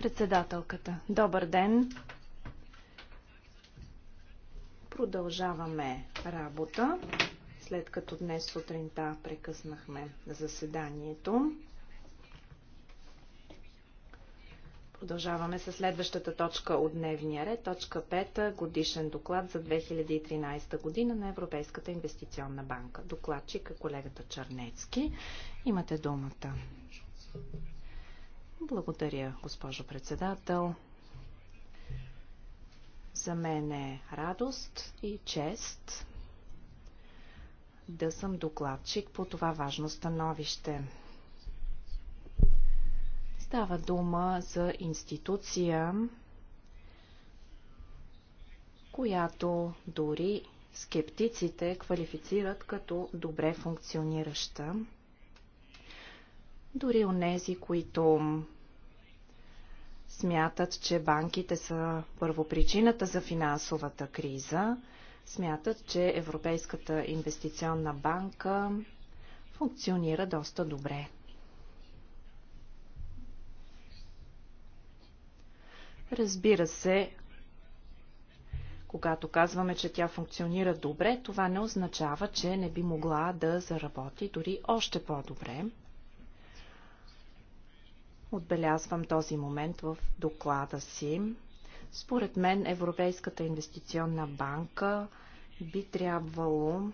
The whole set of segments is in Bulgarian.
Председателката. Добър ден. Продължаваме работа, след като днес сутринта прекъснахме заседанието. Продължаваме с следващата точка от дневния ред, точка 5, годишен доклад за 2013 година на Европейската инвестиционна банка. Докладчик е колегата Чернецки. Имате думата. Благодаря, госпожо председател. За мен е радост и чест да съм докладчик по това важно становище. Става дума за институция, която дори скептиците квалифицират като добре функционираща. Дори нези, които смятат, че банките са първопричината за финансовата криза, смятат, че Европейската инвестиционна банка функционира доста добре. Разбира се, когато казваме, че тя функционира добре, това не означава, че не би могла да заработи дори още по-добре. Отбелязвам този момент в доклада си. Според мен Европейската инвестиционна банка би трябвало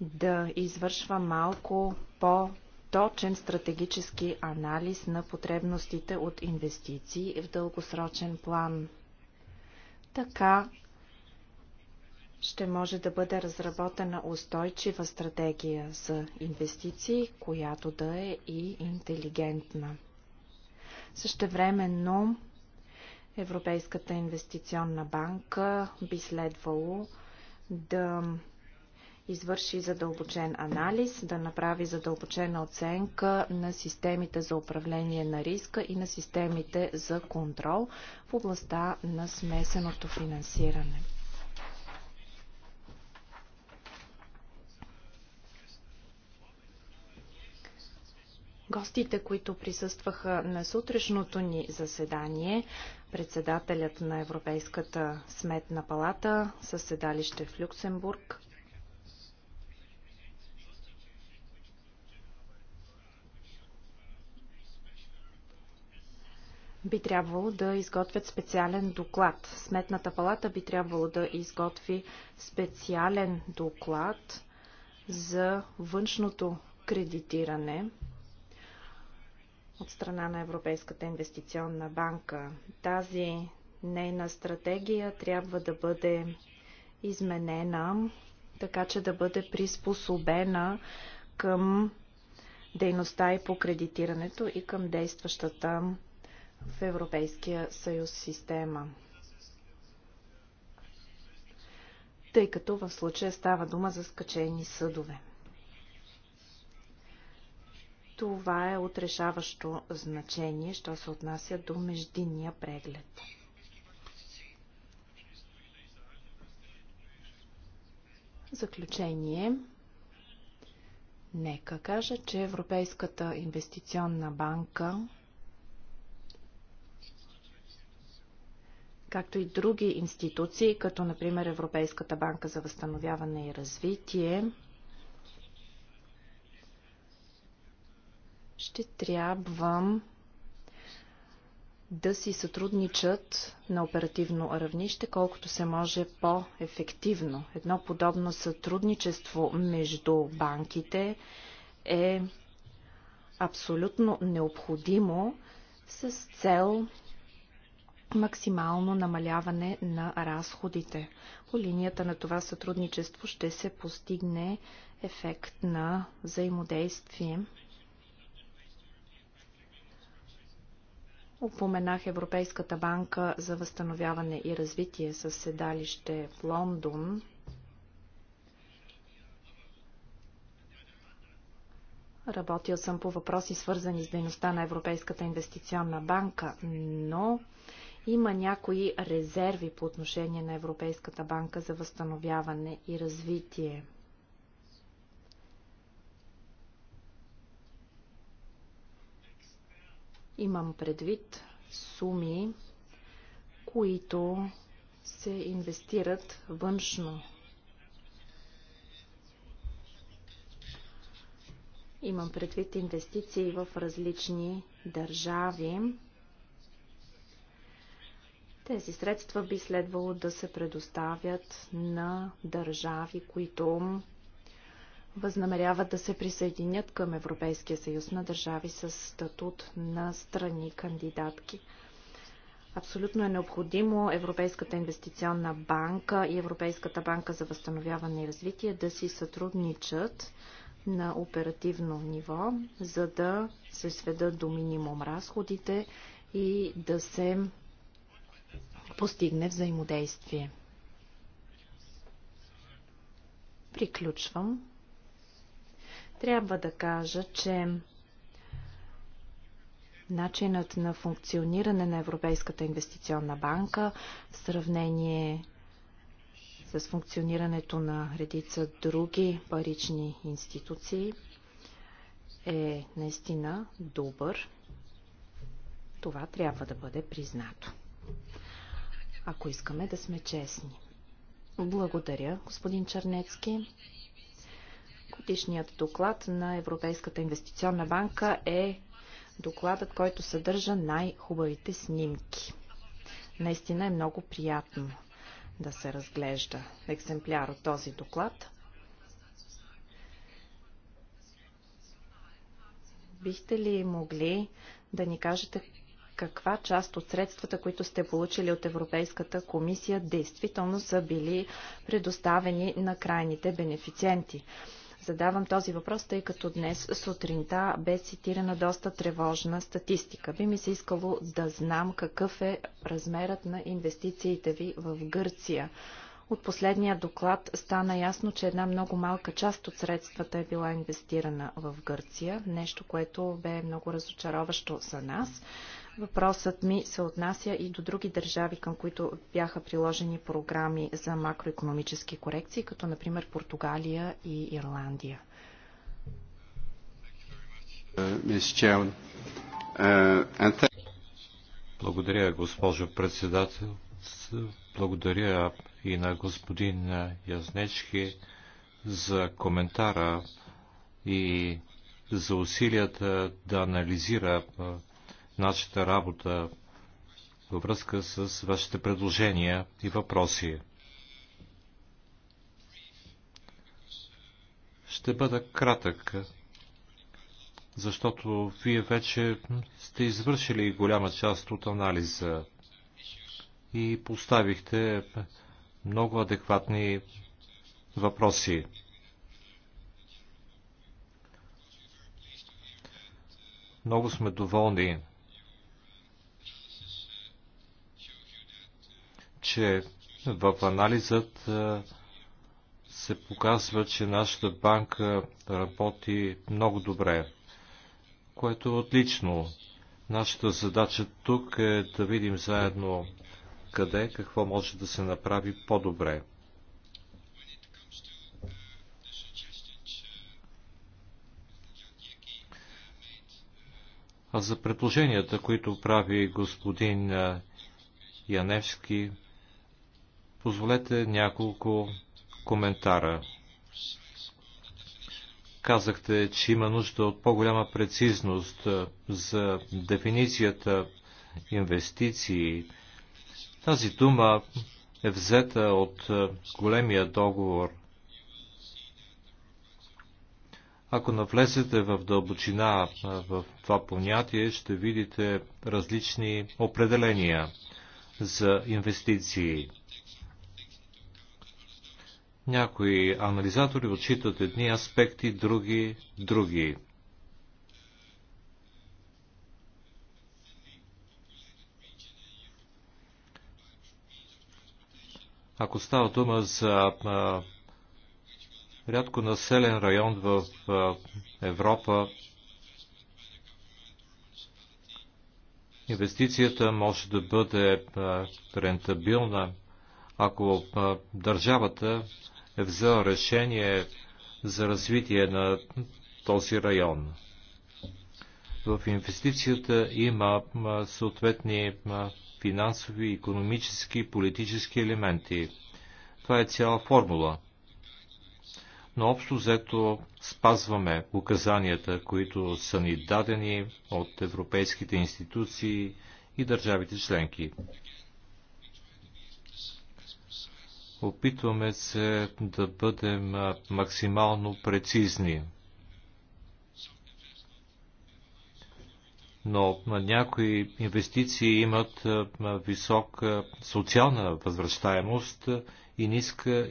да извършва малко по точен стратегически анализ на потребностите от инвестиции в дългосрочен план. Така ще може да бъде разработена устойчива стратегия за инвестиции, която да е и интелигентна. Същевременно Европейската инвестиционна банка би следвало да извърши задълбочен анализ, да направи задълбочена оценка на системите за управление на риска и на системите за контрол в областта на смесеното финансиране. Гостите, които присъстваха на сутрешното ни заседание, председателят на Европейската сметна палата със седалище в Люксембург, би трябвало да изготвят специален доклад. Сметната палата би трябвало да изготви специален доклад за външното кредитиране от страна на Европейската инвестиционна банка. Тази нейна стратегия трябва да бъде изменена, така че да бъде приспособена към дейността и по кредитирането и към действащата в Европейския съюз система. Тъй като в случая става дума за скачени съдове. Това е отрешаващо значение, що се отнася до междинния преглед. Заключение Нека кажа, че Европейската инвестиционна банка както и други институции, като например Европейската банка за възстановяване и развитие, ще трябва да си сътрудничат на оперативно равнище, колкото се може по-ефективно. Едно подобно сътрудничество между банките е абсолютно необходимо с цел максимално намаляване на разходите. По линията на това сътрудничество ще се постигне ефект на взаимодействие. Упоменах Европейската банка за възстановяване и развитие със седалище в Лондон. Работил съм по въпроси, свързани с дейността на Европейската инвестиционна банка, но има някои резерви по отношение на Европейската банка за възстановяване и развитие. Имам предвид суми, които се инвестират външно. Имам предвид инвестиции в различни държави тези средства би следвало да се предоставят на държави, които възнамеряват да се присъединят към Европейския съюз на държави с статут на страни кандидатки. Абсолютно е необходимо Европейската инвестиционна банка и Европейската банка за възстановяване и развитие да си сътрудничат на оперативно ниво, за да се сведат до минимум разходите и да се постигне взаимодействие. Приключвам. Трябва да кажа, че начинът на функциониране на Европейската инвестиционна банка в сравнение с функционирането на редица други парични институции е наистина добър. Това трябва да бъде признато ако искаме да сме честни. Благодаря, господин Чернецки. Годишният доклад на Европейската инвестиционна банка е докладът, който съдържа най-хубавите снимки. Наистина е много приятно да се разглежда екземпляр от този доклад. Бихте ли могли да ни кажете каква част от средствата, които сте получили от Европейската комисия, действително са били предоставени на крайните бенефициенти. Задавам този въпрос, тъй като днес сутринта бе цитирана доста тревожна статистика. Би ми се искало да знам какъв е размерът на инвестициите ви в Гърция. От последния доклад стана ясно, че една много малка част от средствата е била инвестирана в Гърция, нещо, което бе много разочароващо за нас. Въпросът ми се отнася и до други държави, към които бяха приложени програми за макроекономически корекции, като например Португалия и Ирландия. Uh, благодаря, госпожо председател. Благодаря и на господин Язнечки за коментара и за усилията да анализира uh, нашата работа във връзка с вашите предложения и въпроси. Ще бъда кратък, защото вие вече сте извършили голяма част от анализа и поставихте много адекватни въпроси. Много сме доволни че в анализът се показва, че нашата банка работи много добре, което е отлично. Нашата задача тук е да видим заедно къде, какво може да се направи по-добре. А за предложенията, които прави господин Яневски, Позволете няколко коментара. Казахте, че има нужда от по-голяма прецизност за дефиницията инвестиции. Тази дума е взета от големия договор. Ако навлезете в дълбочина в това понятие, ще видите различни определения за инвестиции. Някои анализатори отчитат едни аспекти, други – други. Ако става дума за а, рядко населен район в а, Европа, инвестицията може да бъде а, рентабилна, ако а, държавата е взел решение за развитие на този район. В инвестицията има съответни финансови, економически, политически елементи. Това е цяла формула. Но общо взето спазваме указанията, които са ни дадени от европейските институции и държавите членки. Опитваме се да бъдем максимално прецизни. но някои инвестиции имат висока социална възвръщаемост и ниска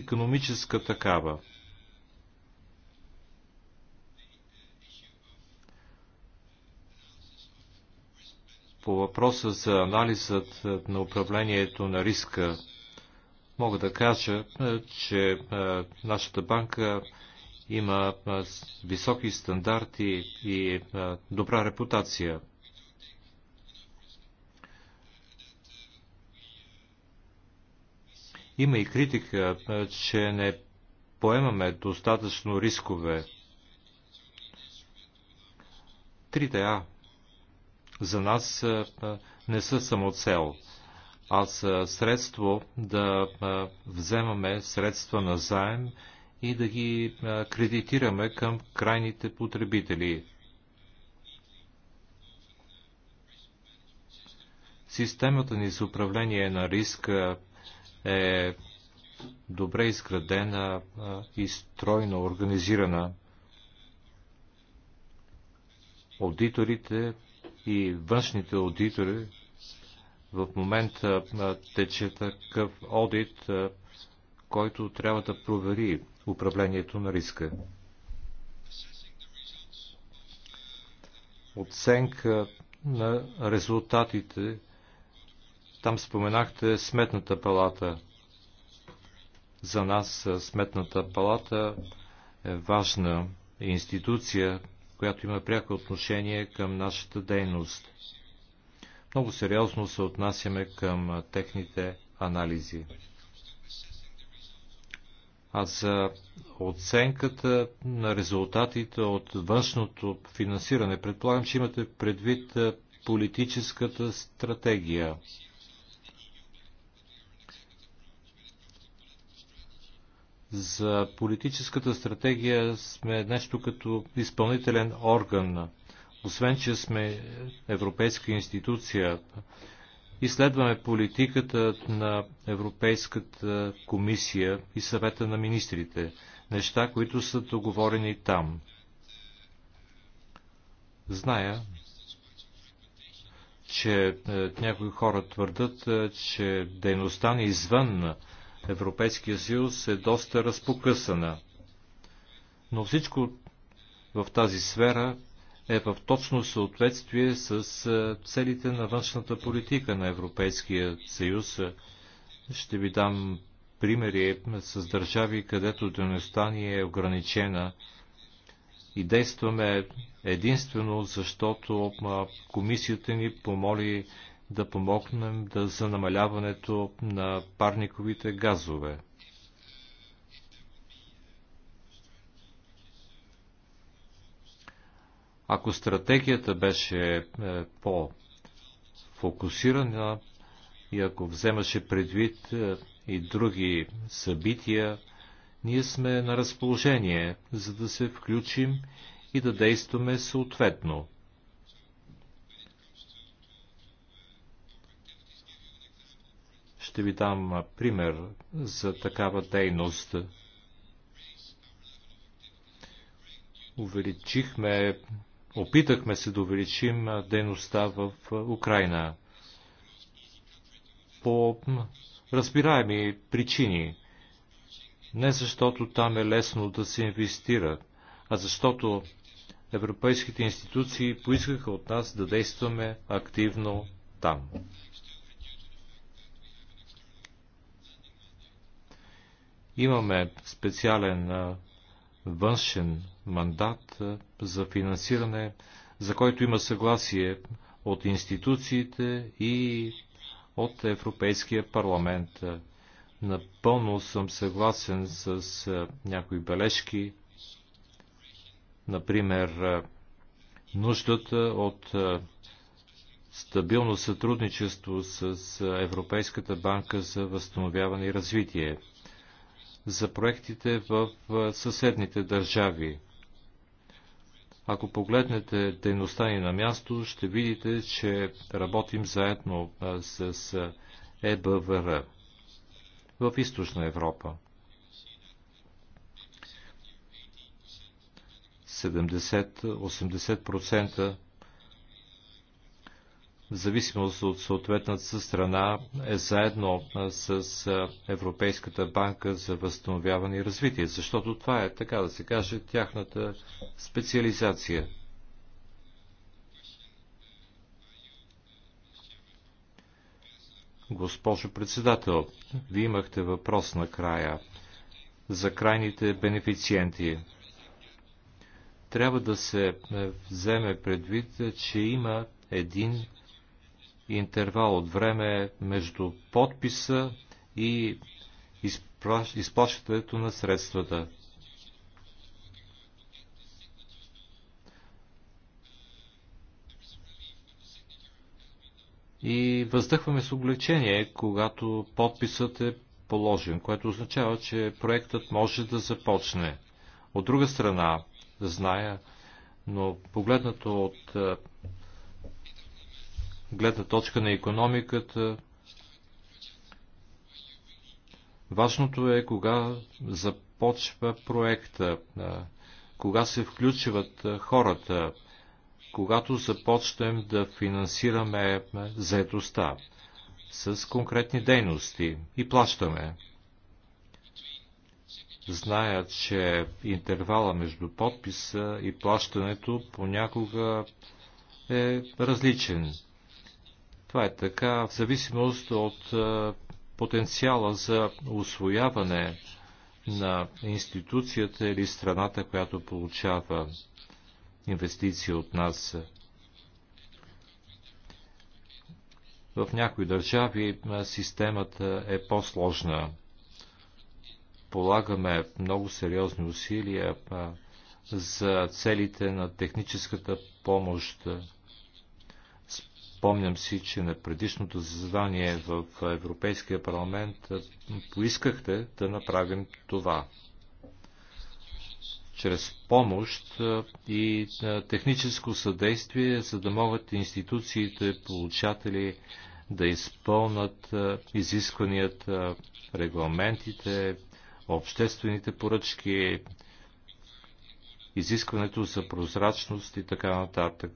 економическа такава. По въпроса за анализът на управлението на риска мога да кажа, е, че е, нашата банка има е, високи стандарти и добра репутация. Има и критика, че не поемаме достатъчно рискове. 3 А за нас не са само цел аз средство да вземаме средства на заем и да ги кредитираме към крайните потребители. Системата ни за управление на риска е добре изградена и стройно организирана. Аудиторите и външните аудитори в момента тече такъв одит, който трябва да провери управлението на риска. Оценка на резултатите. Там споменахте Сметната палата. За нас Сметната палата е важна институция, която има пряко отношение към нашата дейност – много сериозно се отнасяме към техните анализи. А за оценката на резултатите от външното финансиране, предполагам, че имате предвид политическата стратегия. За политическата стратегия сме нещо като изпълнителен орган. Освен, че сме европейска институция, изследваме политиката на Европейската комисия и съвета на министрите, неща, които са договорени там. Зная, че е, някои хора твърдат, е, че дейността ни извън Европейския съюз е доста разпокъсана. Но всичко в тази сфера е в точно съответствие с е, целите на външната политика на Европейския съюз. Ще ви дам примери с държави, където дейността ни е ограничена и действаме единствено, защото комисията ни помоли да помогнем да, за намаляването на парниковите газове. Ако стратегията беше е, по-фокусирана и ако вземаше предвид е, и други събития, ние сме на разположение, за да се включим и да действаме съответно. Ще ви дам е, пример за такава дейност. Увеличихме Опитахме се да увеличим дейността в Украина по разбираеми причини. Не защото там е лесно да се инвестира, а защото европейските институции поискаха от нас да действаме активно там. Имаме специален външен мандат за финансиране, за който има съгласие от институциите и от Европейския парламент. Напълно съм съгласен с някои бележки, например нуждата от стабилно сътрудничество с Европейската банка за възстановяване и развитие за проектите в съседните държави. Ако погледнете дейността ни на място, ще видите, че работим заедно с ЕБВР в Източна Европа. 70-80% в зависимост от съответната страна е заедно с Европейската банка за възстановяване и развитие, защото това е, така да се каже, тяхната специализация. Госпожо председател, ви имахте въпрос накрая за крайните бенефициенти. Трябва да се вземе предвид, че има един интервал от време между подписа и изплащането на средствата. И въздъхваме с облегчение, когато подписът е положен, което означава, че проектът може да започне. От друга страна, зная, но погледнато от гледна точка на економиката. Важното е кога започва проекта, кога се включват хората, когато започнем да финансираме заедостта с конкретни дейности и плащаме. Зная, че интервала между подписа и плащането понякога е различен. Това е така в зависимост от е, потенциала за освояване на институцията или страната, която получава инвестиции от нас. В някои държави е, системата е по-сложна. Полагаме много сериозни усилия е, за целите на техническата помощ Спомням си, че на предишното заседание в Европейския парламент поискахте да направим това чрез помощ и техническо съдействие, за да могат институциите, получатели да изпълнат изискванията, регламентите, обществените поръчки, изискването за прозрачност и така нататък.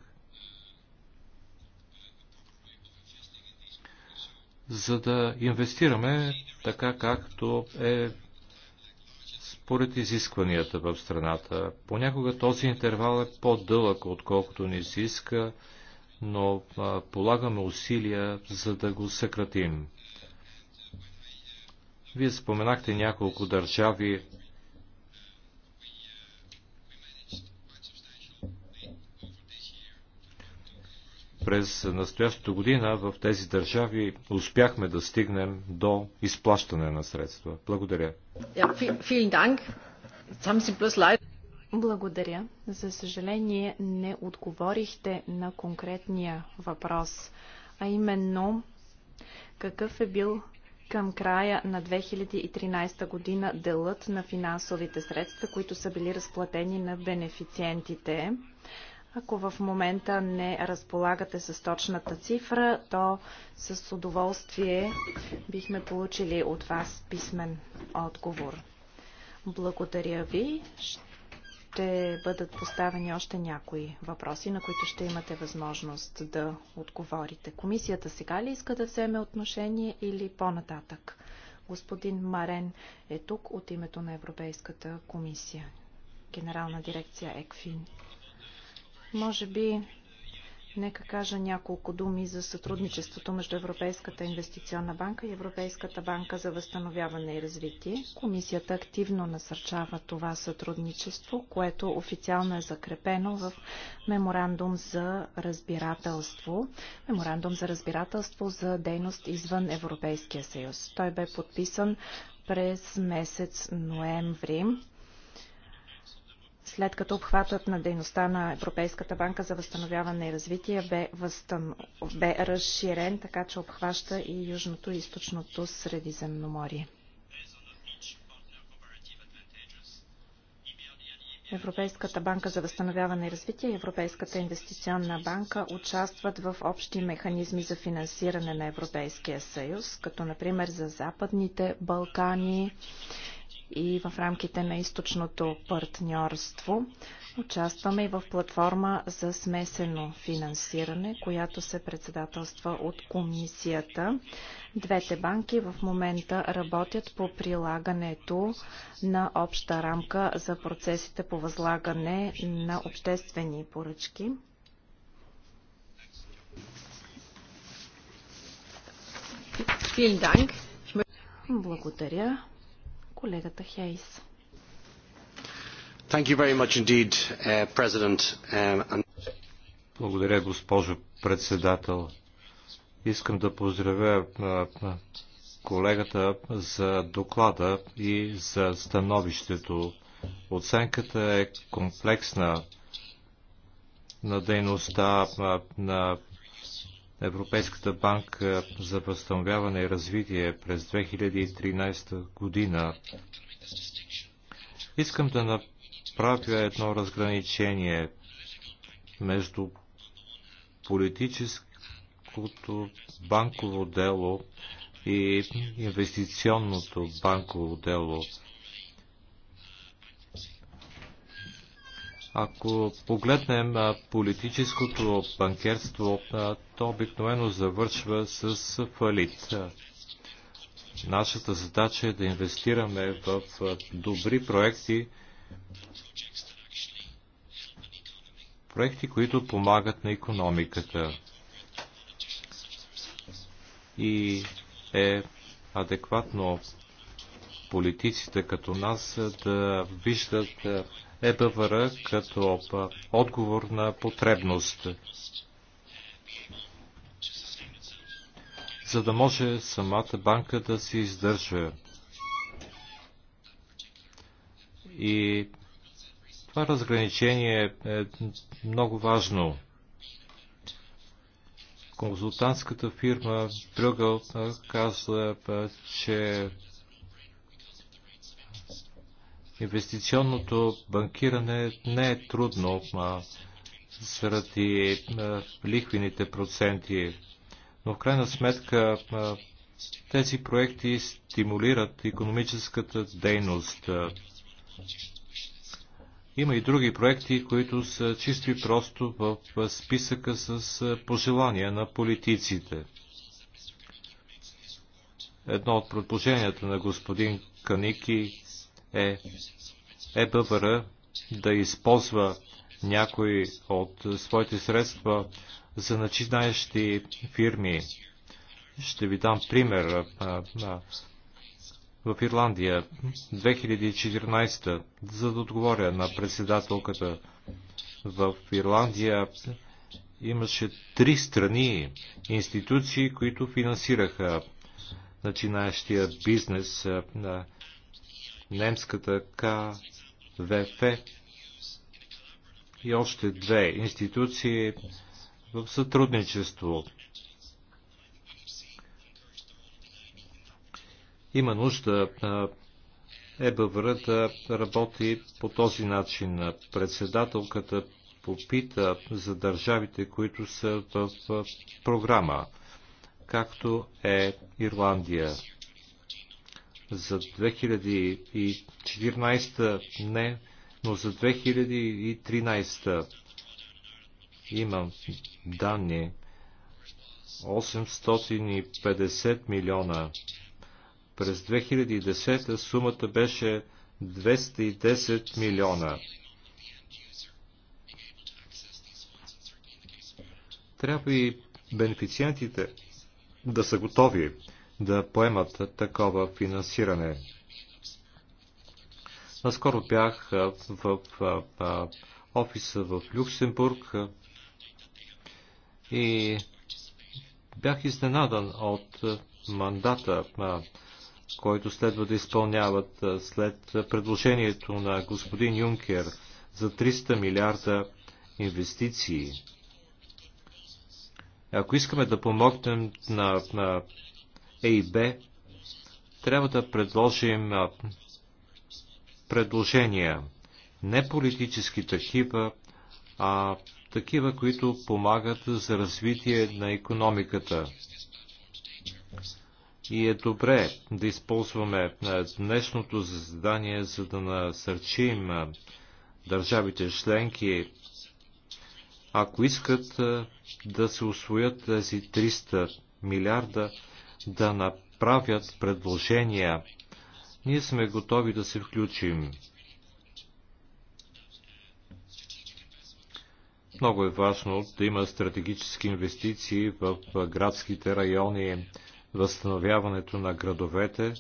за да инвестираме така както е според изискванията в страната. Понякога този интервал е по-дълъг, отколкото ни се иска, но полагаме усилия, за да го съкратим. Вие споменахте няколко държави, През настоящата година в тези държави успяхме да стигнем до изплащане на средства. Благодаря. Благодаря. За съжаление не отговорихте на конкретния въпрос, а именно какъв е бил към края на 2013 година делът на финансовите средства, които са били разплатени на бенефициентите. Ако в момента не разполагате с точната цифра, то с удоволствие бихме получили от вас писмен отговор. Благодаря ви. Ще бъдат поставени още някои въпроси, на които ще имате възможност да отговорите. Комисията сега ли иска да вземе отношение или по-нататък? Господин Марен е тук от името на Европейската комисия. Генерална дирекция ЕКФИН. Може би Нека кажа няколко думи за сътрудничеството между Европейската инвестиционна банка и Европейската банка за възстановяване и развитие. Комисията активно насърчава това сътрудничество, което официално е закрепено в меморандум за разбирателство. Меморандум за разбирателство за дейност извън Европейския съюз. Той бе подписан през месец ноември след като обхватът на дейността на Европейската банка за възстановяване и развитие бе, възстан... бе разширен, така че обхваща и Южното и Източното Средиземноморие. Европейската банка за възстановяване и развитие и Европейската инвестиционна банка участват в общи механизми за финансиране на Европейския съюз, като например за Западните Балкани, и в рамките на източното партньорство. Участваме и в платформа за смесено финансиране, която се председателства от комисията. Двете банки в момента работят по прилагането на обща рамка за процесите по възлагане на обществени поръчки. Благодаря колегата Хейс. Indeed, uh, um, Благодаря, госпожо председател. Искам да поздравя колегата за доклада и за становището. Оценката е комплексна на дейността на Европейската банка за възстановяване и развитие през 2013 година. Искам да направя едно разграничение между политическото банково дело и инвестиционното банково дело. Ако погледнем политическото банкерство, то обикновено завършва с фалит. Нашата задача е да инвестираме в добри проекти, проекти, които помагат на економиката и е адекватно политиците като нас да виждат ЕБВР като отговор на потребност. за да може самата банка да се издържа. И това разграничение е много важно. Консултантската фирма Брюгъл казва, че Инвестиционното банкиране не е трудно а, заради а, лихвените проценти, но в крайна сметка а, тези проекти стимулират економическата дейност. Има и други проекти, които са чисто и просто в списъка с пожелания на политиците. Едно от предложенията на господин Каники е ЕБВР да използва някои от своите средства за начинаещи фирми. Ще ви дам пример. В Ирландия 2014, за да отговоря на председателката, в Ирландия имаше три страни, институции, които финансираха начинаещия бизнес немската КВФ и още две институции в сътрудничество. Има нужда ЕБВР да работи по този начин. Председателката попита за държавите, които са в програма, както е Ирландия за 2014 не, но за 2013 имам данни 850 милиона. През 2010 сумата беше 210 милиона. Трябва и бенефициентите да са готови да поемат такова финансиране. Наскоро бях в, в, в, в офиса в Люксембург и бях изненадан от мандата, който следва да изпълняват след предложението на господин Юнкер за 300 милиарда инвестиции. Ако искаме да помогнем на, на е и Б, трябва да предложим предложения, не политически такива, а такива, които помагат за развитие на економиката. И е добре да използваме днешното заседание, за да насърчим държавите членки, ако искат да се освоят тези 300 милиарда, да направят предложения. Ние сме готови да се включим. Много е важно да има стратегически инвестиции в градските райони, възстановяването на градовете.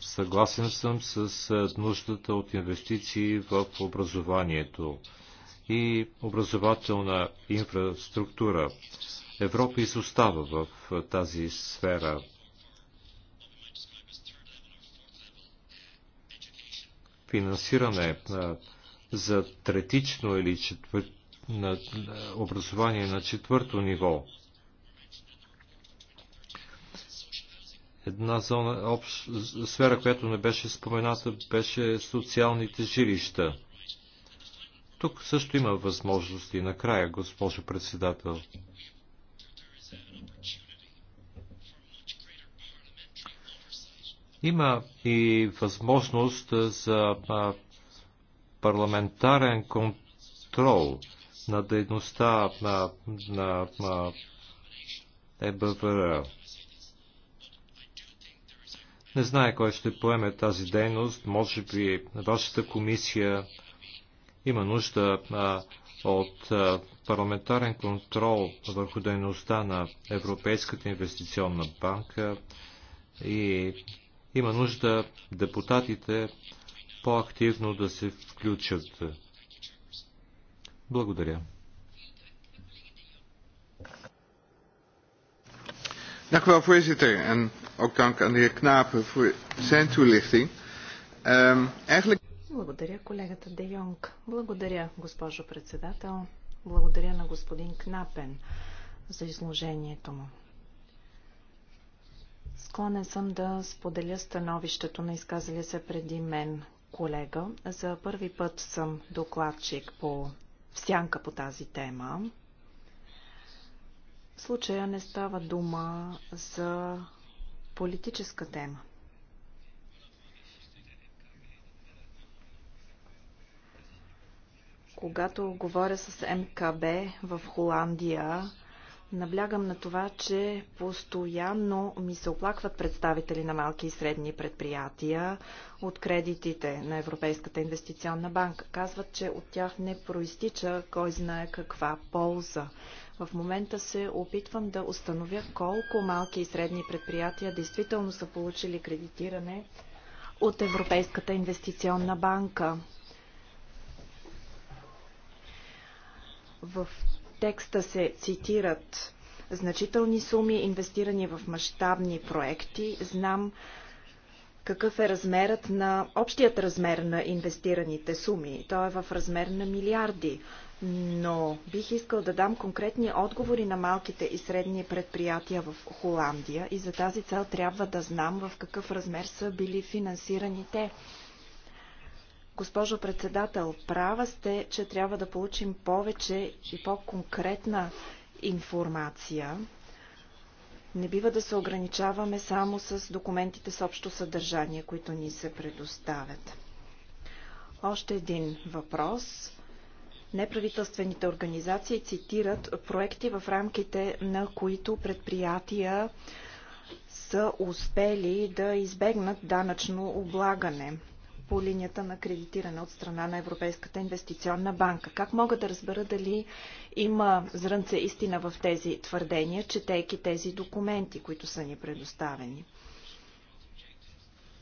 Съгласен съм с нуждата от инвестиции в образованието и образователна инфраструктура. Европа изостава в тази сфера. Финансиране за третично или четвър... на образование на четвърто ниво. Една зона, общ, сфера, която не беше спомената, беше социалните жилища. Тук също има възможности. Накрая, госпожо председател. Има и възможност за парламентарен контрол на дейността на, на, на ЕБВР. Не знае кой ще поеме тази дейност. Може би вашата комисия има нужда а, от а, парламентарен контрол върху дейността на Европейската инвестиционна банка и има нужда депутатите по-активно да се включат. Благодаря. Dank u wel, voorzitter. En ook dank aan de heer Knapen voor zijn toelichting. Um, eigenlijk... Благодаря, колегата Де Йонг. Благодаря, госпожо председател. Благодаря на господин Кнапен за изложението му. Склонен съм да споделя становището на изказали се преди мен колега. За първи път съм докладчик по всянка по тази тема. В случая не става дума за политическа тема. Когато говоря с МКБ в Холандия, Наблягам на това, че постоянно ми се оплакват представители на малки и средни предприятия от кредитите на Европейската инвестиционна банка. Казват, че от тях не проистича кой знае каква полза. В момента се опитвам да установя колко малки и средни предприятия действително са получили кредитиране от Европейската инвестиционна банка. В текста се цитират значителни суми, инвестирани в мащабни проекти. Знам какъв е размерът на общият размер на инвестираните суми. Той е в размер на милиарди. Но бих искал да дам конкретни отговори на малките и средни предприятия в Холандия и за тази цел трябва да знам в какъв размер са били финансирани те. Госпожо председател, права сте, че трябва да получим повече и по-конкретна информация. Не бива да се ограничаваме само с документите с общо съдържание, които ни се предоставят. Още един въпрос. Неправителствените организации цитират проекти в рамките на които предприятия са успели да избегнат данъчно облагане по линията на кредитиране от страна на Европейската инвестиционна банка. Как мога да разбера дали има зрънце истина в тези твърдения, четейки тези документи, които са ни предоставени?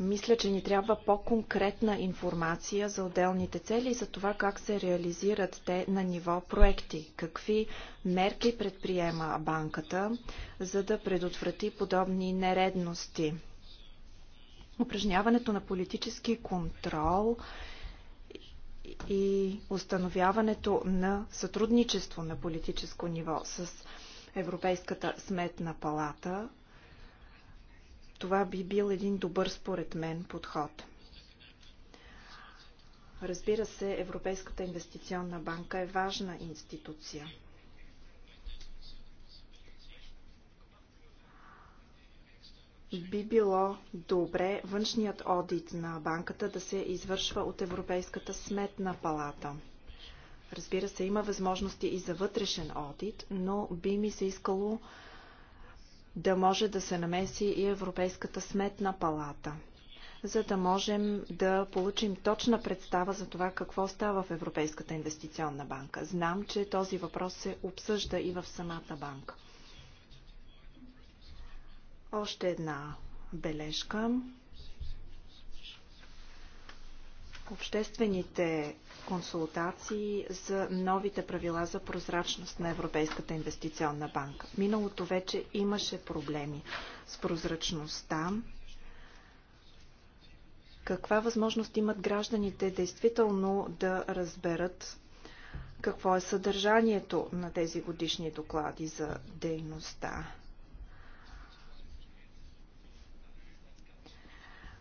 Мисля, че ни трябва по-конкретна информация за отделните цели и за това как се реализират те на ниво проекти. Какви мерки предприема банката, за да предотврати подобни нередности? упражняването на политически контрол и установяването на сътрудничество на политическо ниво с Европейската сметна палата. Това би бил един добър, според мен, подход. Разбира се, Европейската инвестиционна банка е важна институция. би било добре външният одит на банката да се извършва от Европейската сметна палата. Разбира се, има възможности и за вътрешен одит, но би ми се искало да може да се намеси и Европейската сметна палата, за да можем да получим точна представа за това какво става в Европейската инвестиционна банка. Знам, че този въпрос се обсъжда и в самата банка. Още една бележка. Обществените консултации за новите правила за прозрачност на Европейската инвестиционна банка. миналото вече имаше проблеми с прозрачността. Каква възможност имат гражданите действително да разберат какво е съдържанието на тези годишни доклади за дейността?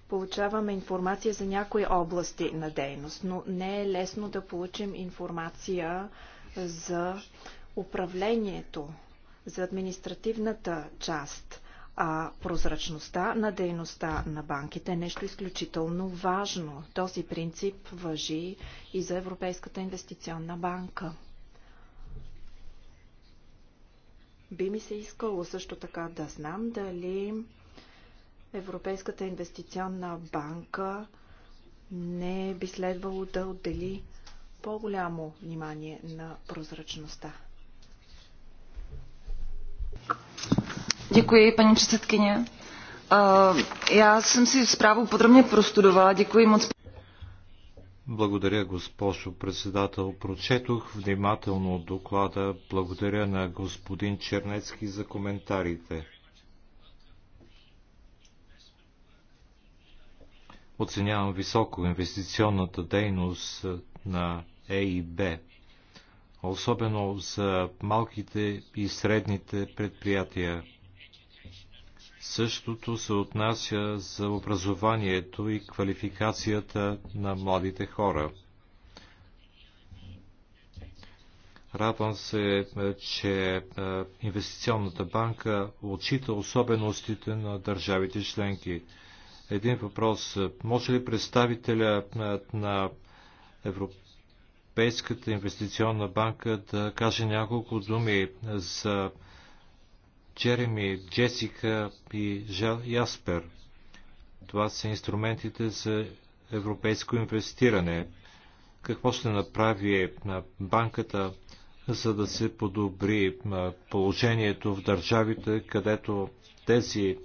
получаваме информация за някои области на дейност, но не е лесно да получим информация за управлението, за административната част, а прозрачността на дейността на банките е нещо изключително важно. Този принцип въжи и за Европейската инвестиционна банка. Би ми се искало също така да знам дали Европейската инвестиционна банка не би следвало да отдели по-голямо внимание на прозрачността. Děkuji, paní předsedkyně. Já jsem si zprávu podrobně prostudovala. Děkuji moc. Благодаря, госпожо председател. Прочетох внимателно доклада. Благодаря на господин Чернецки за коментарите. Оценявам високо инвестиционната дейност на Е и Б, особено за малките и средните предприятия. Същото се отнася за образованието и квалификацията на младите хора. Радвам се, че инвестиционната банка отчита особеностите на държавите членки един въпрос. Може ли представителя на Европейската инвестиционна банка да каже няколко думи за Джереми, Джесика и Яспер? Това са инструментите за европейско инвестиране. Какво ще направи банката, за да се подобри положението в държавите, където тези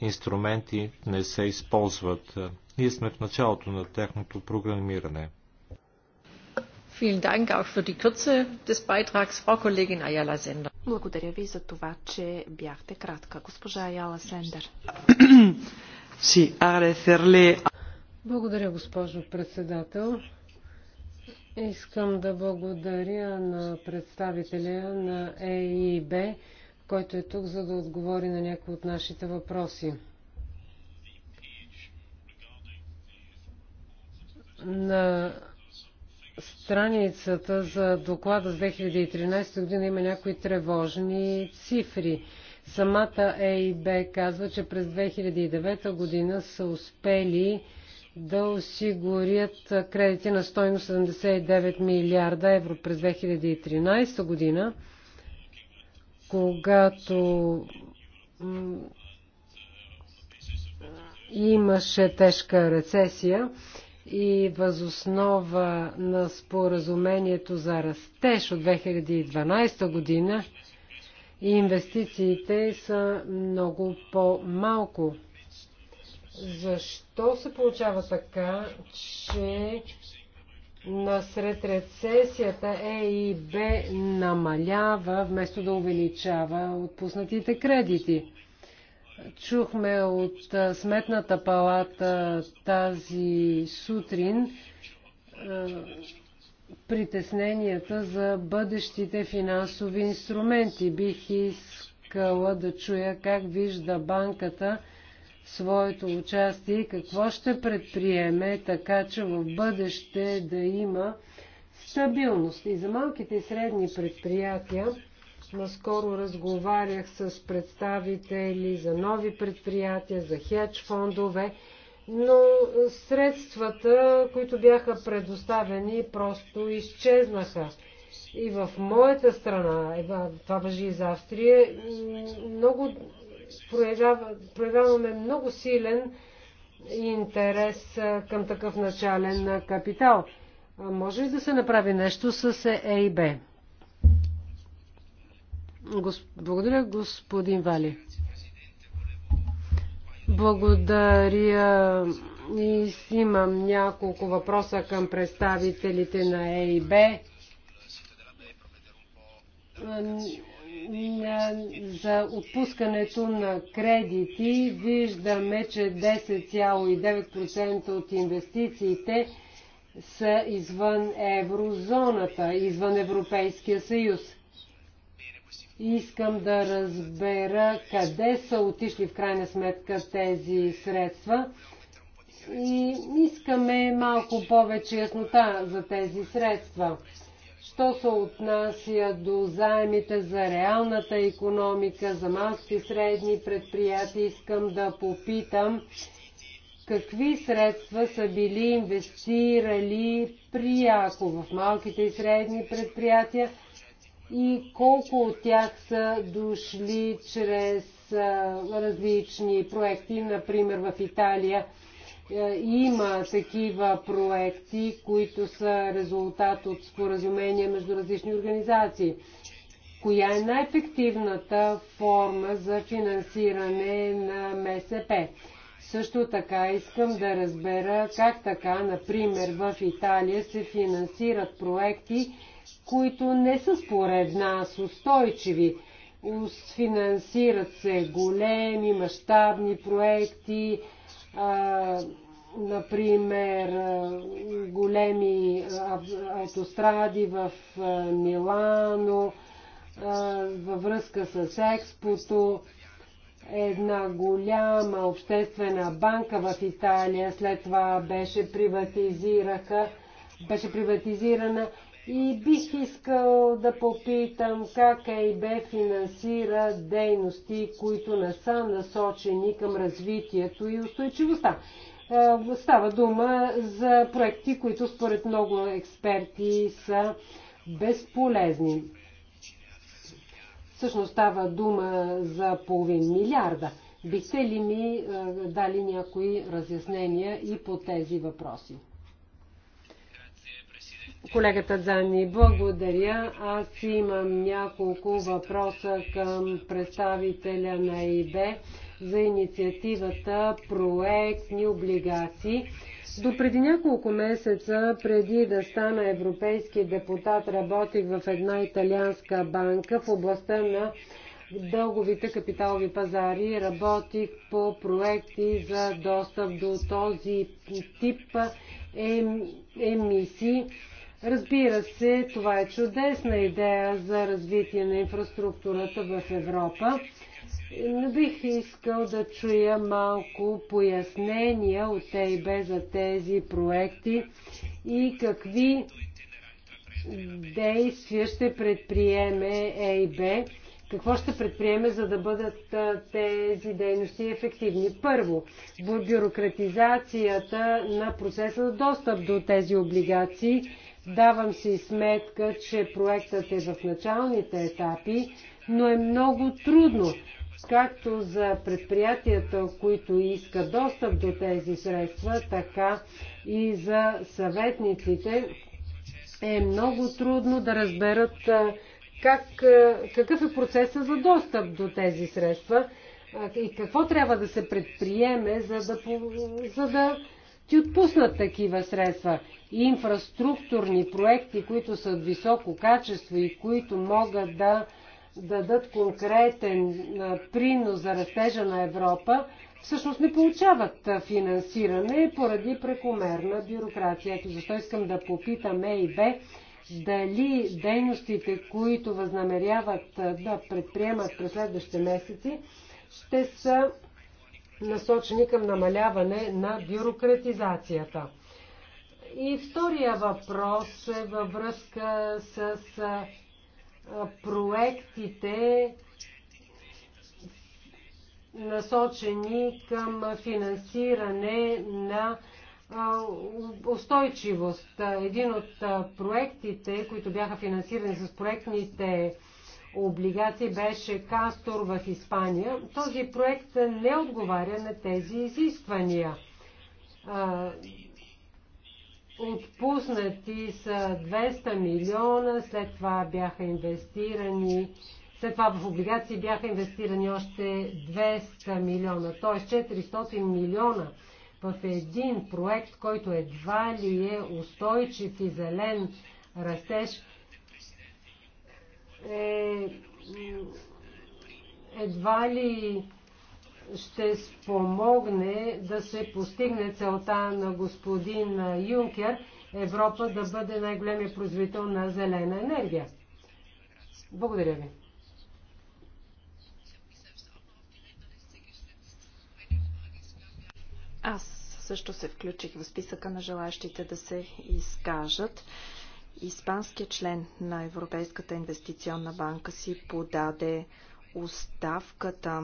инструменти не се използват. Е, ние сме в началото на тяхното програмиране. Благодаря ви за това, че бяхте кратка, госпожа Аяла Сендер. Благодаря, госпожо председател. Искам да благодаря на представителя на ЕИБ който е тук, за да отговори на някои от нашите въпроси. На страницата за доклада с 2013 година има някои тревожни цифри. Самата ЕИБ казва, че през 2009 година са успели да осигурят кредити на стойност 79 милиарда евро през 2013 година когато имаше тежка рецесия и възоснова на споразумението за растеж от 2012 година инвестициите са много по-малко. Защо се получава така, че Насред рецесията ЕИБ намалява, вместо да увеличава отпуснатите кредити. Чухме от Сметната палата тази сутрин притесненията за бъдещите финансови инструменти. Бих искала да чуя как вижда банката своето участие и какво ще предприеме, така че в бъдеще да има стабилност. И за малките и средни предприятия, наскоро разговарях с представители за нови предприятия, за хедж фондове, но средствата, които бяха предоставени, просто изчезнаха. И в моята страна, е, това въжи и за Австрия, много проявява, проявяваме много силен интерес към такъв начален капитал. Може ли да се направи нещо с ЕИБ? Благодаря, господин Вали. Благодаря. И имам няколко въпроса към представителите на ЕИБ за отпускането на кредити виждаме, че 10,9% от инвестициите са извън еврозоната, извън Европейския съюз. Искам да разбера къде са отишли в крайна сметка тези средства и искаме малко повече яснота за тези средства. Що се отнася до заемите за реалната економика, за малки средни предприятия, искам да попитам какви средства са били инвестирали прияко в малките и средни предприятия и колко от тях са дошли чрез различни проекти, например в Италия – е, има такива проекти, които са резултат от споразумения между различни организации. Коя е най-ефективната форма за финансиране на МСП? Също така искам да разбера как така, например, в Италия се финансират проекти, които не са според нас устойчиви. Финансират се големи, мащабни проекти, например, големи автостради в Милано, във връзка с Експото, една голяма обществена банка в Италия, след това беше, приватизираха, беше приватизирана и бих искал да попитам как ЕИБ финансира дейности, които не са насочени към развитието и устойчивостта. Е, става дума за проекти, които според много експерти са безполезни. Всъщност става дума за половин милиарда. Бихте ли ми е, дали някои разяснения и по тези въпроси? Колегата Дани, благодаря. Аз имам няколко въпроса към представителя на ИБ за инициативата проектни облигации. До преди няколко месеца, преди да стана европейски депутат, работих в една италианска банка в областта на дълговите капиталови пазари. Работих по проекти за достъп до този тип емисии. Разбира се, това е чудесна идея за развитие на инфраструктурата в Европа. Не бих искал да чуя малко пояснения от ЕИБ за тези проекти и какви действия ще предприеме ЕИБ, какво ще предприеме, за да бъдат тези дейности ефективни. Първо, бюрократизацията на процеса на достъп до тези облигации – Давам си сметка, че проектът е в началните етапи, но е много трудно, както за предприятията, които искат достъп до тези средства, така и за съветниците е много трудно да разберат как, какъв е процесът за достъп до тези средства и какво трябва да се предприеме, за да, за да ти отпуснат такива средства. И инфраструктурни проекти, които са от високо качество и които могат да дадат конкретен принос за растежа на Европа, всъщност не получават финансиране поради прекомерна бюрокрация. Ето защо искам да попитам Е и Б, дали дейностите, които възнамеряват да предприемат през следващите месеци, ще са насочени към намаляване на бюрократизацията. И втория въпрос е във връзка с проектите, насочени към финансиране на устойчивост. Един от проектите, които бяха финансирани с проектните облигации беше Кастор в Испания. Този проект не отговаря на тези изисквания. Отпуснати са 200 милиона, след това бяха инвестирани след това в облигации бяха инвестирани още 200 милиона, т.е. 400 милиона в един проект, който едва ли е устойчив и зелен растеж, е едва ли ще спомогне да се постигне целта на господин Юнкер Европа да бъде най-големия производител на зелена енергия. Благодаря ви. Аз също се включих в списъка на желащите да се изкажат. Испанският член на Европейската инвестиционна банка си подаде оставката.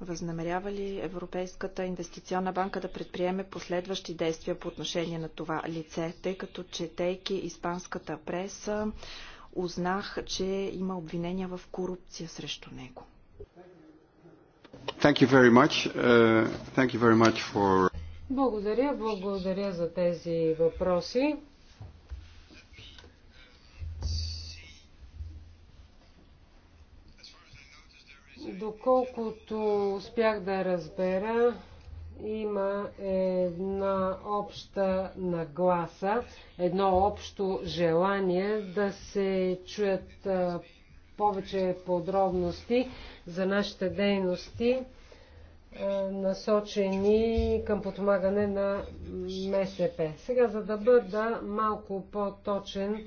Възнамерява ли Европейската инвестиционна банка да предприеме последващи действия по отношение на това лице, тъй като четейки испанската преса, узнах, че има обвинения в корупция срещу него. Uh, for... Благодаря, благодаря за тези въпроси. Доколкото успях да разбера, има една обща нагласа, едно общо желание да се чуят повече подробности за нашите дейности, насочени към подпомагане на МСП. Сега, за да бъда малко по-точен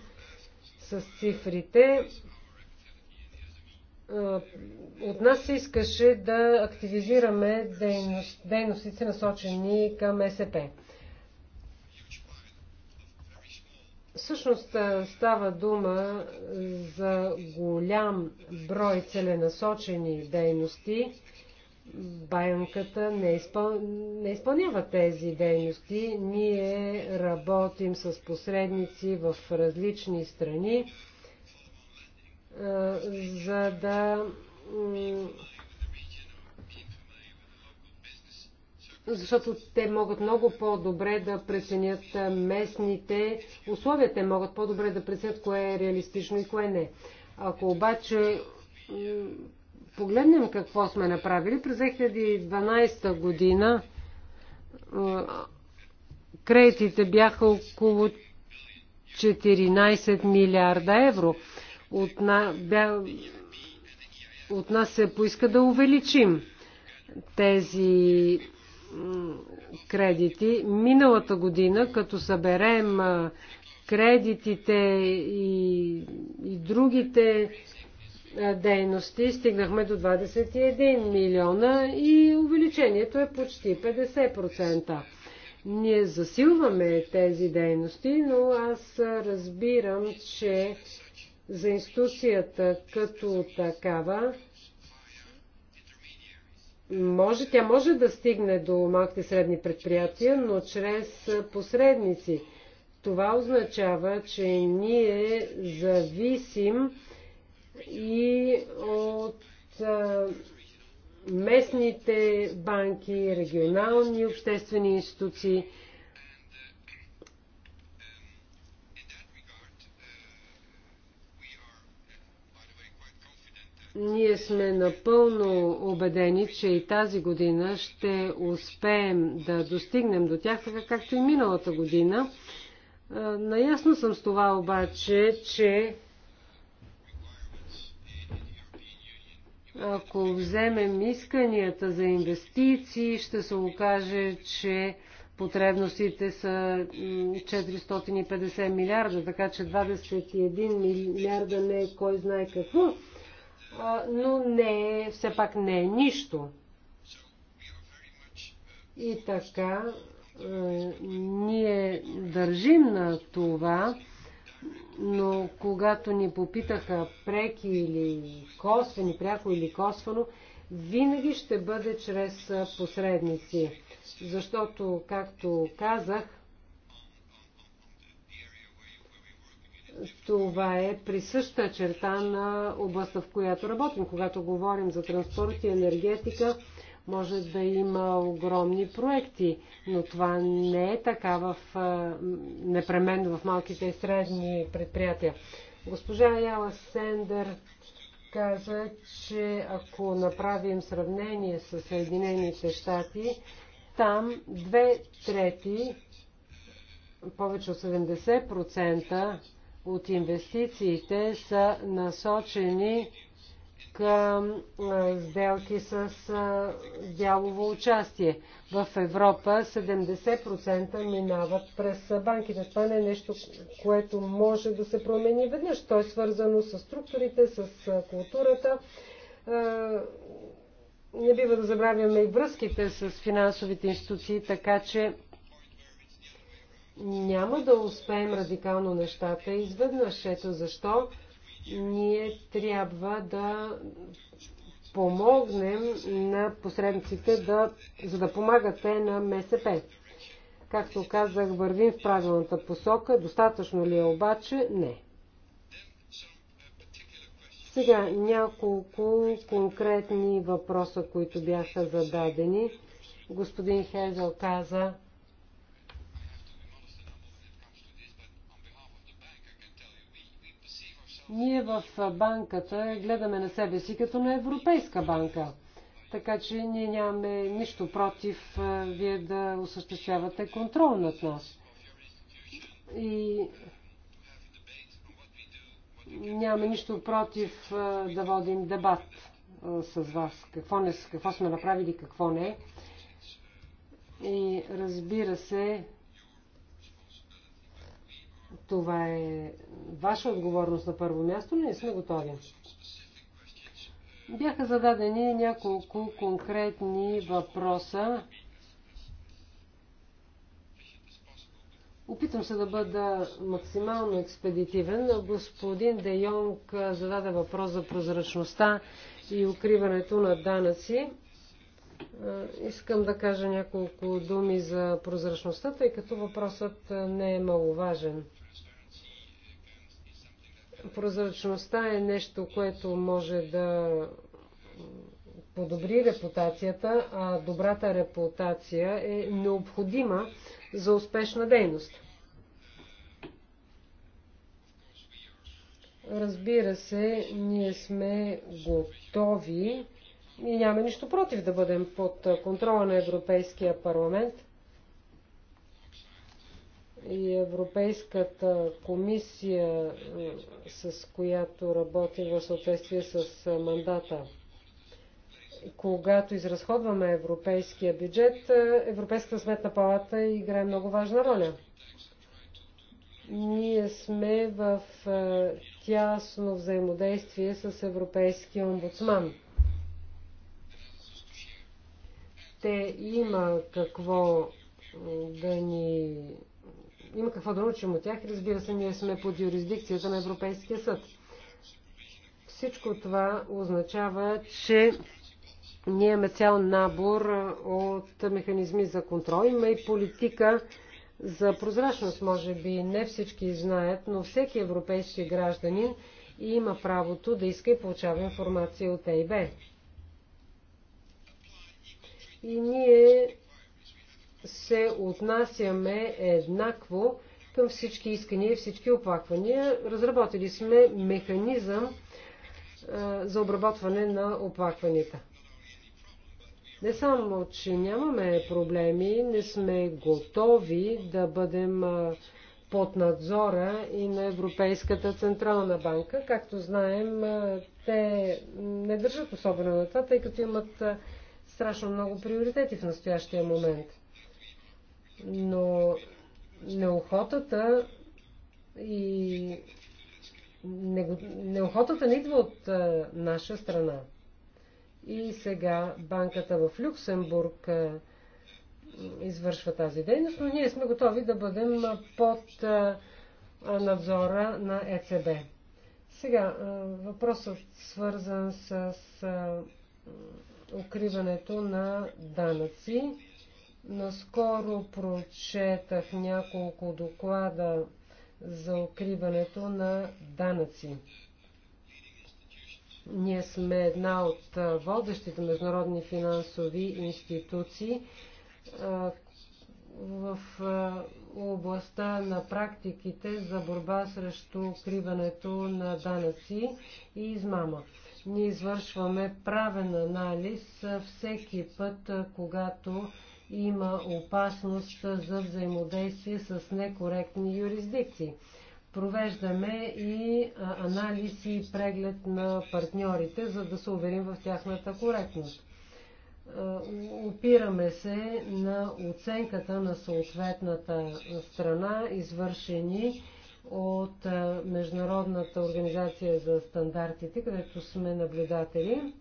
с цифрите, е, от нас се искаше да активизираме дейност, дейностите насочени към СП. Всъщност е, става дума за голям брой целенасочени дейности. Банката не, изпъл... не изпълнява тези дейности. Ние работим с посредници в различни страни за да защото те могат много по-добре да преценят местните условия. Те могат по-добре да преценят кое е реалистично и кое не. Ако обаче погледнем какво сме направили през 2012 година, кредитите бяха около 14 милиарда евро от, на, бя, от нас се поиска да увеличим тези кредити. Миналата година, като съберем кредитите и, и другите дейности, стигнахме до 21 милиона и увеличението е почти 50%. Ние засилваме тези дейности, но аз разбирам, че за институцията като такава може, тя може да стигне до малките и средни предприятия, но чрез посредници. Това означава, че ние зависим и от местните банки, регионални обществени институции – Ние сме напълно убедени, че и тази година ще успеем да достигнем до тях, така както и миналата година. Наясно съм с това обаче, че ако вземем исканията за инвестиции, ще се окаже, че потребностите са 450 милиарда, така че 21 милиарда не е кой знае какво но не, все пак не е нищо. И така, е, ние държим на това, но когато ни попитаха преки или косвени, пряко или косвено, винаги ще бъде чрез посредници. Защото, както казах, Това е присъща черта на областта, в която работим. Когато говорим за транспорт и енергетика, може да има огромни проекти, но това не е така в, непременно в малките и средни предприятия. Госпожа Яла Сендер каза, че ако направим сравнение с Съединените щати, там две трети, повече от 70% от инвестициите са насочени към сделки с дялово участие. В Европа 70% минават през банките. Това не е нещо, което може да се промени веднъж. То е свързано с структурите, с културата. Не бива да забравяме и връзките с финансовите институции, така че няма да успеем радикално нещата изведнъж. Ето защо ние трябва да помогнем на посредниците, да, за да помагате на МСП. Както казах, вървим в правилната посока. Достатъчно ли е обаче? Не. Сега няколко конкретни въпроса, които бяха зададени. Господин Хезел каза, Ние в банката гледаме на себе си като на Европейска банка. Така че ние нямаме нищо против вие да осъществявате контрол над нас. И нямаме нищо против да водим дебат с вас. Какво, не, какво сме направили, какво не. И разбира се, това е ваша отговорност на първо място, но ние сме готови. Бяха зададени няколко конкретни въпроса. Опитам се да бъда максимално експедитивен. Господин Де Йонг зададе въпрос за прозрачността и укриването на данъци. Искам да кажа няколко думи за прозрачността, тъй като въпросът не е маловажен. Прозрачността е нещо, което може да подобри репутацията, а добрата репутация е необходима за успешна дейност. Разбира се, ние сме готови и нямаме нищо против да бъдем под контрола на Европейския парламент и Европейската комисия, е, с която работим в съответствие с е, мандата. Когато изразходваме европейския бюджет, е, Европейската сметна палата играе много важна роля. Ние сме в тясно взаимодействие с Европейския омбудсман. Те има какво да ни има какво да научим от тях. Разбира се, ние сме под юрисдикцията на Европейския съд. Всичко това означава, че ние имаме цял набор от механизми за контрол. Има и политика за прозрачност, може би не всички знаят, но всеки европейски гражданин има правото да иска и получава информация от ЕИБ. И ние се отнасяме еднакво към всички искания и всички оплаквания. Разработили сме механизъм за обработване на оплакванията. Не само, че нямаме проблеми, не сме готови да бъдем под надзора и на Европейската Централна банка. Както знаем, те не държат особено на това, тъй като имат страшно много приоритети в настоящия момент но неохотата и неохотата не идва от а, наша страна. И сега банката в Люксембург а, извършва тази дейност, но ние сме готови да бъдем под а, надзора на ЕЦБ. Сега, въпросът свързан с укриването на данъци Наскоро прочетах няколко доклада за укриването на данъци. Ние сме една от водещите международни финансови институции в областта на практиките за борба срещу укриването на данъци и измама. Ние извършваме правен анализ всеки път, когато има опасност за взаимодействие с некоректни юрисдикции. Провеждаме и анализ и преглед на партньорите, за да се уверим в тяхната коректност. Опираме се на оценката на съответната страна, извършени от Международната организация за стандартите, където сме наблюдатели.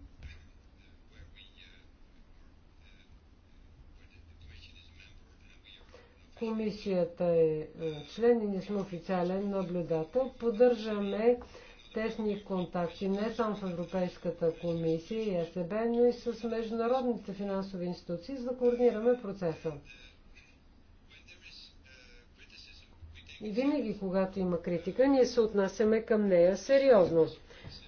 Комисията е, е член и ние сме официален наблюдател. Поддържаме тесни контакти не само с Европейската комисия и ЕСБ, но и с международните финансови институции, за да координираме процеса. И винаги, когато има критика, ние се отнасяме към нея сериозно.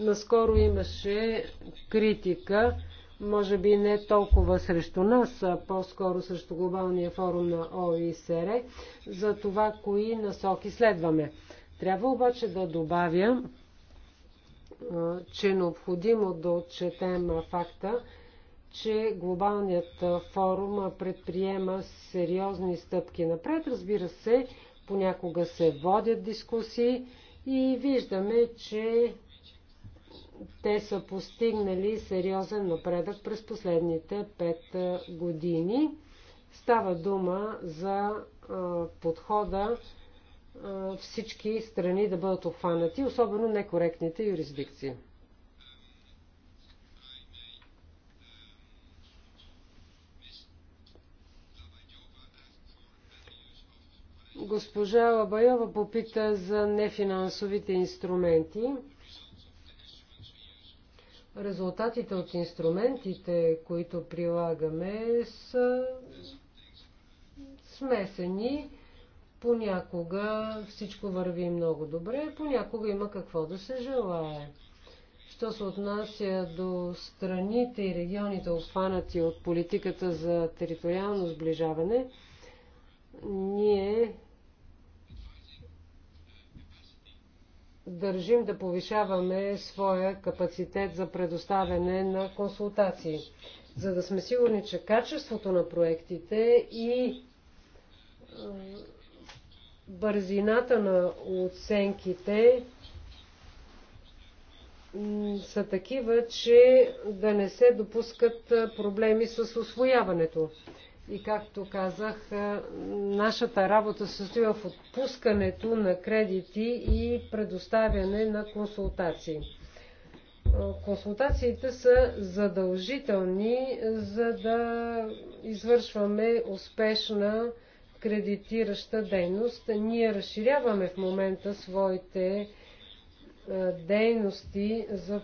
Наскоро имаше критика може би не толкова срещу нас, а по-скоро срещу глобалния форум на ОИСР, за това кои насоки следваме. Трябва обаче да добавя, че е необходимо да отчетем факта, че глобалният форум предприема сериозни стъпки напред. Разбира се, понякога се водят дискусии и виждаме, че те са постигнали сериозен напредък през последните 5 години. Става дума за подхода всички страни да бъдат обхванати, особено некоректните юрисдикции. Госпожа Лабайова попита за нефинансовите инструменти. Резултатите от инструментите, които прилагаме, са смесени. Понякога всичко върви много добре, понякога има какво да се желае. Що се отнася до страните и регионите, обхванати от политиката за териториално сближаване, ние държим да повишаваме своя капацитет за предоставяне на консултации, за да сме сигурни, че качеството на проектите и е, бързината на оценките са такива, че да не се допускат е, проблеми с освояването. И както казах, е, нашата работа се състои в отпускането на кредити и предоставяне на консултации. Е, консултациите са задължителни, за да извършваме успешна кредитираща дейност. Ние разширяваме в момента своите е, дейности за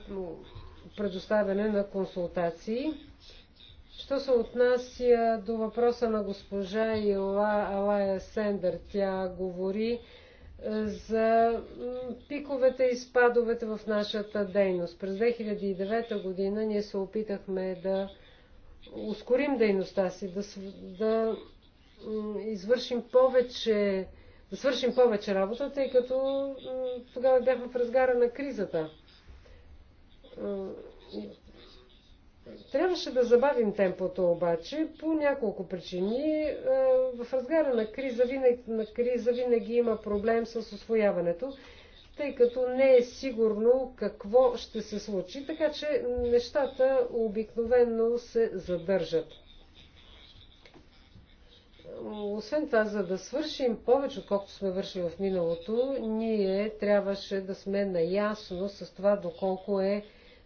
предоставяне на консултации Що се отнася до въпроса на госпожа Ила Алая Сендър, тя говори е, за пиковете и спадовете в нашата дейност. През 2009 година ние се опитахме да ускорим дейността си, да, да извършим повече, да свършим повече работа, тъй като тогава бяхме в разгара на кризата. Е, Трябваше да забавим темпото обаче по няколко причини. Е, в разгара на криза, винаги, на криза винаги има проблем с освояването, тъй като не е сигурно какво ще се случи, така че нещата обикновенно се задържат. Освен това, за да свършим повече, отколкото сме вършили в миналото, ние трябваше да сме наясно с това доколко е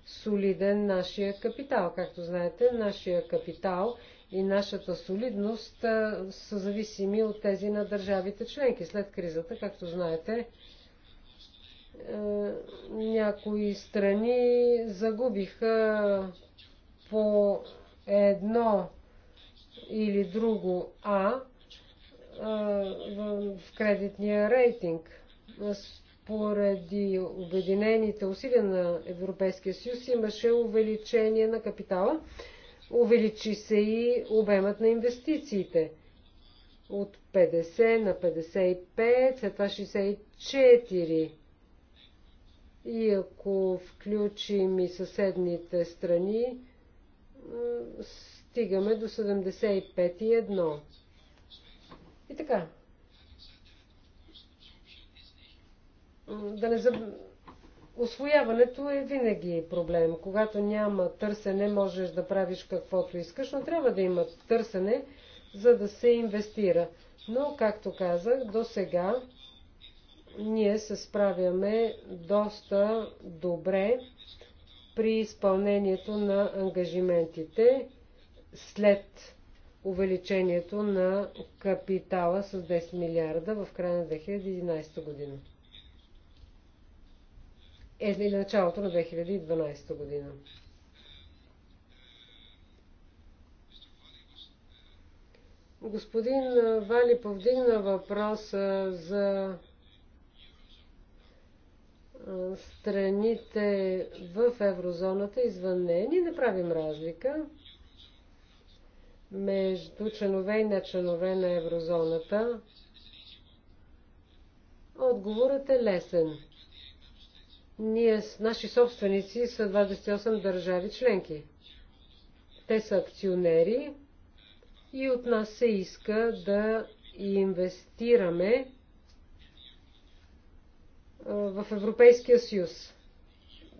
солиден нашия капитал. Както знаете, нашия капитал и нашата солидност са зависими от тези на държавите членки. След кризата, както знаете, някои страни загубиха по едно или друго А в кредитния рейтинг поради обединените усилия на Европейския съюз имаше увеличение на капитала. Увеличи се и обемът на инвестициите от 50 на 55, след това 64. И ако включим и съседните страни, стигаме до 75 и 1. И така, да не заб... Освояването е винаги проблем. Когато няма търсене, можеш да правиш каквото искаш, но трябва да има търсене, за да се инвестира. Но, както казах, до сега ние се справяме доста добре при изпълнението на ангажиментите след увеличението на капитала с 10 милиарда в края на 2011 година или е, началото на 2012 година. Господин Вали повдигна въпроса за страните в еврозоната извън нея. Ние не правим разлика между членове и нечленове на еврозоната. Отговорът е лесен. Ние, наши собственици са 28 държави членки. Те са акционери и от нас се иска да инвестираме в Европейския съюз.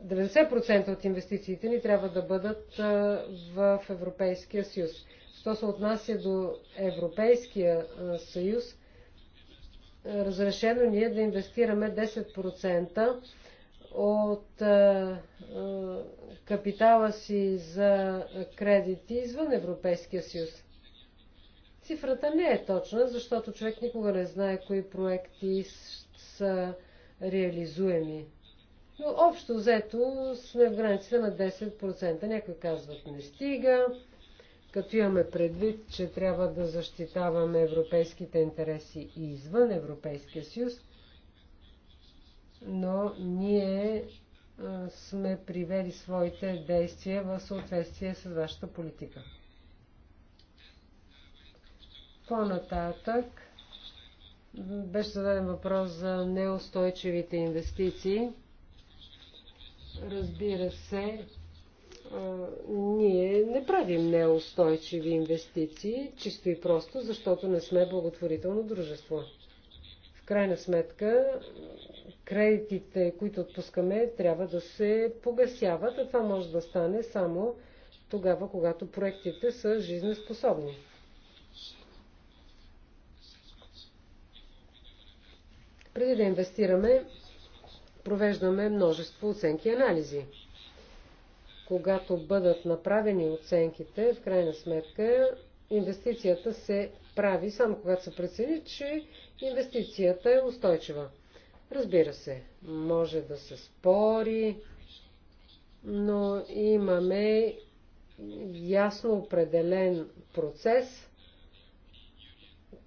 90% от инвестициите ни трябва да бъдат в Европейския съюз. Що се отнася до Европейския съюз, разрешено ни е да инвестираме 10% от а, е, а, е, капитала си за кредити извън Европейския съюз. Цифрата не е точна, защото човек никога не знае кои проекти са реализуеми. Но общо взето сме в границата на 10%. Някои казват не стига, като имаме предвид, че трябва да защитаваме европейските интереси и извън Европейския съюз – но ние сме привели своите действия в съответствие с вашата политика. По-нататък беше зададен въпрос за неустойчивите инвестиции. Разбира се, ние не правим неустойчиви инвестиции, чисто и просто, защото не сме благотворително дружество. В крайна сметка, кредитите, които отпускаме, трябва да се погасяват, а това може да стане само тогава, когато проектите са жизнеспособни. Преди да инвестираме, провеждаме множество оценки и анализи. Когато бъдат направени оценките, в крайна сметка инвестицията се прави само когато се прецени, че инвестицията е устойчива. Разбира се, може да се спори, но имаме ясно определен процес,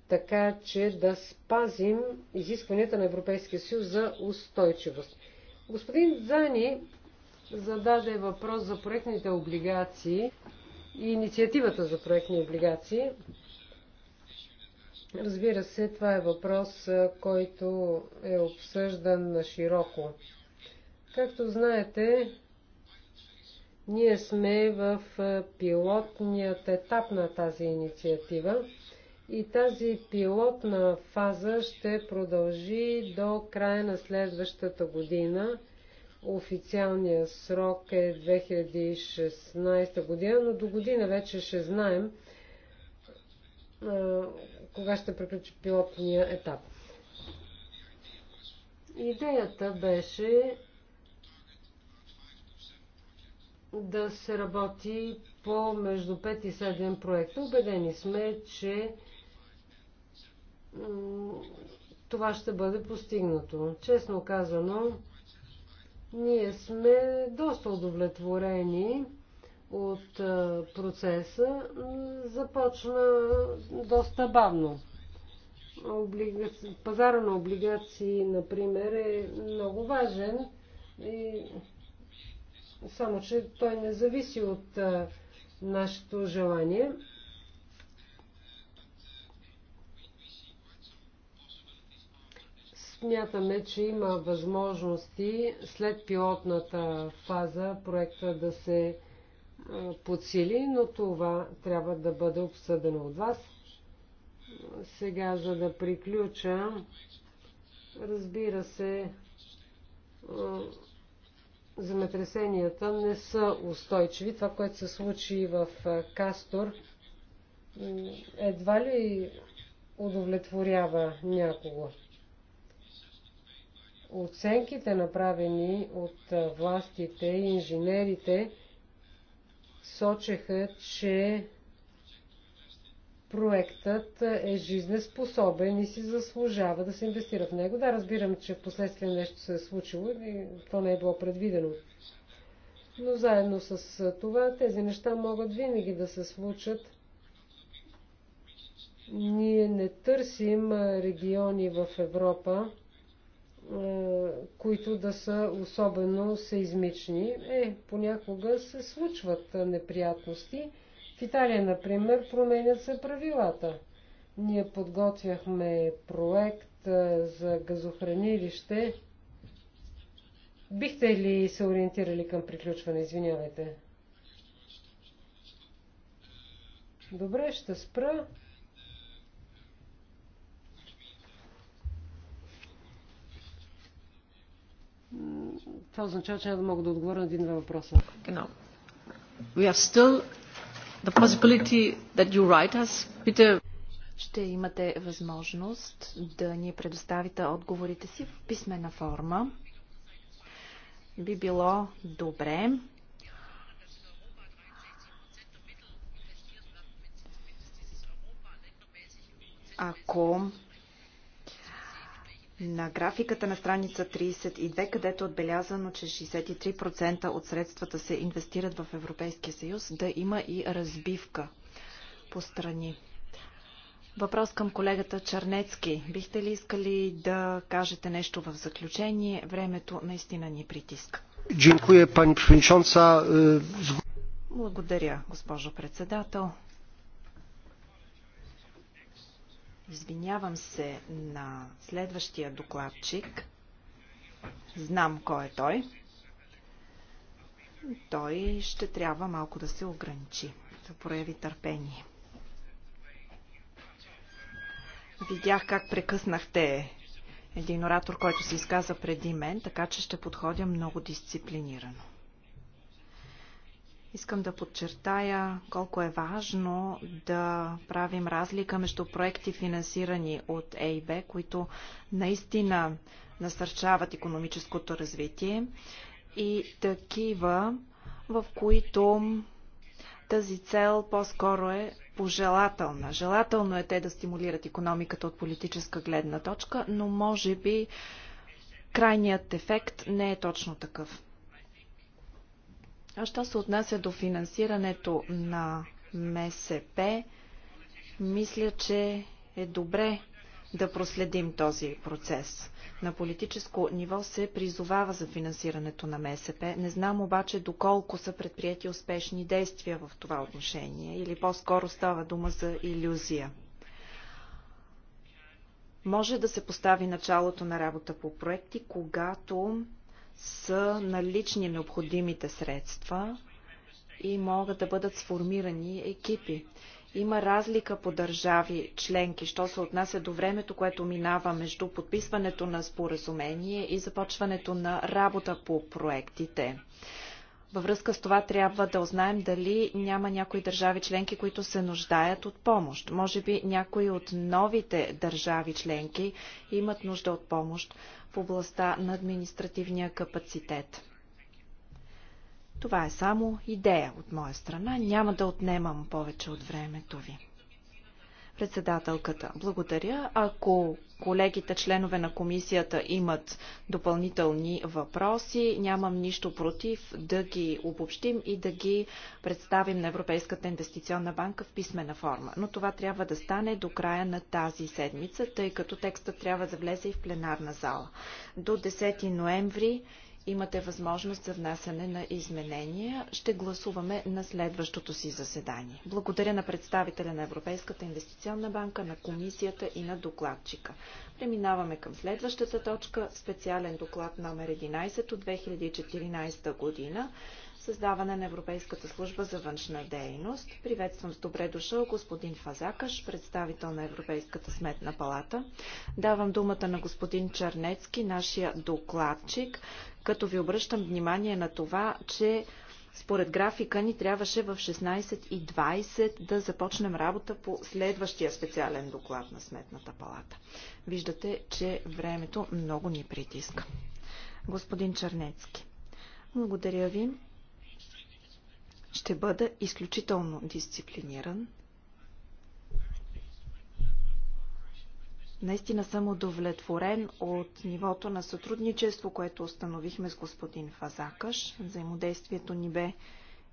така че да спазим изискванията на Европейския съюз за устойчивост. Господин Зани зададе въпрос за проектните облигации и инициативата за проектни облигации. Разбира се, това е въпрос, който е обсъждан на широко. Както знаете, ние сме в пилотният етап на тази инициатива и тази пилотна фаза ще продължи до края на следващата година. Официалният срок е 2016 година, но до година вече ще знаем кога ще приключи пилотния етап. Идеята беше да се работи по между 5 и 7 проекта. Убедени сме, че това ще бъде постигнато. Честно казано, ние сме доста удовлетворени от процеса започна доста бавно. Облигаци... Пазара на облигации, например, е много важен, и... само че той не зависи от нашето желание. Смятаме, че има възможности след пилотната фаза проекта да се подсили, но това трябва да бъде обсъдено от вас. Сега, за да приключа, разбира се, земетресенията не са устойчиви. Това, което се случи в Кастор, едва ли удовлетворява някого. Оценките, направени от властите и инженерите, сочеха, че проектът е жизнеспособен и си заслужава да се инвестира в него. Да, разбирам, че в последствие нещо се е случило и то не е било предвидено. Но заедно с това тези неща могат винаги да се случат. Ние не търсим региони в Европа, е, които да са особено сеизмични. Е, понякога се случват неприятности. В Италия, например, променят се правилата. Ние подготвяхме проект е, за газохранилище. Бихте ли се ориентирали към приключване? Извинявайте. Добре, ще спра. Това означава, че не да мога да отговоря на един-два въпроса. Genau. We still the possibility that you write us. ще имате възможност да ни предоставите отговорите си в писмена форма. Би било добре ако на графиката на страница 32, където е отбелязано, че 63% от средствата се инвестират в Европейския съюз, да има и разбивка по страни. Въпрос към колегата Чернецки. Бихте ли искали да кажете нещо в заключение? Времето наистина ни притиска. Благодаря, госпожо председател. Извинявам се на следващия докладчик. Знам кой е той. Той ще трябва малко да се ограничи, да прояви търпение. Видях как прекъснахте един оратор, който се изказа преди мен, така че ще подходя много дисциплинирано. Искам да подчертая колко е важно да правим разлика между проекти финансирани от ЕИБ, които наистина насърчават економическото развитие и такива, в които тази цел по-скоро е пожелателна. Желателно е те да стимулират економиката от политическа гледна точка, но може би крайният ефект не е точно такъв. А що се отнася до финансирането на МСП, мисля, че е добре да проследим този процес. На политическо ниво се призовава за финансирането на МСП. Не знам обаче доколко са предприяти успешни действия в това отношение или по-скоро става дума за иллюзия. Може да се постави началото на работа по проекти, когато са налични необходимите средства и могат да бъдат сформирани екипи. Има разлика по държави членки, що се отнася до времето, което минава между подписването на споразумение и започването на работа по проектите. Във връзка с това трябва да узнаем дали няма някои държави членки, които се нуждаят от помощ. Може би някои от новите държави членки имат нужда от помощ в областта на административния капацитет. Това е само идея от моя страна. Няма да отнемам повече от времето ви. Председателката, благодаря. Ако колегите членове на комисията имат допълнителни въпроси, нямам нищо против да ги обобщим и да ги представим на Европейската инвестиционна банка в писмена форма. Но това трябва да стане до края на тази седмица, тъй като текстът трябва да влезе и в пленарна зала. До 10 ноември Имате възможност за внасяне на изменения. Ще гласуваме на следващото си заседание. Благодаря на представителя на Европейската инвестиционна банка, на комисията и на докладчика. Преминаваме към следващата точка. Специален доклад номер 11 от 2014 година създаване на Европейската служба за външна дейност. Приветствам с добре дошъл господин Фазакаш, представител на Европейската сметна палата. Давам думата на господин Чернецки, нашия докладчик, като ви обръщам внимание на това, че според графика ни трябваше в 16.20 да започнем работа по следващия специален доклад на Сметната палата. Виждате, че времето много ни притиска. Господин Чернецки, благодаря ви. Ще бъда изключително дисциплиниран. Наистина съм удовлетворен от нивото на сътрудничество, което установихме с господин Фазакаш. Взаимодействието ни бе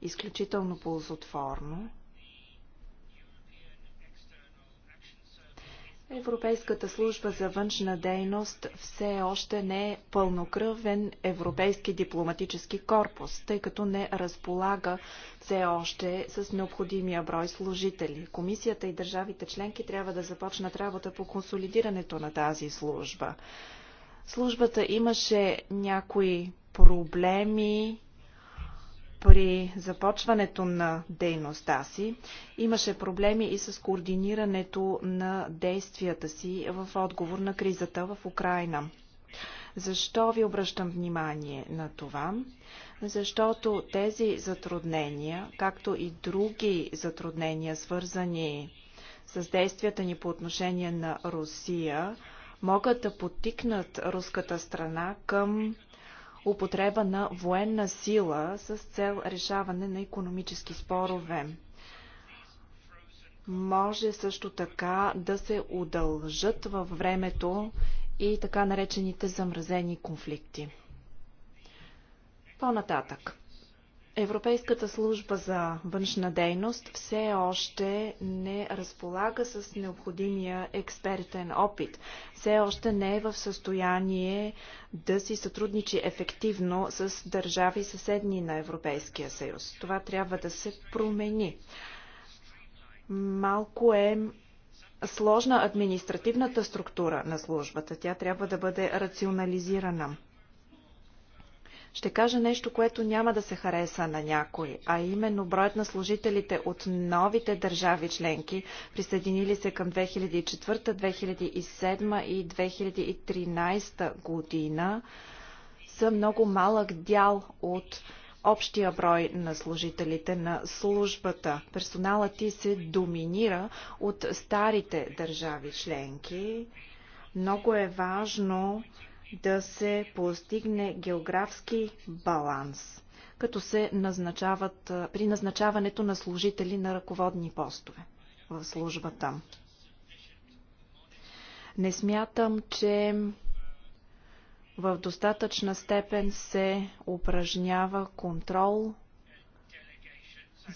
изключително ползотворно. Европейската служба за външна дейност все още не е пълнокръвен европейски дипломатически корпус, тъй като не разполага все още с необходимия брой служители. Комисията и държавите членки трябва да започнат работа по консолидирането на тази служба. Службата имаше някои проблеми при започването на дейността си имаше проблеми и с координирането на действията си в отговор на кризата в Украина. Защо ви обръщам внимание на това? Защото тези затруднения, както и други затруднения, свързани с действията ни по отношение на Русия, могат да потикнат руската страна към употреба на военна сила с цел решаване на економически спорове. Може също така да се удължат във времето и така наречените замразени конфликти. По-нататък. Европейската служба за външна дейност все още не разполага с необходимия експертен опит. Все още не е в състояние да си сътрудничи ефективно с държави съседни на Европейския съюз. Това трябва да се промени. Малко е сложна административната структура на службата. Тя трябва да бъде рационализирана. Ще кажа нещо, което няма да се хареса на някой, а именно броят на служителите от новите държави членки, присъединили се към 2004, 2007 и 2013 година, са много малък дял от общия брой на служителите на службата. Персоналът ти се доминира от старите държави членки. Много е важно да се постигне географски баланс, като се назначават при назначаването на служители на ръководни постове в службата. Не смятам, че в достатъчна степен се упражнява контрол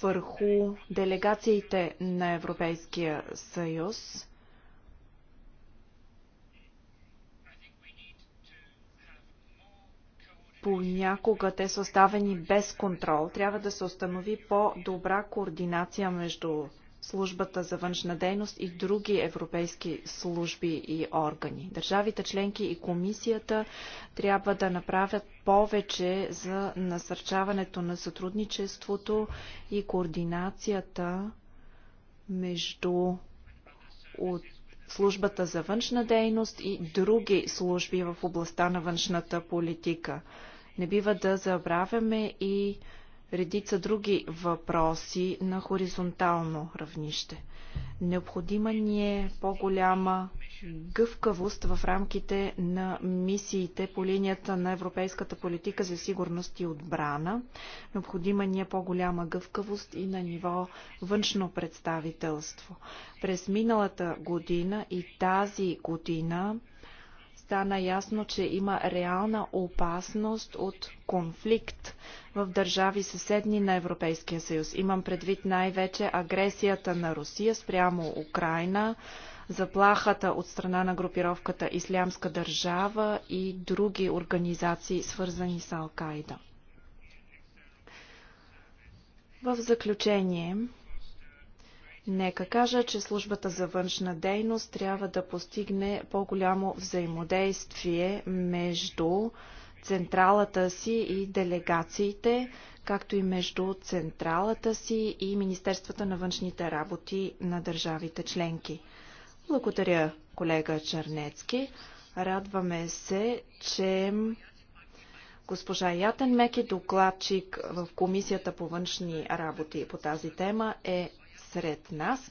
върху делегациите на Европейския съюз. понякога те са оставени без контрол. Трябва да се установи по-добра координация между службата за външна дейност и други европейски служби и органи. Държавите членки и комисията трябва да направят повече за насърчаването на сътрудничеството и координацията между от службата за външна дейност и други служби в областта на външната политика. Не бива да забравяме и редица други въпроси на хоризонтално равнище. Необходима ни е по-голяма гъвкавост в рамките на мисиите по линията на Европейската политика за сигурност и отбрана. Необходима ни е по-голяма гъвкавост и на ниво външно представителство. През миналата година и тази година стана ясно, че има реална опасност от конфликт в държави съседни на Европейския съюз. Имам предвид най-вече агресията на Русия спрямо Украина, заплахата от страна на групировката Ислямска държава и други организации, свързани с Алкайда. В заключение, Нека кажа, че службата за външна дейност трябва да постигне по-голямо взаимодействие между централата си и делегациите, както и между централата си и Министерствата на външните работи на държавите членки. Благодаря, колега Чернецки. Радваме се, че госпожа Ятен Меки, е докладчик в Комисията по външни работи по тази тема, е сред нас.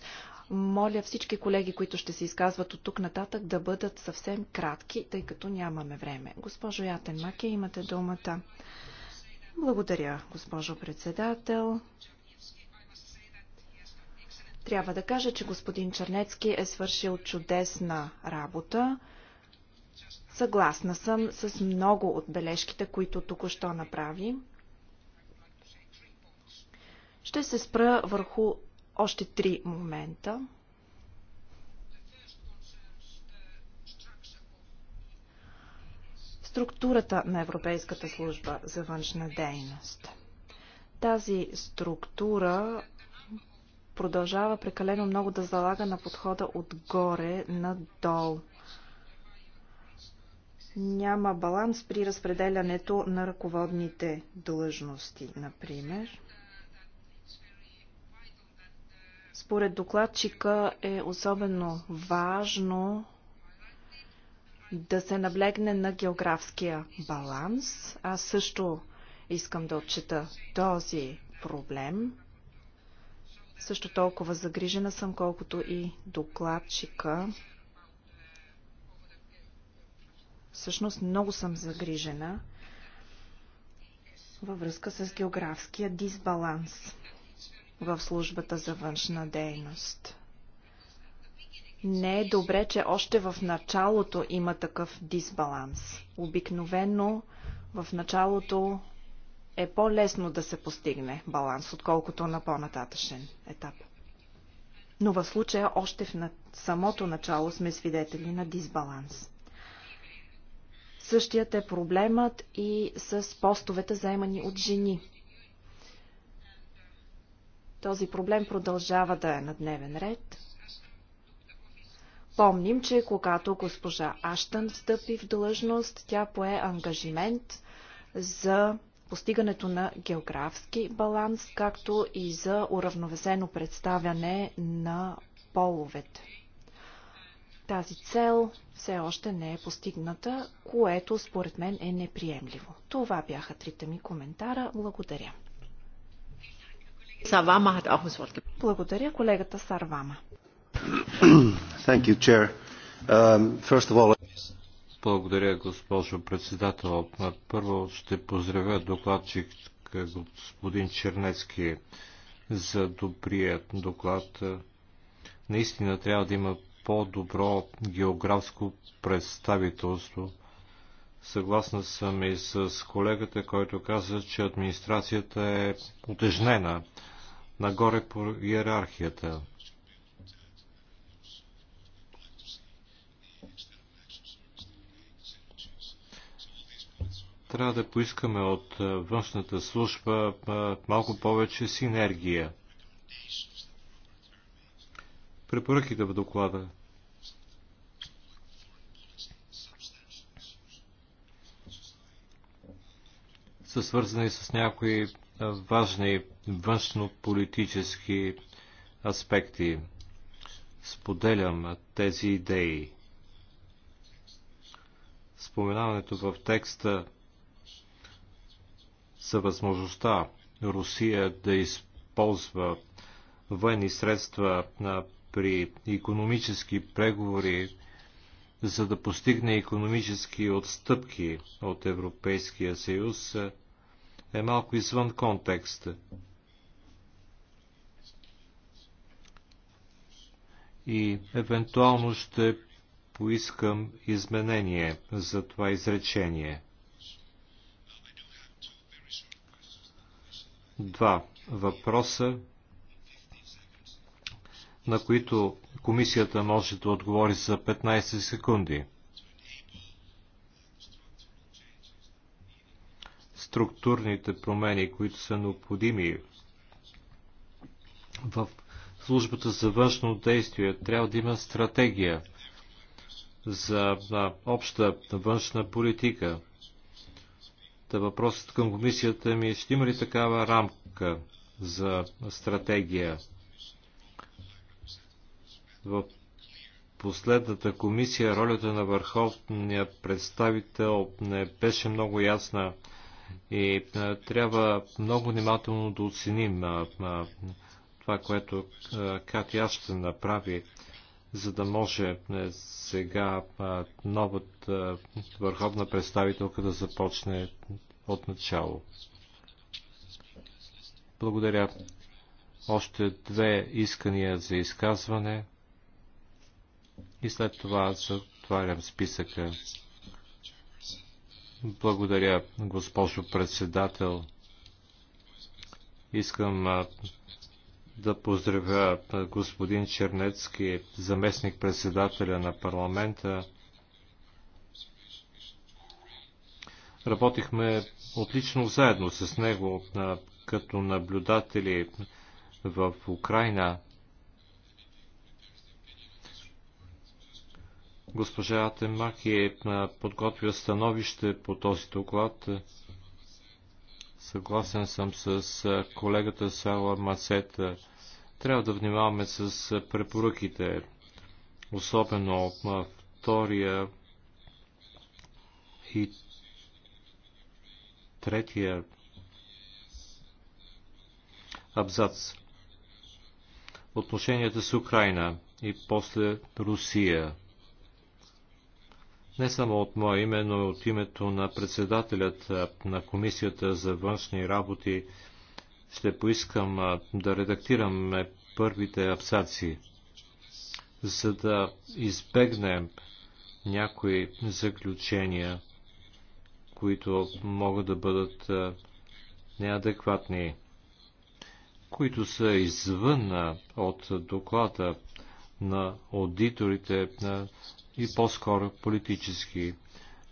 Моля всички колеги, които ще се изказват от тук нататък, да бъдат съвсем кратки, тъй като нямаме време. Госпожо Ятен Маке, имате думата. Благодаря, госпожо председател. Трябва да кажа, че господин Чернецки е свършил чудесна работа. Съгласна съм с много от бележките, които току-що направи. Ще се спра върху още три момента. Структурата на Европейската служба за външна дейност. Тази структура продължава прекалено много да залага на подхода отгоре надолу. Няма баланс при разпределянето на ръководните длъжности, например. Според докладчика е особено важно да се наблегне на географския баланс. Аз също искам да отчита този проблем. Също толкова загрижена съм, колкото и докладчика. Всъщност много съм загрижена във връзка с географския дисбаланс в службата за външна дейност. Не е добре, че още в началото има такъв дисбаланс. Обикновено в началото е по-лесно да се постигне баланс, отколкото на по-нататъчен етап. Но в случая още в на... самото начало сме свидетели на дисбаланс. Същият е проблемът и с постовете заемани от жени. Този проблем продължава да е на дневен ред. Помним, че когато госпожа Аштън встъпи в длъжност, тя пое ангажимент за постигането на географски баланс, както и за уравновесено представяне на половете. Тази цел все още не е постигната, което според мен е неприемливо. Това бяха трите ми коментара. Благодаря. Савама hat auch das Wort. Благодаря колегата Сарвама. Thank you, chair. Um, first of all... Благодаря, госпожо председател. Първо ще поздравя докладчик господин Чернецки за добрият доклад. Наистина трябва да има по-добро географско представителство – Съгласна съм и с колегата, който каза, че администрацията е утежнена нагоре по иерархията. Трябва да поискаме от външната служба малко повече синергия. Препоръките в доклада са свързани с някои важни външно-политически аспекти. Споделям тези идеи. Споменаването в текста за възможността Русия да използва военни средства при економически преговори, за да постигне економически отстъпки от Европейския съюз, е малко извън контекста. И евентуално ще поискам изменение за това изречение. Два въпроса, на които комисията може да отговори за 15 секунди. структурните промени, които са необходими в службата за външно действие. Трябва да има стратегия за обща външна политика. Та въпросът към комисията ми е, ще има ли такава рамка за стратегия? В последната комисия ролята на върховния представител не беше много ясна. И а, трябва много внимателно да оценим а, а, това, което а, Кати аз ще направи, за да може а, сега а, новата а, върховна представителка да започне от начало. Благодаря. Още две искания за изказване и след това затварям списъка. Благодаря, госпожо председател. Искам да поздравя господин Чернецки, заместник председателя на парламента. Работихме отлично заедно с него като наблюдатели в Украина. Госпожа Атемаки е подготвя становище по този доклад. Съгласен съм с колегата Сала Масета. Трябва да внимаваме с препоръките, особено втория и третия абзац. Отношенията с Украина и после Русия не само от мое име, но и от името на председателят на Комисията за външни работи ще поискам да редактираме първите абсаци, за да избегнем някои заключения, които могат да бъдат неадекватни, които са извън от доклада на аудиторите, на и по-скоро политически.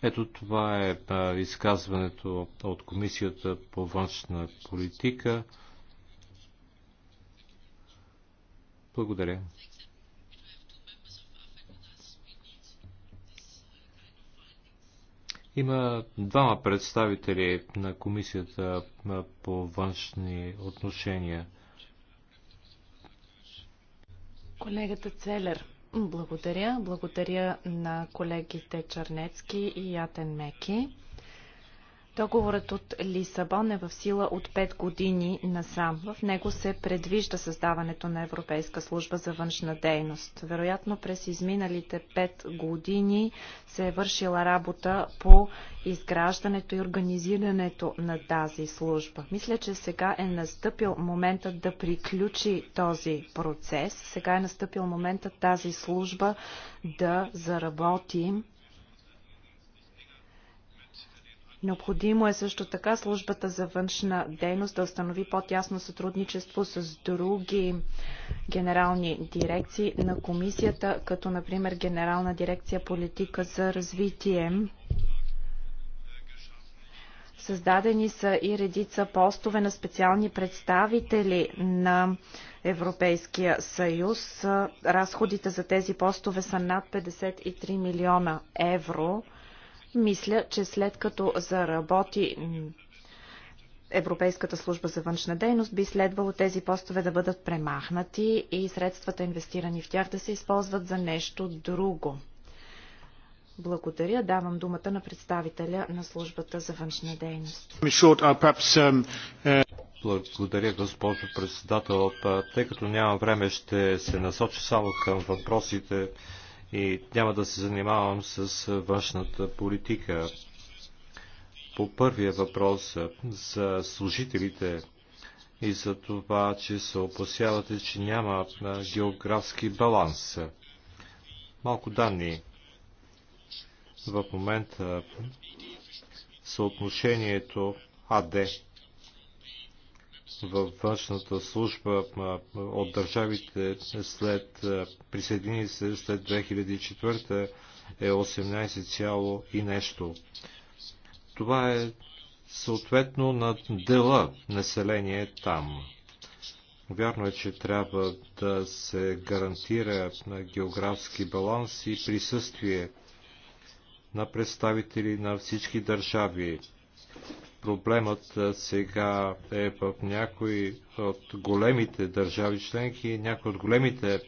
Ето това е изказването от Комисията по външна политика. Благодаря. Има двама представители на Комисията по външни отношения. Колегата Целер. Благодаря. Благодаря на колегите Чернецки и Ятен Меки. Договорът от Лисабон е в сила от 5 години насам. В него се предвижда създаването на Европейска служба за външна дейност. Вероятно през изминалите 5 години се е вършила работа по изграждането и организирането на тази служба. Мисля, че сега е настъпил моментът да приключи този процес. Сега е настъпил моментът тази служба да заработи Необходимо е също така службата за външна дейност да установи по-тясно сътрудничество с други генерални дирекции на комисията, като например Генерална дирекция политика за развитие. Създадени са и редица постове на специални представители на Европейския съюз. Разходите за тези постове са над 53 милиона евро. Мисля, че след като заработи Европейската служба за външна дейност, би следвало тези постове да бъдат премахнати и средствата инвестирани в тях да се използват за нещо друго. Благодаря. Давам думата на представителя на службата за външна дейност. Uh, um, Благодаря, госпожо председател. Тъй като няма време, ще се насоча само към въпросите, и няма да се занимавам с външната политика. По първия въпрос за служителите и за това, че се опасявате, че няма географски баланс. Малко данни. В момента съотношението АД във външната служба от държавите след присъедини се след 2004 е 18, цяло и нещо. Това е съответно на дела население там. Вярно е, че трябва да се гарантира на географски баланс и присъствие на представители на всички държави проблемът сега е в някои от големите държави членки и някои от големите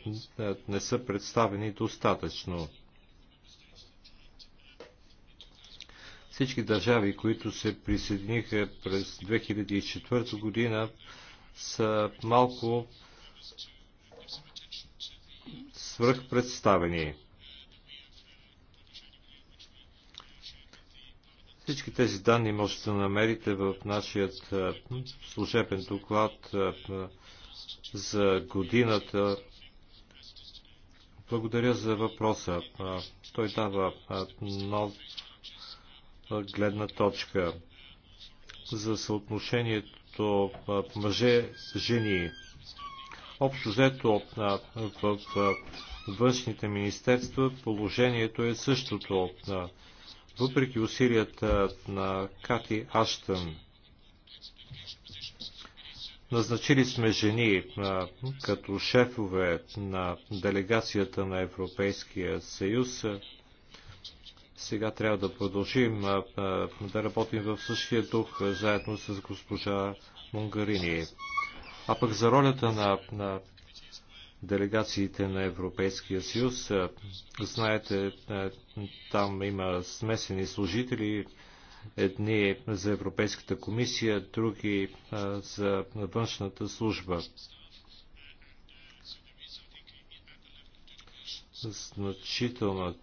не са представени достатъчно. Всички държави, които се присъединиха през 2004 година, са малко свръхпредставени. Всички тези данни можете да намерите в нашия служебен доклад за годината. Благодаря за въпроса. Той дава нов гледна точка за съотношението мъже-жени. Общо взето в външните министерства положението е същото въпреки усилията на Кати Аштън. Назначили сме жени като шефове на делегацията на Европейския съюз. Сега трябва да продължим да работим в същия дух заедно с госпожа Монгарини. А пък за ролята на, на делегациите на Европейския съюз. Е, знаете, е, там има смесени служители, едни за Европейската комисия, други е, за външната служба. Значителна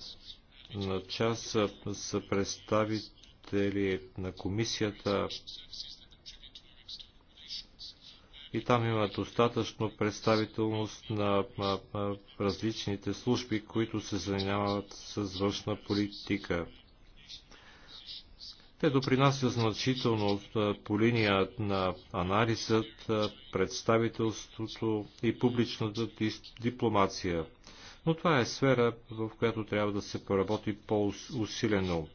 на част са представители на комисията и там има достатъчно представителност на различните служби, които се занимават с външна политика. Те допринасят значително по линия на анализът, представителството и публичната дипломация. Но това е сфера, в която трябва да се поработи по-усилено.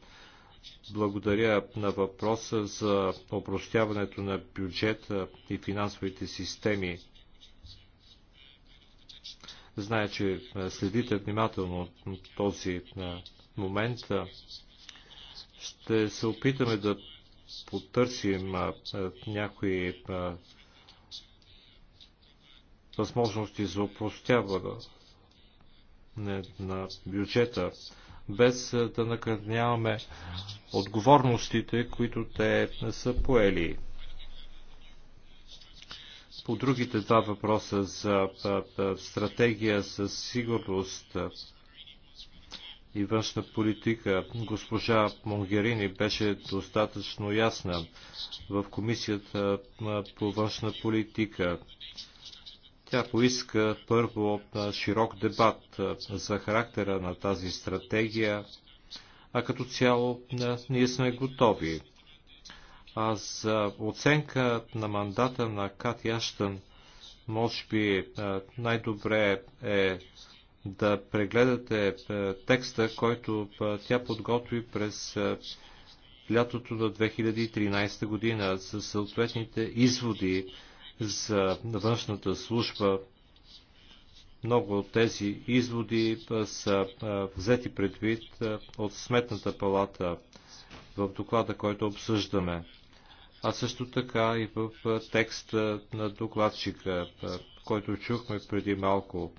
Благодаря на въпроса за опростяването на бюджета и финансовите системи. Зная, че следите внимателно този момент. Ще се опитаме да потърсим някои възможности за опростяване на бюджета без да накърняваме отговорностите, които те не са поели. По другите два въпроса за стратегия за сигурност и външна политика, госпожа Монгерини беше достатъчно ясна в комисията по външна политика. Тя поиска първо широк дебат за характера на тази стратегия, а като цяло ние сме готови. А за оценка на мандата на Кат Яштън, може би най-добре е да прегледате текста, който тя подготви през лятото на 2013 година за съответните изводи за външната служба. Много от тези изводи са взети предвид от Сметната палата в доклада, който обсъждаме. А също така и в текста на докладчика, който чухме преди малко.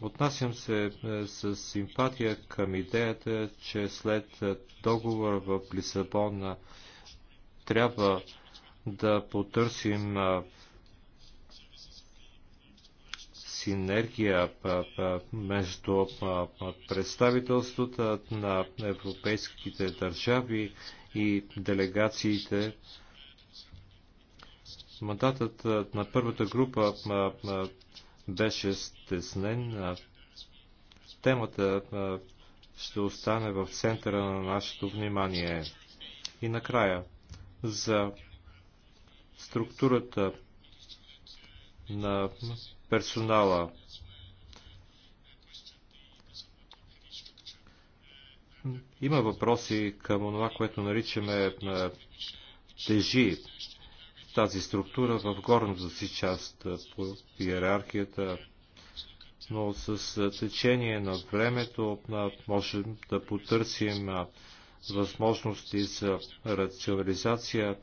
Отнасям се е, с симпатия към идеята, че след е, договора в Лисабона трябва да потърсим е, синергия между представителствата на европейските държави и делегациите. Мандатът на първата група беше стеснен. Темата ще остане в центъра на нашето внимание. И накрая, за структурата на персонала. Има въпроси към това, което наричаме тежи тази структура в горната си част по иерархията, но с течение на времето можем да потърсим възможности за рационализация,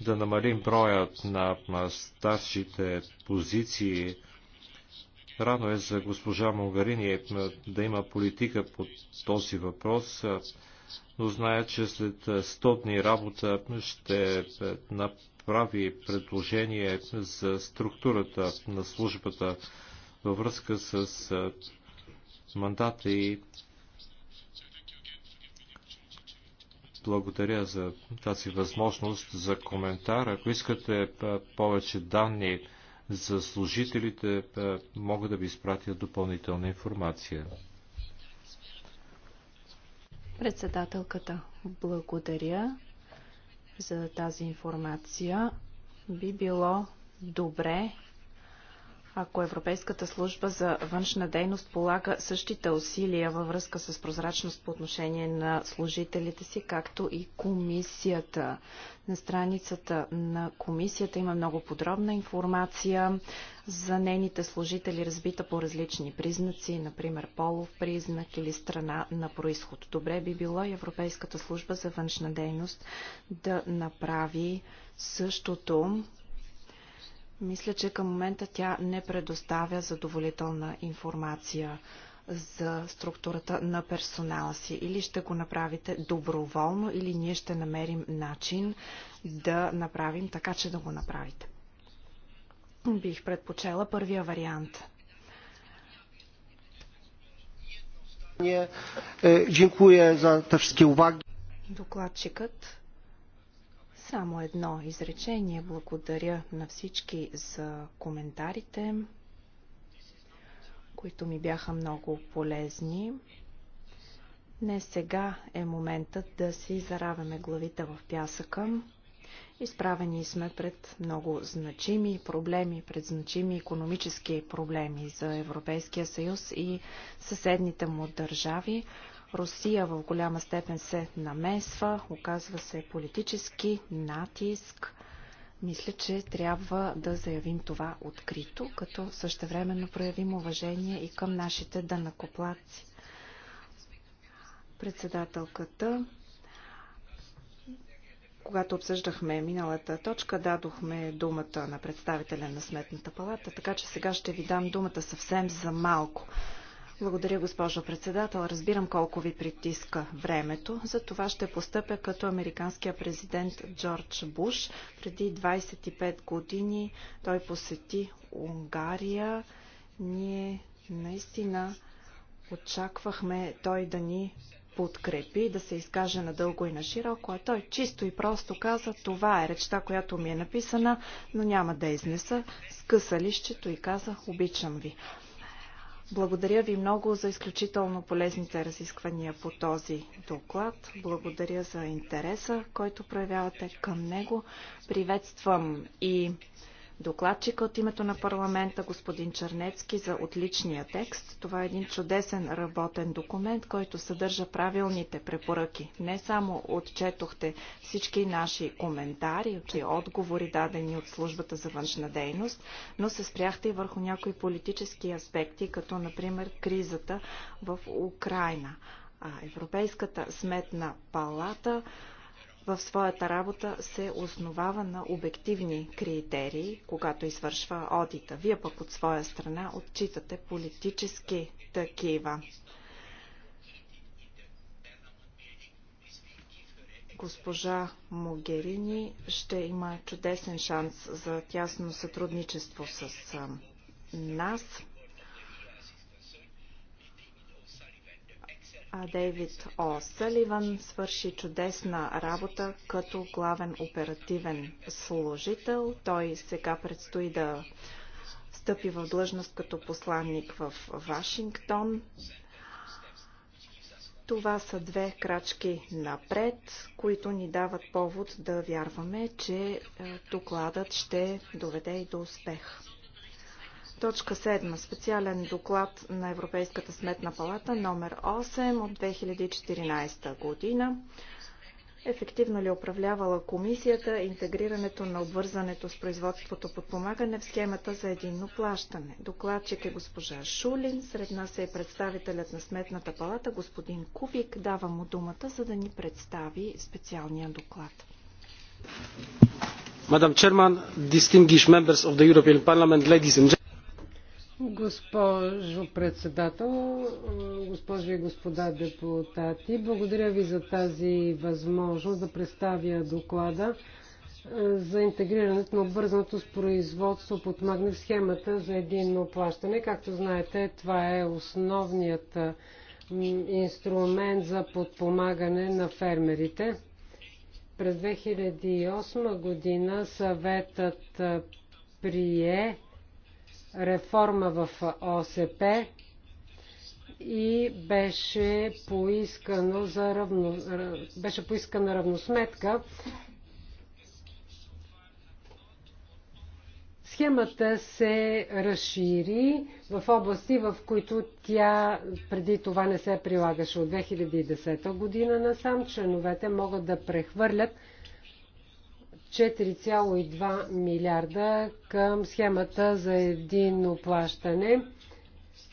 да намалим броят на старшите позиции. Рано е за госпожа Монгарини да има политика по този въпрос, но зная, че след 100 дни работа ще прави предложение за структурата на службата във връзка с мандата и благодаря за тази възможност за коментар. Ако искате повече данни за служителите, мога да ви изпратя допълнителна информация. Председателката, благодаря за тази информация. Би било добре ако Европейската служба за външна дейност полага същите усилия във връзка с прозрачност по отношение на служителите си, както и комисията. На страницата на комисията има много подробна информация за нейните служители, разбита по различни признаци, например полов признак или страна на происход. Добре би било Европейската служба за външна дейност да направи същото мисля, че към момента тя не предоставя задоволителна информация за структурата на персонала си. Или ще го направите доброволно, или ние ще намерим начин да направим така, че да го направите. Бих предпочела първия вариант. Е, е, Докладчикът само едно изречение. Благодаря на всички за коментарите, които ми бяха много полезни. Не сега е моментът да си заравяме главите в пясъка. Изправени сме пред много значими проблеми, пред значими економически проблеми за Европейския съюз и съседните му държави. Русия в голяма степен се намесва, оказва се политически натиск. Мисля, че трябва да заявим това открито, като същевременно проявим уважение и към нашите данакоплаци. Председателката, когато обсъждахме миналата точка, дадохме думата на представителя на Сметната палата, така че сега ще ви дам думата съвсем за малко. Благодаря, госпожо председател. Разбирам колко ви притиска времето. За това ще постъпя като американския президент Джордж Буш. Преди 25 години той посети Унгария. Ние наистина очаквахме той да ни подкрепи, да се изкаже надълго и на широко, а той чисто и просто каза, това е речта, която ми е написана, но няма да изнеса. Скъса лището и каза, обичам ви. Благодаря ви много за изключително полезните разисквания по този доклад. Благодаря за интереса, който проявявате към него. Приветствам и докладчика от името на парламента, господин Чернецки, за отличния текст. Това е един чудесен работен документ, който съдържа правилните препоръки. Не само отчетохте всички наши коментари и отговори, дадени от службата за външна дейност, но се спряхте и върху някои политически аспекти, като например кризата в Украина. А Европейската сметна палата в своята работа се основава на обективни критерии, когато извършва одита. Вие пък от своя страна отчитате политически такива. госпожа Могерини ще има чудесен шанс за тясно сътрудничество с нас. Дейвид О. Саливан свърши чудесна работа като главен оперативен служител. Той сега предстои да стъпи в длъжност като посланник в Вашингтон. Това са две крачки напред, които ни дават повод да вярваме, че е, докладът ще доведе и до успех. Точка 7. Специален доклад на Европейската сметна палата номер 8 от 2014 година. Ефективно ли е управлявала комисията интегрирането на обвързането с производството подпомагане в схемата за единно плащане? Докладчик е госпожа Шулин, сред нас е представителят на Сметната палата господин Кубик. Дава му думата, за да ни представи специалния доклад. Мадам Черман, members of the European Parliament, ladies and gentlemen, Госпожо председател, госпожи и господа депутати, благодаря ви за тази възможност да представя доклада е, за интегрирането на обвързаното с производство под магнит схемата за единно плащане. Както знаете, това е основният инструмент за подпомагане на фермерите. През 2008 година съветът е, прие реформа в ОСП и беше, поискано за равно, беше поискана равносметка. Схемата се разшири в области, в които тя преди това не се прилагаше. От 2010 година насам членовете могат да прехвърлят 4,2 милиарда към схемата за единно плащане.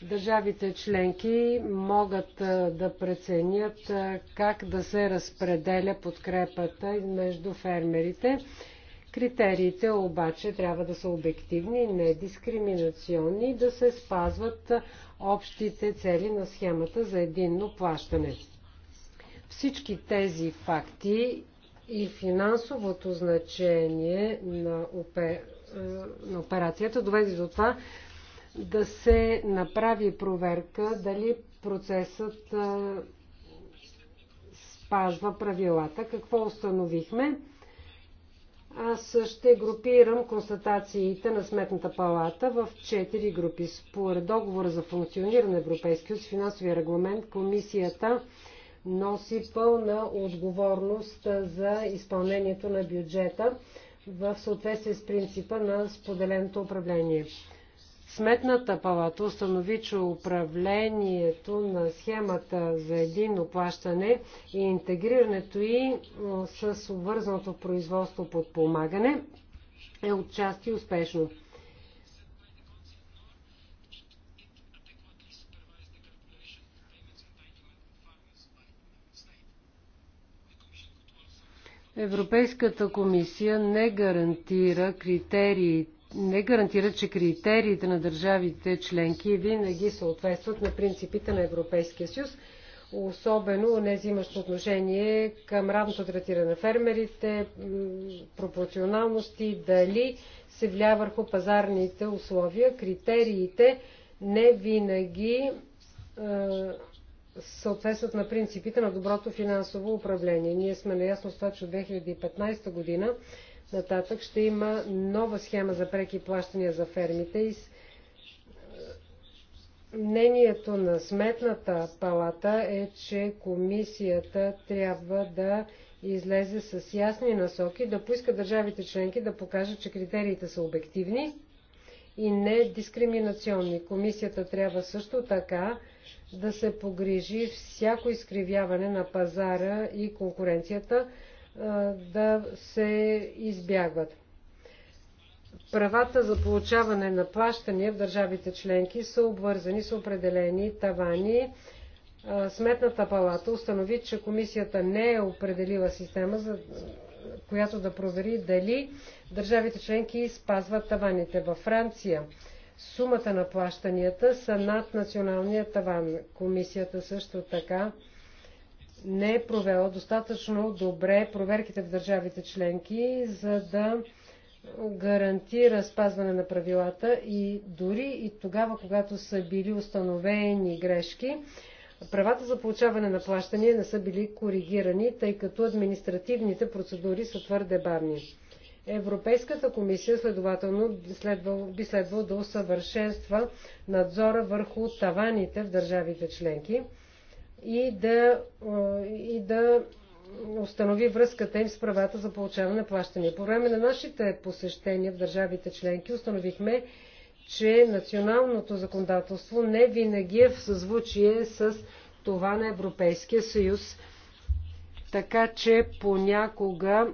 Държавите членки могат да преценят как да се разпределя подкрепата между фермерите. Критериите обаче трябва да са обективни, не дискриминационни и да се спазват общите цели на схемата за единно плащане. Всички тези факти и финансовото значение на, опе... Е, на операцията доведе до това да се направи проверка дали процесът е, спазва правилата. Какво установихме? Аз ще групирам констатациите на Сметната палата в четири групи. Според договора за функциониране на Европейския съюз, финансовия регламент, комисията носи пълна отговорност за изпълнението на бюджета в съответствие с принципа на споделеното управление. Сметната палата установи, че управлението на схемата за единно плащане и интегрирането и с обвързаното производство подпомагане е отчасти успешно. Европейската комисия не гарантира критерии, не гарантира, че критериите на държавите членки винаги съответстват на принципите на Европейския съюз, особено не взимащо отношение към равното третиране на фермерите, пропорционалности, дали се влия върху пазарните условия. Критериите не винаги е, съответстват на принципите на доброто финансово управление. Ние сме наясно с това, че от 2015 година нататък ще има нова схема за преки плащания за фермите и е, мнението на Сметната палата е, че комисията трябва да излезе с ясни насоки, да поиска държавите членки да покажат, че критериите са обективни и не дискриминационни. Комисията трябва също така да се погрижи всяко изкривяване на пазара и конкуренцията да се избягват. Правата за получаване на плащания в държавите членки са обвързани с определени тавани. Сметната палата установи, че комисията не е определила система, за която да провери дали държавите членки спазват таваните. Във Франция сумата на плащанията са над националния таван. Комисията също така не е провела достатъчно добре проверките в държавите членки, за да гарантира спазване на правилата и дори и тогава, когато са били установени грешки, правата за получаване на плащания не са били коригирани, тъй като административните процедури са твърде бавни. Европейската комисия следователно би следвало да усъвършенства надзора върху таваните в държавите членки и да, и да установи връзката им с правата за получаване на плащания. По време на нашите посещения в държавите членки установихме, че националното законодателство не винаги е в съзвучие с това на Европейския съюз, така че понякога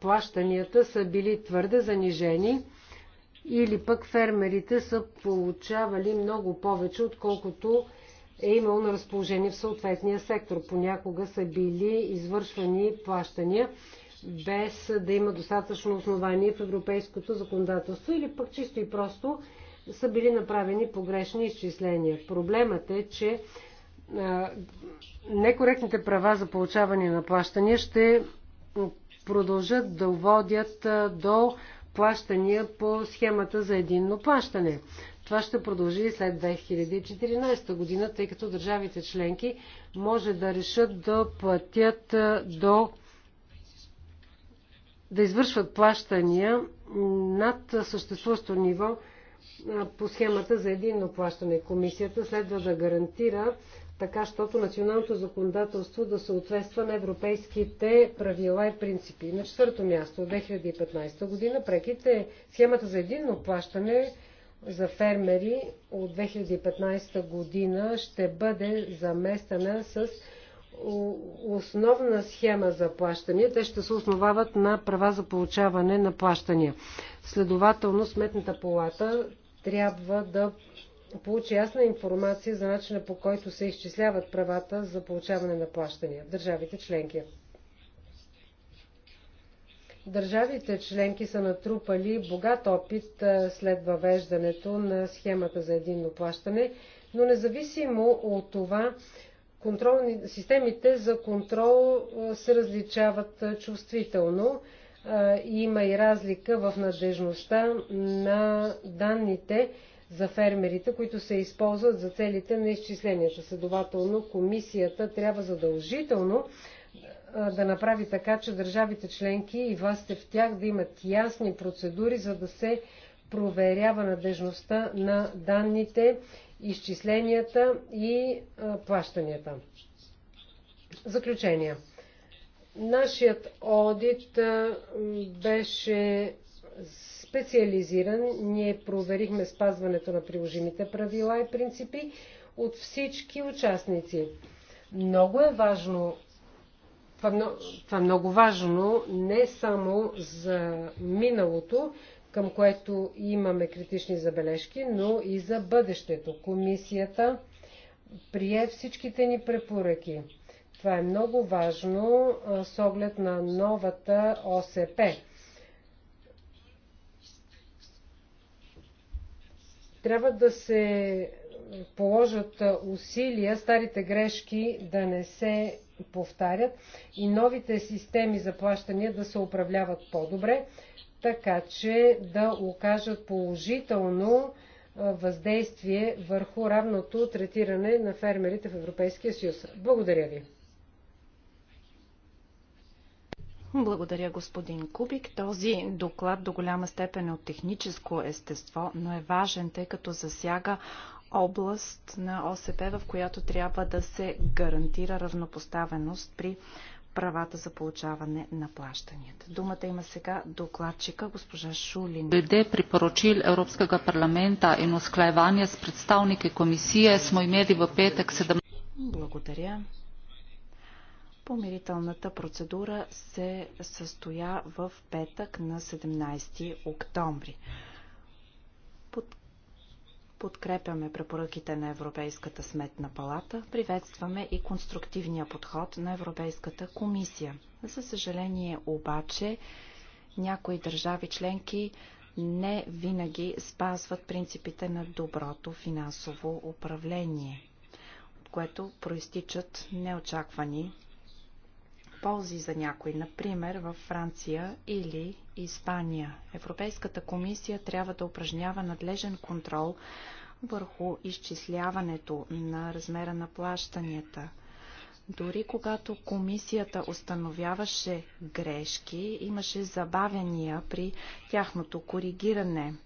плащанията са били твърде занижени или пък фермерите са получавали много повече, отколкото е имало на разположение в съответния сектор. Понякога са били извършвани плащания без да има достатъчно основание в европейското законодателство или пък чисто и просто са били направени погрешни изчисления. Проблемът е, че некоректните права за получаване на плащания ще продължат да водят до плащания по схемата за единно плащане. Това ще продължи и след 2014 година, тъй като държавите членки може да решат да платят до да извършват плащания над съществуващо ниво по схемата за единно плащане. Комисията следва да гарантира така, щото националното законодателство да съответства на европейските правила и принципи. На четвърто място, от 2015 година, преките схемата за единно плащане за фермери от 2015 година ще бъде заместена с основна схема за плащания. Те ще се основават на права за получаване на плащания. Следователно, Сметната палата трябва да получи ясна информация за начина по който се изчисляват правата за получаване на плащания в държавите членки. Държавите членки са натрупали богат опит след въвеждането на схемата за единно плащане, но независимо от това, контролни, системите за контрол се различават чувствително. Има и разлика в надежността на данните, за фермерите, които се използват за целите на изчисленията. Следователно, комисията трябва задължително да направи така, че държавите членки и властите в тях да имат ясни процедури, за да се проверява надежността на данните, изчисленията и плащанията. Заключение. Нашият одит беше специализирани. Ние проверихме спазването на приложимите правила и принципи от всички участници. Много е важно, това, това е много важно не само за миналото, към което имаме критични забележки, но и за бъдещето. Комисията прие всичките ни препоръки. Това е много важно с оглед на новата ОСП. Трябва да се положат усилия старите грешки да не се повтарят и новите системи за плащания да се управляват по-добре, така че да окажат положително въздействие върху равното третиране на фермерите в Европейския съюз. Благодаря ви. Благодаря, господин Кубик. Този доклад до голяма степен е от техническо естество, но е важен, тъй като засяга област на ОСП, в която трябва да се гарантира равнопоставеност при правата за получаване на плащанията. Думата има сега докладчика госпожа Шулин. Дойде Glede priporočil Evropskega parlamenta in usklajevanja с представники комисия, смо имели в петък 7... Благодаря. Помирителната процедура се състоя в петък на 17 октомври. Под... Подкрепяме препоръките на Европейската сметна палата, приветстваме и конструктивния подход на Европейската комисия. За съжаление обаче, някои държави членки не винаги спазват принципите на доброто финансово управление, от което проистичат неочаквани ползи за някой, например във Франция или Испания. Европейската комисия трябва да упражнява надлежен контрол върху изчисляването на размера на плащанията. Дори когато комисията установяваше грешки, имаше забавения при тяхното коригиране –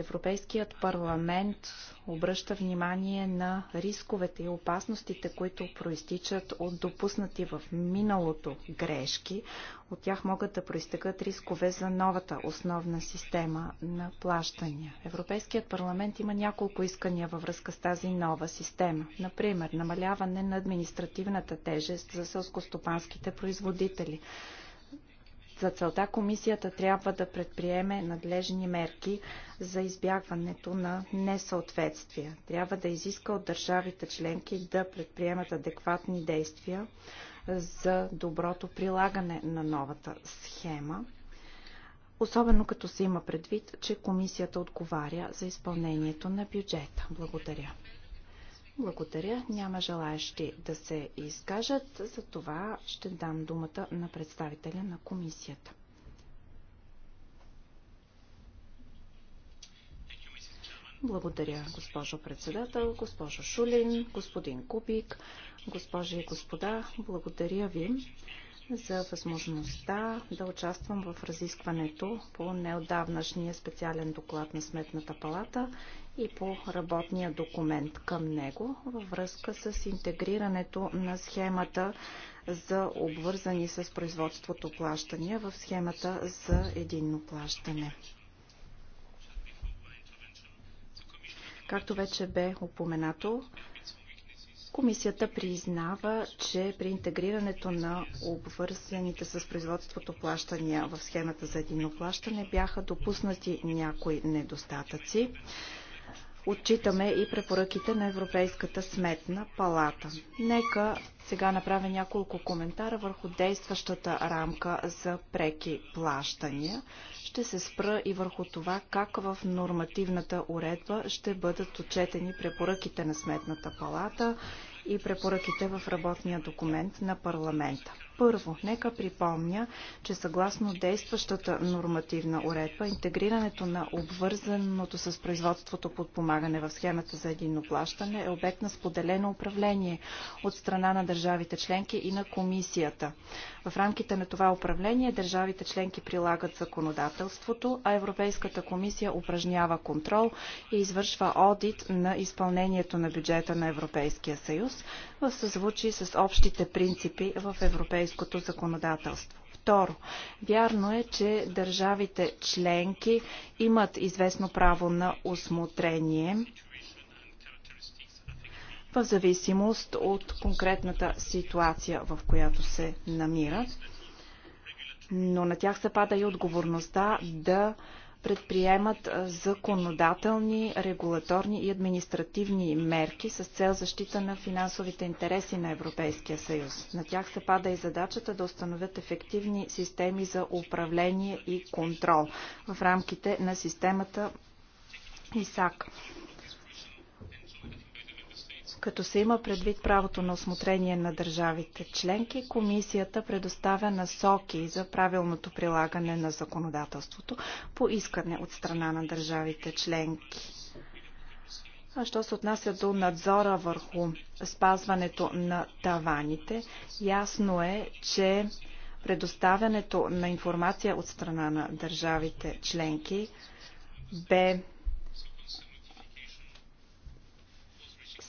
Европейският парламент обръща внимание на рисковете и опасностите, които проистичат от допуснати в миналото грешки. От тях могат да проистъкат рискове за новата основна система на плащания. Европейският парламент има няколко искания във връзка с тази нова система. Например, намаляване на административната тежест за селскостопанските производители за целта комисията трябва да предприеме надлежни мерки за избягването на несъответствия. Трябва да изиска от държавите членки да предприемат адекватни действия за доброто прилагане на новата схема особено като се има предвид, че комисията отговаря за изпълнението на бюджета. Благодаря. Благодаря. Няма желаящи да се изкажат. За това ще дам думата на представителя на комисията. Благодаря, госпожо председател, госпожо Шулин, господин Кубик, госпожи и господа. Благодаря ви за възможността да участвам в разискването по неодавнашния специален доклад на Сметната палата и по работния документ към него във връзка с интегрирането на схемата за обвързани с производството плащания в схемата за единно плащане. Както вече бе упоменато, Комисията признава, че при интегрирането на обвързаните с производството плащания в схемата за единно плащане бяха допуснати някои недостатъци отчитаме и препоръките на Европейската сметна палата. Нека сега направя няколко коментара върху действащата рамка за преки плащания. Ще се спра и върху това как в нормативната уредба ще бъдат отчетени препоръките на Сметната палата и препоръките в работния документ на парламента. Първо, нека припомня, че съгласно действащата нормативна уредба, интегрирането на обвързаното с производството подпомагане в схемата за единно плащане е обект на споделено управление от страна на държавите членки и на комисията. В рамките на това управление държавите членки прилагат законодателството, а Европейската комисия упражнява контрол и извършва одит на изпълнението на бюджета на Европейския съюз, в съзвучие с общите принципи в европейското законодателство. Второ, вярно е, че държавите членки имат известно право на осмотрение в зависимост от конкретната ситуация, в която се намират. Но на тях се пада и отговорността да, да предприемат законодателни, регулаторни и административни мерки с цел защита на финансовите интереси на Европейския съюз. На тях се пада и задачата да установят ефективни системи за управление и контрол в рамките на системата ИСАК. Като се има предвид правото на осмотрение на държавите членки, комисията предоставя насоки за правилното прилагане на законодателството по искане от страна на държавите членки. А що се отнася до надзора върху спазването на таваните, ясно е, че предоставянето на информация от страна на държавите членки бе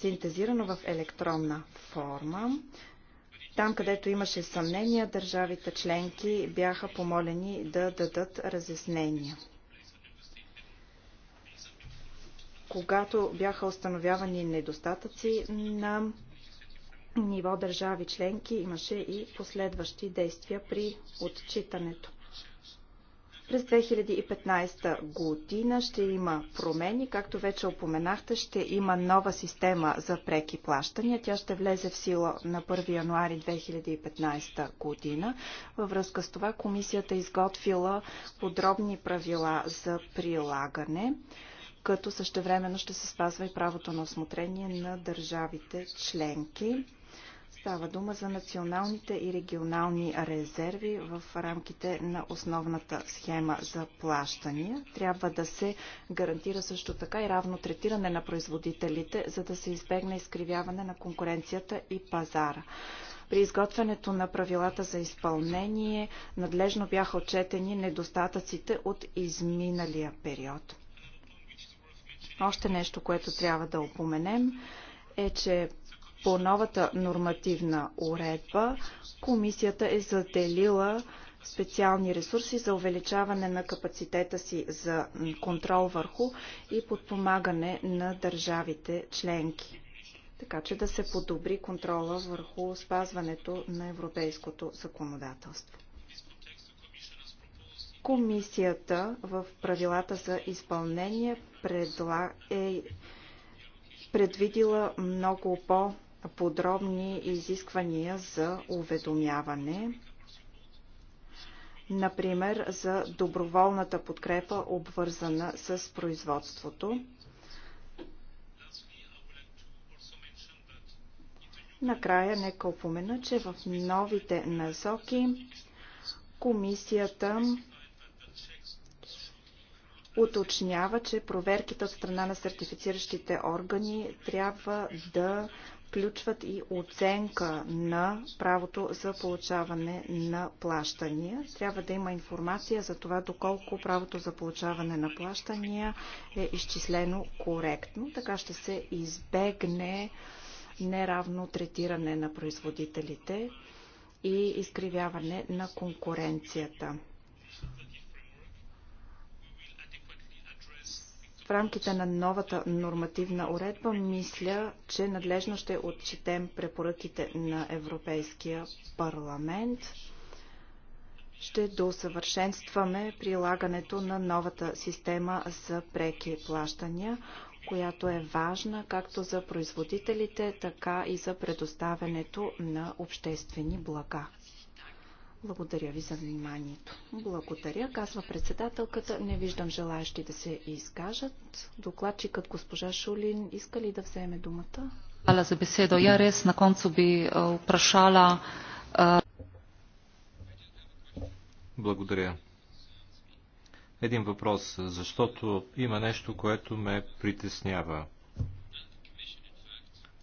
синтезирано в електронна форма. Там, където имаше съмнения, държавите членки бяха помолени да дадат разяснения. Когато бяха установявани недостатъци на ниво държави членки, имаше и последващи действия при отчитането. През 2015 година ще има промени. Както вече опоменахте, ще има нова система за преки плащания. Тя ще влезе в сила на 1 януари 2015 година. Във връзка с това комисията изготвила подробни правила за прилагане като същевременно ще се спазва и правото на осмотрение на държавите членки. Става дума за националните и регионални резерви в рамките на основната схема за плащания. Трябва да се гарантира също така и равно третиране на производителите, за да се избегне изкривяване на конкуренцията и пазара. При изготвянето на правилата за изпълнение надлежно бяха отчетени недостатъците от изминалия период. Още нещо, което трябва да опоменем е, че по новата нормативна уредба комисията е заделила специални ресурси за увеличаване на капацитета си за контрол върху и подпомагане на държавите членки така че да се подобри контрола върху спазването на европейското законодателство. Комисията в правилата за изпълнение предла... е предвидила много по- подробни изисквания за уведомяване, например за доброволната подкрепа, обвързана с производството. Накрая нека упомена, че в новите насоки комисията уточнява, че проверките от страна на сертифициращите органи трябва да включват и оценка на правото за получаване на плащания. Трябва да има информация за това доколко правото за получаване на плащания е изчислено коректно. Така ще се избегне неравно третиране на производителите и изкривяване на конкуренцията. в рамките на новата нормативна уредба мисля, че надлежно ще отчетем препоръките на Европейския парламент. Ще доусъвършенстваме прилагането на новата система за преки плащания, която е важна както за производителите, така и за предоставянето на обществени блага. Благодаря ви за вниманието. Благодаря, казва председателката. Не виждам желаящи да се изкажат. Докладчикът госпожа Шулин иска ли да вземе думата? Hvala за besedo. Я рез на концу би упрашала... Е, е, Благодаря. Един въпрос, защото има нещо, което ме притеснява.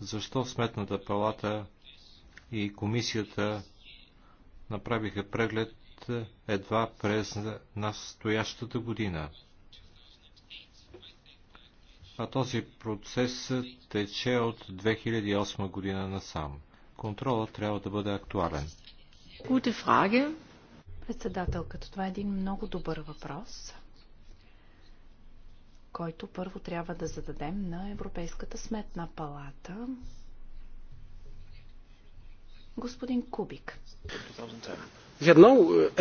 Защо Сметната палата и комисията направиха преглед е, едва през настоящата година. А този процес тече от 2008 година насам. Контролът трябва да бъде актуален. Гуде фраге. Председателката, това е един много добър въпрос, който първо трябва да зададем на Европейската сметна палата, Господин Кубик. We are now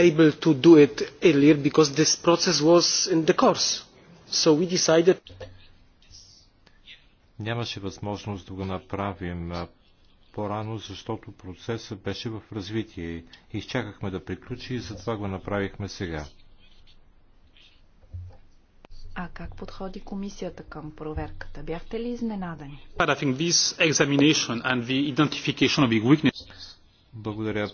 able to do it earlier because this process was in the course. So we decided... Нямаше възможност да го направим по-рано, защото процесът беше в развитие. Изчакахме да приключи и затова го направихме сега. А как подходи комисията към проверката? Бяхте ли изненадани? Благодаря.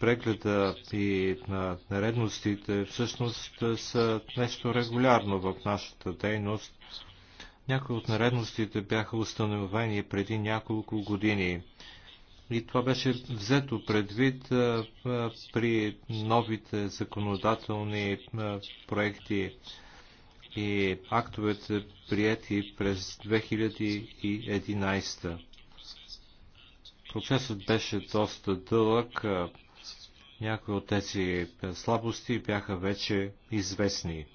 Прегледа и на нередностите всъщност са нещо регулярно в нашата дейност. Някои от нередностите бяха установени преди няколко години. И това беше взето предвид при новите законодателни проекти и актовете прияти през 2011. Процесът беше доста дълъг. Някои от тези слабости бяха вече известни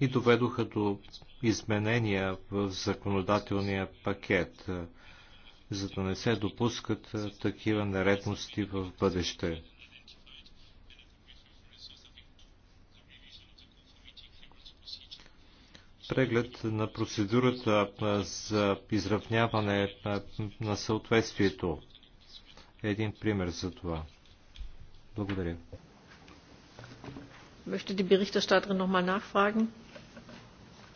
и доведоха до изменения в законодателния пакет, за да не се допускат такива нередности в бъдеще. преглед на процедурата за изравняване на съответствието един пример за това. Благодаря. Möchte die Berichterstatterin nochmal nachfragen?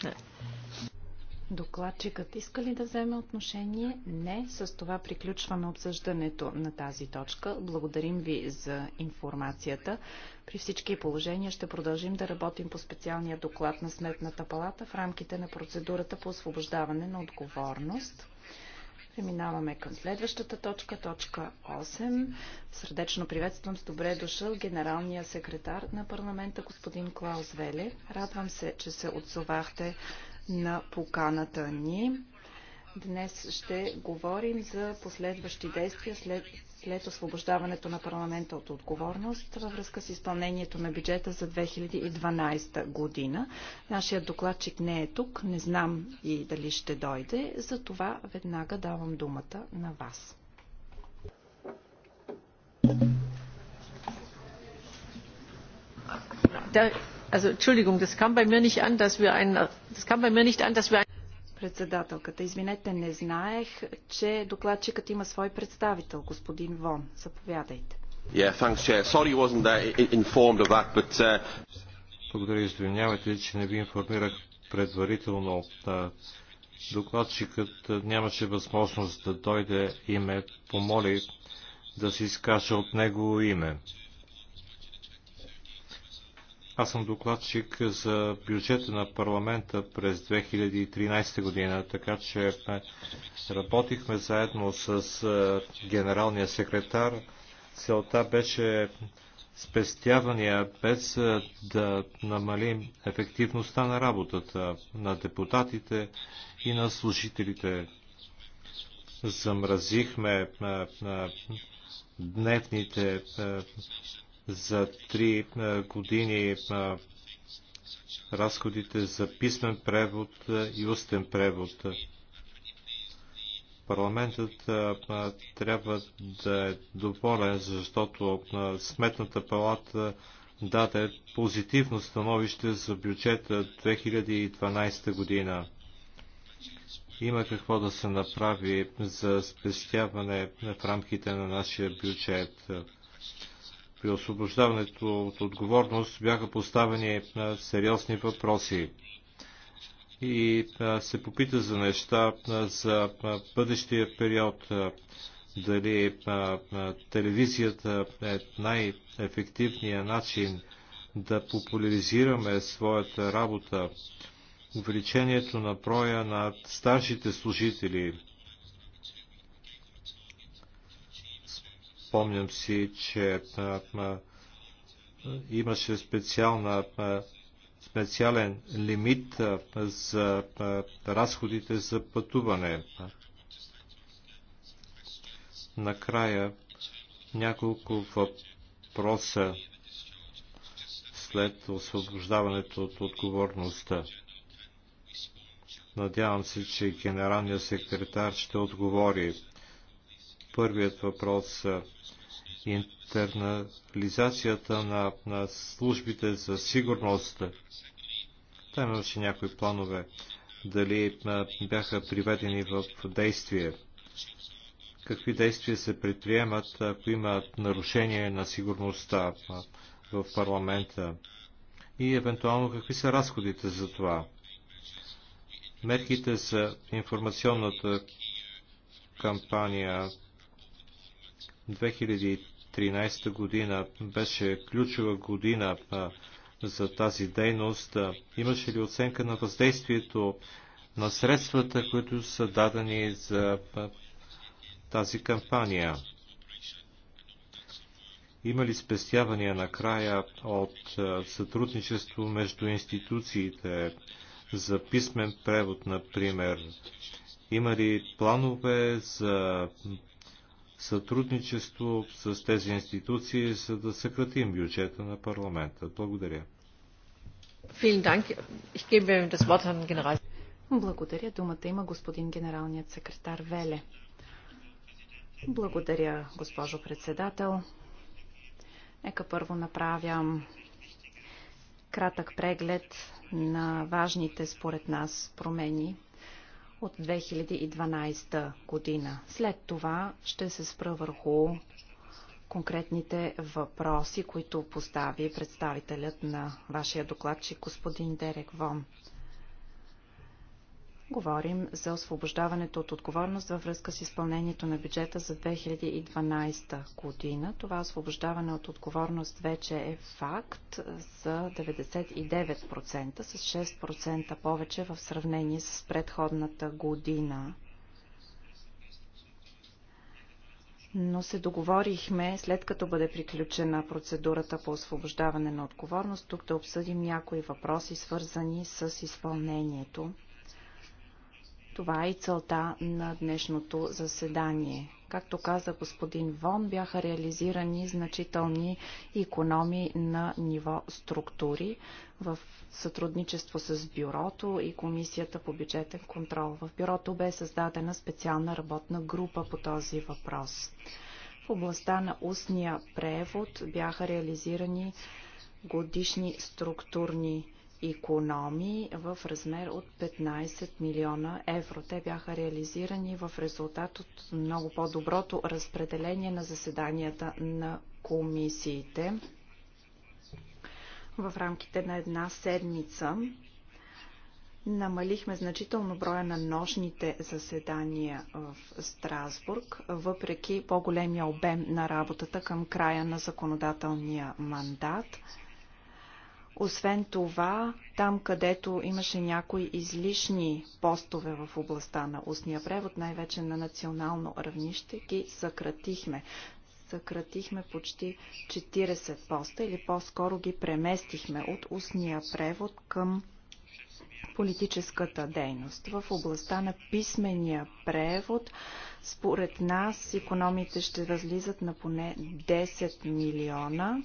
Nein. Докладчикът иска ли да вземе отношение? Не. С това приключваме обсъждането на тази точка. Благодарим ви за информацията. При всички положения ще продължим да работим по специалния доклад на Сметната палата в рамките на процедурата по освобождаване на отговорност. Преминаваме към следващата точка, точка 8. Сърдечно приветствам с добре дошъл генералния секретар на парламента господин Клаус Веле. Радвам се, че се отзовахте на поканата ни. Днес ще говорим за последващи действия след, след освобождаването на парламента от отговорност във връзка с изпълнението на бюджета за 2012 година. Нашият докладчик не е тук, не знам и дали ще дойде, затова веднага давам думата на вас. Да, Entschuldigung, das kam bei mir nicht an, dass wir einen, Председателката, извинете, не знаех, че докладчикът има свой представител, господин Вон. Заповядайте. Uh, uh, Благодаря, извинявайте, че не ви информирах предварително. докладчикът нямаше възможност да дойде и ме помоли да се изкаже от него име. Аз съм докладчик за бюджета на парламента през 2013 година, така че работихме заедно с генералния секретар. Целта беше спестявания без да намалим ефективността на работата на депутатите и на служителите. Замразихме дневните за три е, години е, разходите за писмен превод е, и устен превод. Парламентът трябва да е доволен, защото Сметната палата даде позитивно становище за бюджета 2012 година. Има какво да се направи за спестяване в рамките на нашия бюджет при освобождаването от отговорност бяха поставени е, сериозни въпроси и е, се попита за неща е, за бъдещия период, дали телевизията е най-ефективният начин да популяризираме своята работа, увеличението на броя на старшите служители – Спомням си, че имаше специална, специален лимит за разходите за пътуване. Накрая няколко въпроса след освобождаването от отговорността. Надявам се, че генералният секретар ще отговори. Първият въпрос интернализацията на, на службите за сигурност. Там имаше някои планове, дали бяха приведени в действие. Какви действия се предприемат, ако има нарушение на сигурността в парламента и евентуално какви са разходите за това. Мерките за информационната кампания 2013 2013 година беше ключова година за тази дейност. Имаше ли оценка на въздействието на средствата, които са дадени за тази кампания? Има ли спестявания накрая от сътрудничество между институциите за писмен превод, например? Има ли планове за сътрудничество с тези институции, за да съкратим бюджета на парламента. Благодаря. Благодаря. Думата има господин генералният секретар Веле. Благодаря, госпожо председател. Нека първо направям кратък преглед на важните според нас промени от 2012 година. След това ще се спра върху конкретните въпроси, които постави представителят на вашия докладчик господин Дерек Вон. Говорим за освобождаването от отговорност във връзка с изпълнението на бюджета за 2012 година. Това освобождаване от отговорност вече е факт за 99%, с 6% повече в сравнение с предходната година. но се договорихме, след като бъде приключена процедурата по освобождаване на отговорност, тук да обсъдим някои въпроси, свързани с изпълнението това е и целта на днешното заседание. Както каза господин Вон, бяха реализирани значителни економии на ниво структури в сътрудничество с бюрото и Комисията по бюджетен контрол. В бюрото бе създадена специална работна група по този въпрос. В областта на устния превод бяха реализирани годишни структурни Економи в размер от 15 милиона евро. Те бяха реализирани в резултат от много по-доброто разпределение на заседанията на комисиите в рамките на една седмица. Намалихме значително броя на нощните заседания в Страсбург, въпреки по-големия обем на работата към края на законодателния мандат – освен това, там където имаше някои излишни постове в областта на устния превод, най-вече на национално равнище, ги съкратихме. Съкратихме почти 40 поста или по-скоро ги преместихме от устния превод към политическата дейност. В областта на писмения превод, според нас, економите ще възлизат на поне 10 милиона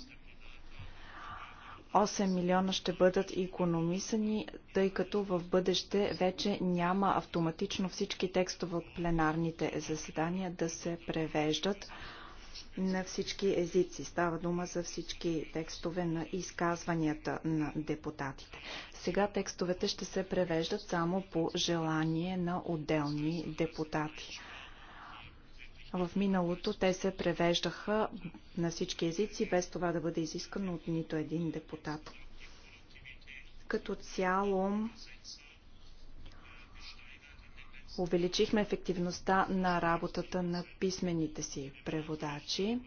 8 милиона ще бъдат економисани, тъй като в бъдеще вече няма автоматично всички текстове от пленарните заседания да се превеждат на всички езици. Става дума за всички текстове на изказванията на депутатите. Сега текстовете ще се превеждат само по желание на отделни депутати. В миналото те се превеждаха на всички езици, без това да бъде изискано от нито един депутат. Като цяло увеличихме ефективността на работата на писмените си преводачи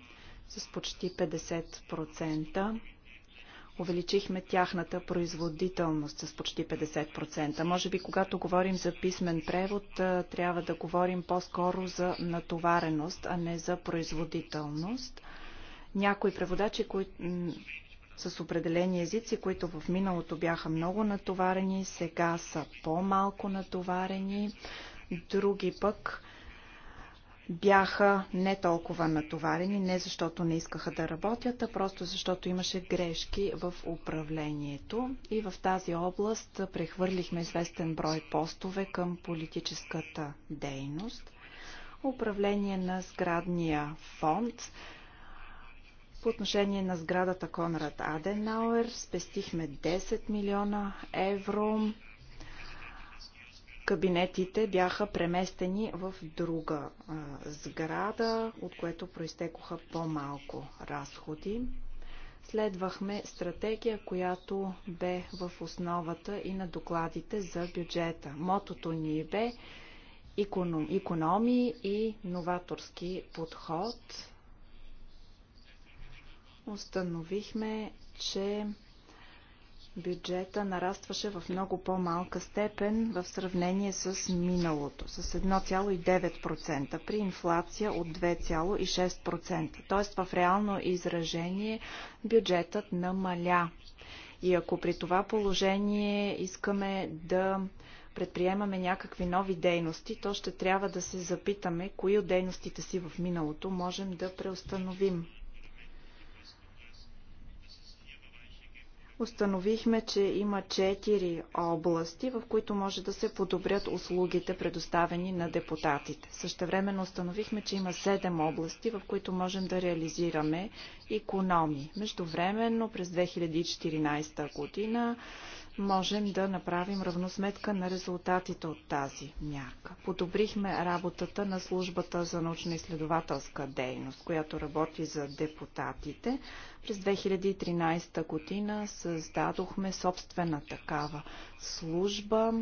с почти 50% увеличихме тяхната производителност с почти 50%. Може би, когато говорим за писмен превод, трябва да говорим по-скоро за натовареност, а не за производителност. Някои преводачи, които с определени езици, които в миналото бяха много натоварени, сега са по-малко натоварени. Други пък бяха не толкова натоварени, не защото не искаха да работят, а просто защото имаше грешки в управлението. И в тази област прехвърлихме известен брой постове към политическата дейност. Управление на сградния фонд. По отношение на сградата Конрад Аденауер спестихме 10 милиона евро кабинетите бяха преместени в друга а, сграда, от което проистекоха по-малко разходи. Следвахме стратегия, която бе в основата и на докладите за бюджета. Мотото ни бе економ, економии и новаторски подход. Установихме, че бюджета нарастваше в много по-малка степен в сравнение с миналото, с 1,9% при инфлация от 2,6%. Тоест в реално изражение бюджетът намаля. И ако при това положение искаме да предприемаме някакви нови дейности, то ще трябва да се запитаме кои от дейностите си в миналото можем да преустановим. установихме, че има четири области, в които може да се подобрят услугите, предоставени на депутатите. Същевременно установихме, че има седем области, в които можем да реализираме економии. Междувременно през 2014 година можем да направим равносметка на резултатите от тази мярка. Подобрихме работата на службата за научно-изследователска дейност, която работи за депутатите. През 2013 година създадохме собствена такава служба,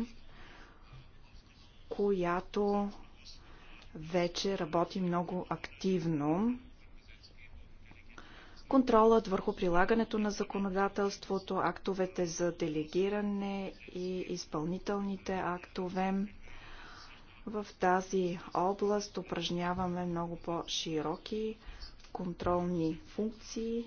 която вече работи много активно контролът върху прилагането на законодателството, актовете за делегиране и изпълнителните актове. В тази област упражняваме много по-широки контролни функции.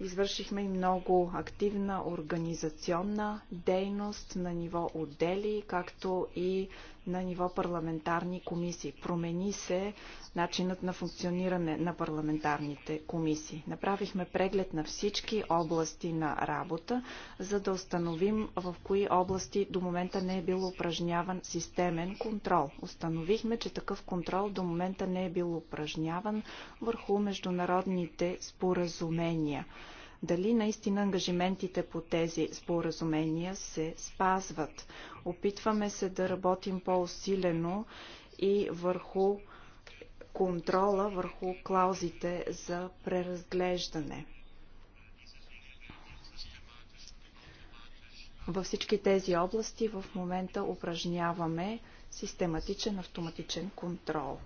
Извършихме и много активна организационна дейност на ниво отдели, както и на ниво парламентарни комисии. Промени се начинът на функциониране на парламентарните комисии. Направихме преглед на всички области на работа, за да установим в кои области до момента не е бил упражняван системен контрол. Установихме, че такъв контрол до момента не е бил упражняван върху международните споразумения дали наистина ангажиментите по тези споразумения се спазват. Опитваме се да работим по-усилено и върху контрола върху клаузите за преразглеждане. Във всички тези области в момента упражняваме систематичен автоматичен контрол.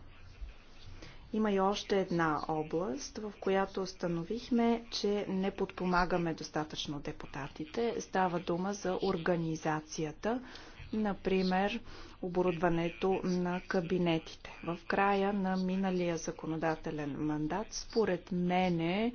Има и още една област, в която установихме, че не подпомагаме достатъчно депутатите. Става дума за организацията, например оборудването на кабинетите. В края на миналия законодателен мандат, според мене,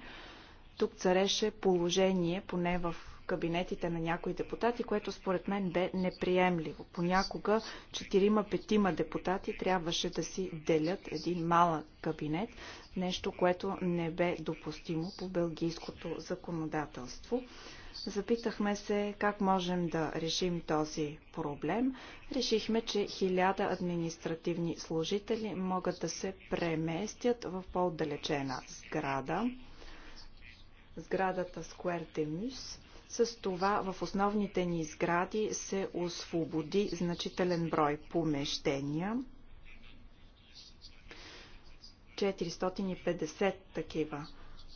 тук цареше положение, поне в кабинетите на някои депутати, което според мен бе неприемливо. Понякога 4-5 депутати трябваше да си делят един малък кабинет, нещо, което не бе допустимо по белгийското законодателство. Запитахме се как можем да решим този проблем. Решихме, че хиляда административни служители могат да се преместят в по-отдалечена сграда. Сградата Square Demus. С това в основните ни сгради се освободи значителен брой помещения. 450 такива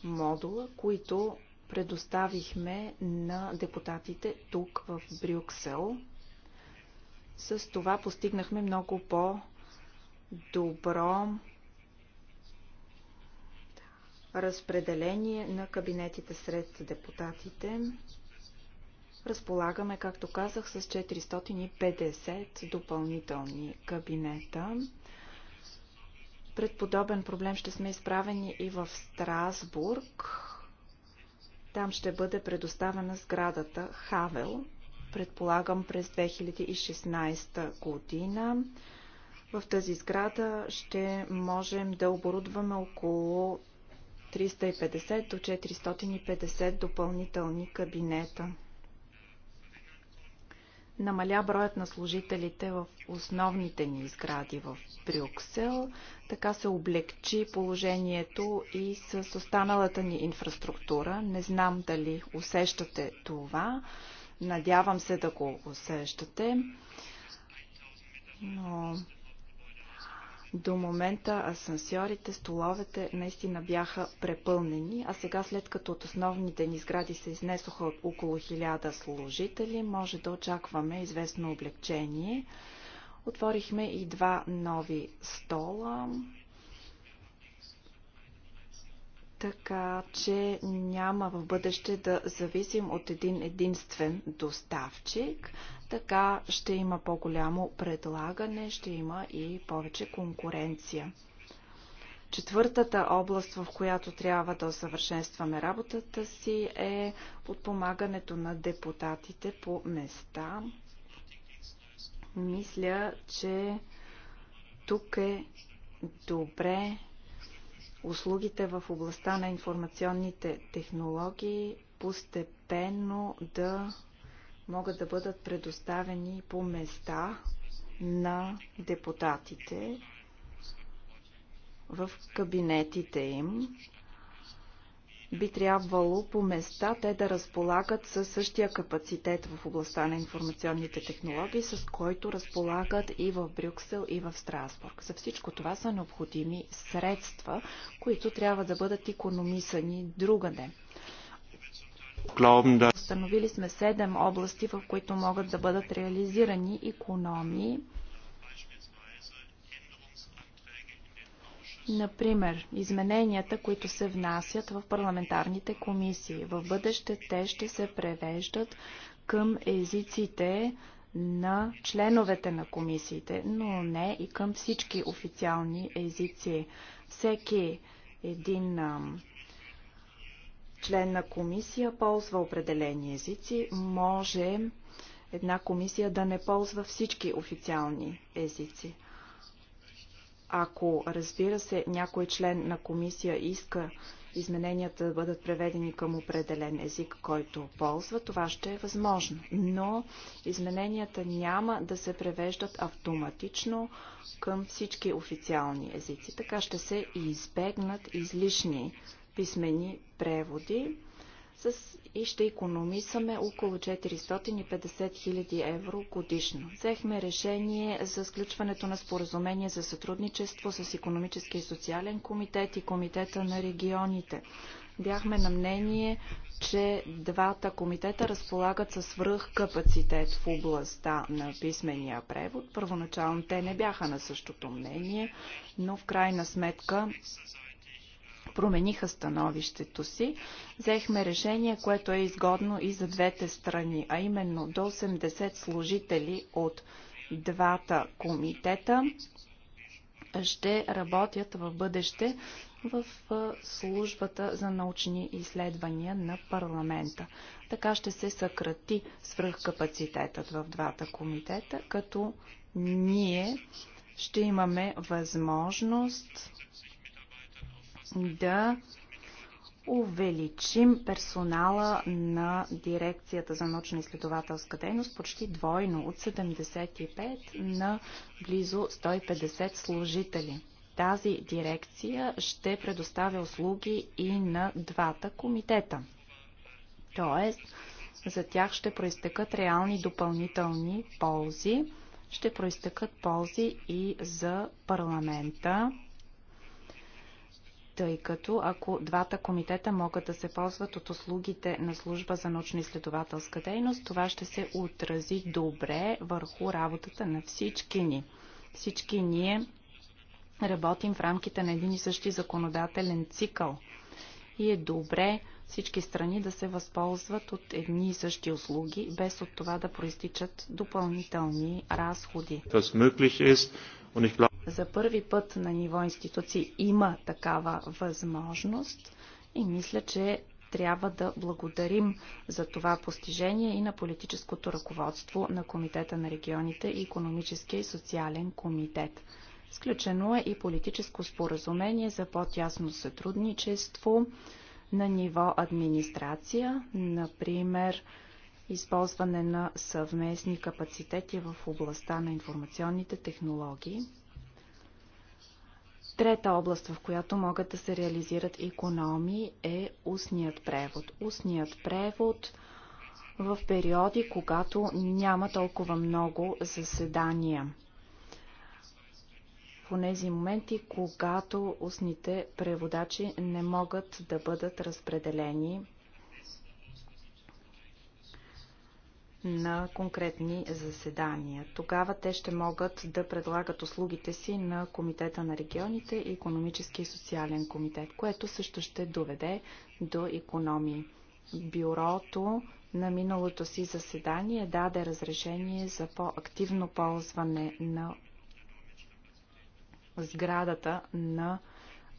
модула, които предоставихме на депутатите тук в Брюксел. С това постигнахме много по-добро разпределение на кабинетите сред депутатите. Разполагаме, както казах, с 450 допълнителни кабинета. Пред подобен проблем ще сме изправени и в Страсбург. Там ще бъде предоставена сградата Хавел, предполагам през 2016 година. В тази сграда ще можем да оборудваме около 350 до 450 допълнителни кабинета намаля броят на служителите в основните ни сгради в Брюксел. Така се облегчи положението и с останалата ни инфраструктура. Не знам дали усещате това. Надявам се да го усещате. Но до момента асансьорите, столовете наистина бяха препълнени, а сега след като от основните ни сгради се изнесоха от около 1000 служители, може да очакваме известно облегчение. Отворихме и два нови стола, така че няма в бъдеще да зависим от един единствен доставчик. Така ще има по-голямо предлагане, ще има и повече конкуренция. Четвъртата област, в която трябва да усъвършенстваме работата си е подпомагането на депутатите по места. Мисля, че тук е добре услугите в областта на информационните технологии постепенно да могат да бъдат предоставени по места на депутатите в кабинетите им би трябвало по места те да разполагат със същия капацитет в областта на информационните технологии, с който разполагат и в Брюксел, и в Страсбург. За всичко това са необходими средства, които трябва да бъдат економисани другаде. Установили сме седем области, в които могат да бъдат реализирани економии Например, измененията, които се внасят в парламентарните комисии. В бъдеще те ще се превеждат към езиците на членовете на комисиите, но не и към всички официални езици. Всеки един член на комисия ползва определени езици. Може една комисия да не ползва всички официални езици. Ако, разбира се, някой член на комисия иска измененията да бъдат преведени към определен език, който ползва, това ще е възможно. Но измененията няма да се превеждат автоматично към всички официални езици. Така ще се избегнат излишни писмени преводи с и ще економисаме около 450 000 евро годишно. Взехме решение за сключването на споразумение за сътрудничество с Економически и социален комитет и Комитета на регионите. Бяхме на мнение, че двата комитета разполагат със свръхкапацитет в областта на писмения превод. Първоначално те не бяха на същото мнение, но в крайна сметка промениха становището си. Взехме решение, което е изгодно и за двете страни, а именно до 80 служители от двата комитета ще работят в бъдеще в службата за научни изследвания на парламента. Така ще се съкрати свръхкапацитетът в двата комитета, като ние ще имаме възможност да увеличим персонала на дирекцията за научно-изследователска дейност почти двойно от 75 на близо 150 служители. Тази дирекция ще предоставя услуги и на двата комитета. Тоест, за тях ще проистъкат реални допълнителни ползи. Ще проистъкат ползи и за парламента тъй като ако двата комитета могат да се ползват от услугите на служба за научно-изследователска дейност, това ще се отрази добре върху работата на всички ни. Всички ние работим в рамките на един и същи законодателен цикъл и е добре всички страни да се възползват от едни и същи услуги, без от това да проистичат допълнителни разходи. За първи път на ниво институции има такава възможност и мисля, че трябва да благодарим за това постижение и на политическото ръководство на Комитета на регионите и економическия и социален комитет. Сключено е и политическо споразумение за по-тясно сътрудничество на ниво администрация, например използване на съвместни капацитети в областта на информационните технологии. Трета област, в която могат да се реализират економии е устният превод. Устният превод в периоди, когато няма толкова много заседания. В тези моменти, когато устните преводачи не могат да бъдат разпределени на конкретни заседания. Тогава те ще могат да предлагат услугите си на Комитета на регионите и Економически и социален комитет, което също ще доведе до економии. Бюрото на миналото си заседание даде разрешение за по-активно ползване на сградата на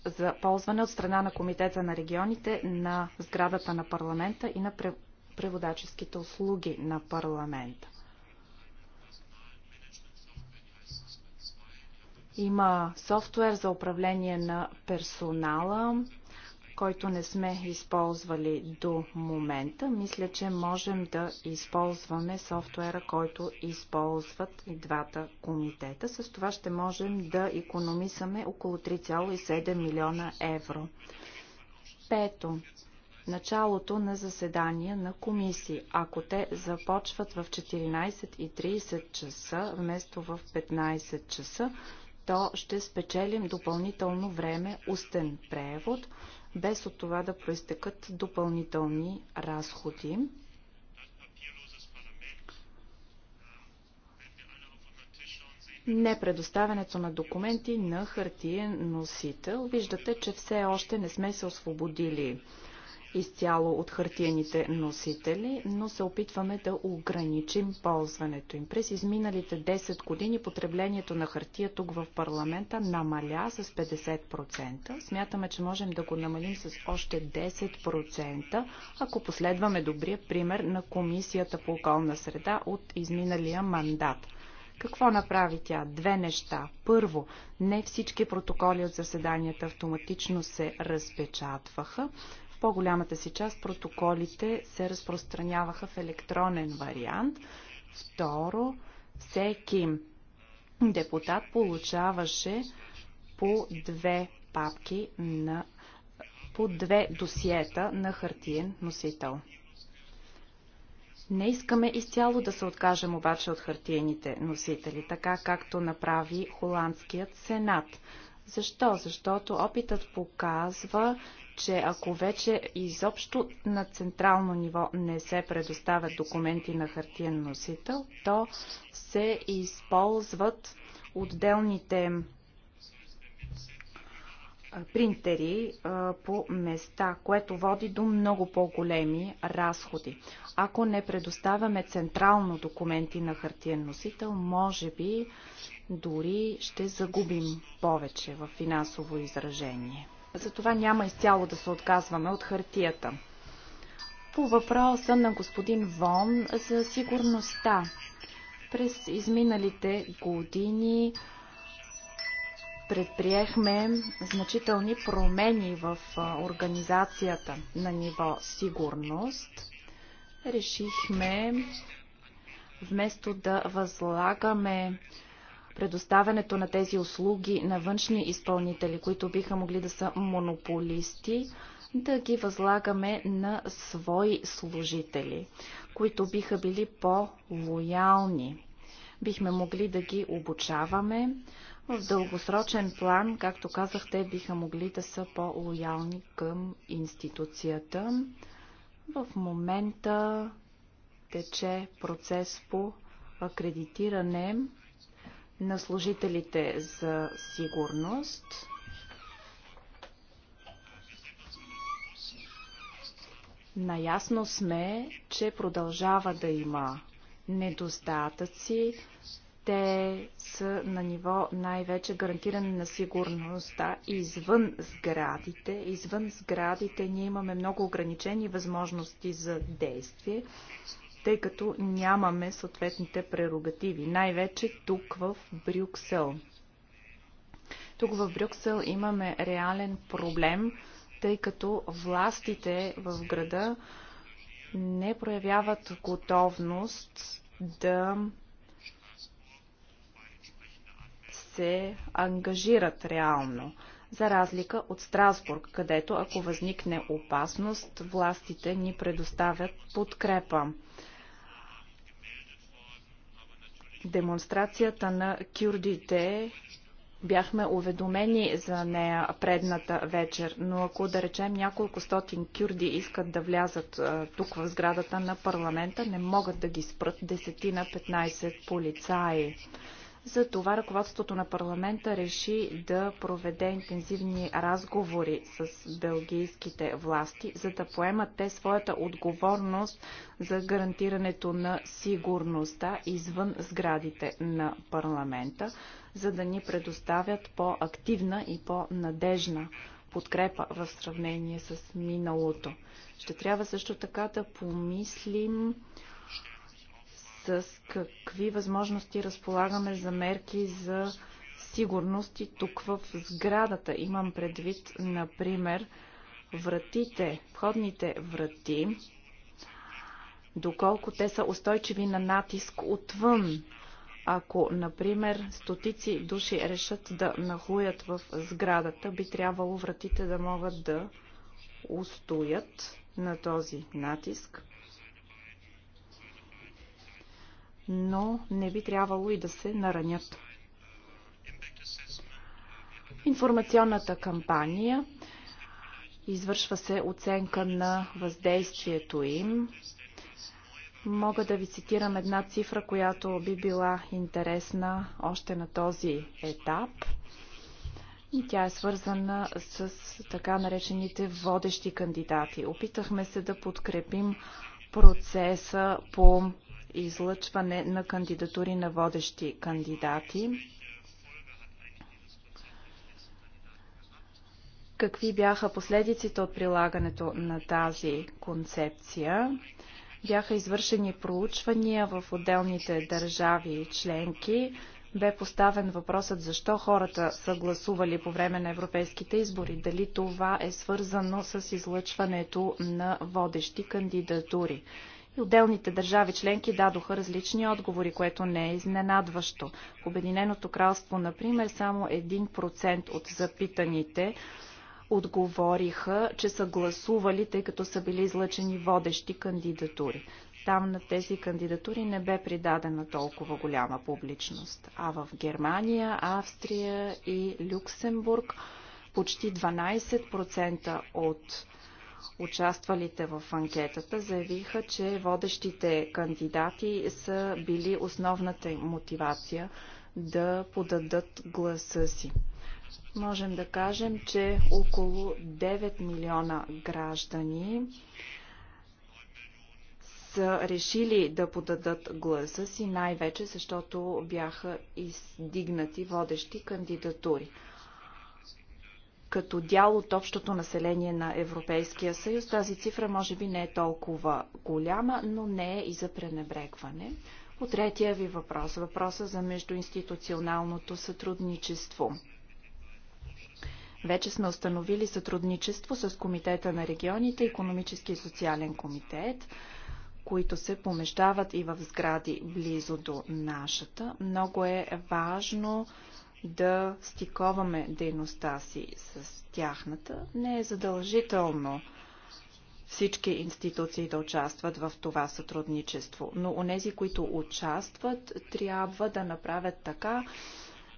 за ползване от страна на Комитета на регионите на сградата на парламента и на преводаческите услуги на парламента. Има софтуер за управление на персонала, който не сме използвали до момента. Мисля, че можем да използваме софтуера, който използват и двата комитета. С това ще можем да економисаме около 3,7 милиона евро. Пето, началото на заседания на комисии, ако те започват в 14.30 часа вместо в 15 часа, то ще спечелим допълнително време устен превод, без от това да проистекат допълнителни разходи. не предоставянето на документи на хартиен носител. Виждате, че все още не сме се освободили изцяло от хартияните носители, но се опитваме да ограничим ползването им. През изминалите 10 години потреблението на хартия тук в парламента намаля с 50%. Смятаме, че можем да го намалим с още 10%, ако последваме добрия пример на Комисията по околна среда от изминалия мандат. Какво направи тя? Две неща. Първо, не всички протоколи от заседанията автоматично се разпечатваха по-голямата си част протоколите се разпространяваха в електронен вариант. Второ, всеки депутат получаваше по две папки на по две досиета на хартиен носител. Не искаме изцяло да се откажем обаче от хартиените носители, така както направи Холандският сенат – защо? Защото опитът показва, че ако вече изобщо на централно ниво не се предоставят документи на хартиен носител, то се използват отделните принтери по места, което води до много по-големи разходи. Ако не предоставяме централно документи на хартиен носител, може би дори ще загубим повече в финансово изражение. Затова няма изцяло да се отказваме от хартията. По въпроса на господин Вон за сигурността. През изминалите години предприехме значителни промени в организацията на ниво сигурност. Решихме вместо да възлагаме предоставянето на тези услуги на външни изпълнители, които биха могли да са монополисти, да ги възлагаме на свои служители, които биха били по-лоялни. Бихме могли да ги обучаваме. В дългосрочен план, както казахте, биха могли да са по-лоялни към институцията. В момента тече процес по акредитиране на служителите за сигурност. Наясно сме, че продължава да има недостатъци. Те са на ниво най-вече гарантиране на сигурността извън сградите. Извън сградите ние имаме много ограничени възможности за действие тъй като нямаме съответните прерогативи, най-вече тук в Брюксел. Тук в Брюксел имаме реален проблем, тъй като властите в града не проявяват готовност да се ангажират реално за разлика от Страсбург, където ако възникне опасност, властите ни предоставят подкрепа. демонстрацията на кюрдите бяхме уведомени за нея предната вечер, но ако да речем няколко стотин кюрди искат да влязат тук в сградата на парламента, не могат да ги спрат десетина-15 полицаи. За това ръководството на парламента реши да проведе интензивни разговори с белгийските власти, за да поемат те своята отговорност за гарантирането на сигурността извън сградите на парламента, за да ни предоставят по-активна и по-надежна подкрепа в сравнение с миналото. Ще трябва също така да помислим с какви възможности разполагаме за мерки за сигурност и тук в сградата. Имам предвид, например, вратите, входните врати, доколко те са устойчиви на натиск отвън. Ако, например, стотици души решат да нахуят в сградата, би трябвало вратите да могат да устоят на този натиск. но не би трябвало и да се наранят. Информационната кампания извършва се оценка на въздействието им. Мога да ви цитирам една цифра, която би била интересна още на този етап. И тя е свързана с така наречените водещи кандидати. Опитахме се да подкрепим процеса по излъчване на кандидатури на водещи кандидати. Какви бяха последиците от прилагането на тази концепция? Бяха извършени проучвания в отделните държави и членки. Бе поставен въпросът защо хората са гласували по време на европейските избори. Дали това е свързано с излъчването на водещи кандидатури? И отделните държави членки дадоха различни отговори, което не е изненадващо. В Обединеното кралство, например, само 1% от запитаните отговориха, че са гласували, тъй като са били излъчени водещи кандидатури. Там на тези кандидатури не бе придадена толкова голяма публичност. А в Германия, Австрия и Люксембург почти 12% от Участвалите в анкетата заявиха, че водещите кандидати са били основната мотивация да подадат гласа си. Можем да кажем, че около 9 милиона граждани са решили да подадат гласа си, най-вече защото бяха издигнати водещи кандидатури като дял от общото население на Европейския съюз. Тази цифра може би не е толкова голяма, но не е и за пренебрегване. По третия ви въпрос, въпроса за междуинституционалното сътрудничество. Вече сме установили сътрудничество с Комитета на регионите, Економически и социален комитет, които се помещават и в сгради близо до нашата. Много е важно да стиковаме дейността си с тяхната. Не е задължително всички институции да участват в това сътрудничество, но онези, които участват, трябва да направят така,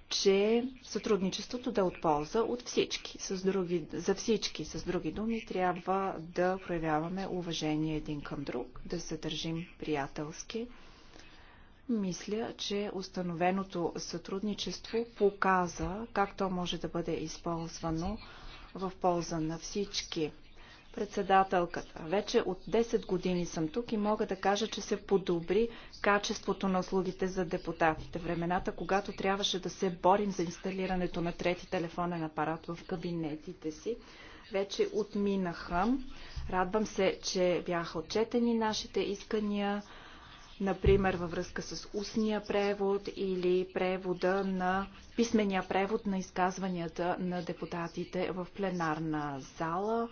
че сътрудничеството да е от полза от всички, с други, за всички. С други думи, трябва да проявяваме уважение един към друг, да се държим приятелски мисля, че установеното сътрудничество показа как то може да бъде използвано в полза на всички. Председателката. Вече от 10 години съм тук и мога да кажа, че се подобри качеството на услугите за депутатите. Времената, когато трябваше да се борим за инсталирането на трети телефонен апарат в кабинетите си, вече отминаха. Радвам се, че бяха отчетени нашите искания например във връзка с устния превод или превода на писмения превод на изказванията на депутатите в пленарна зала.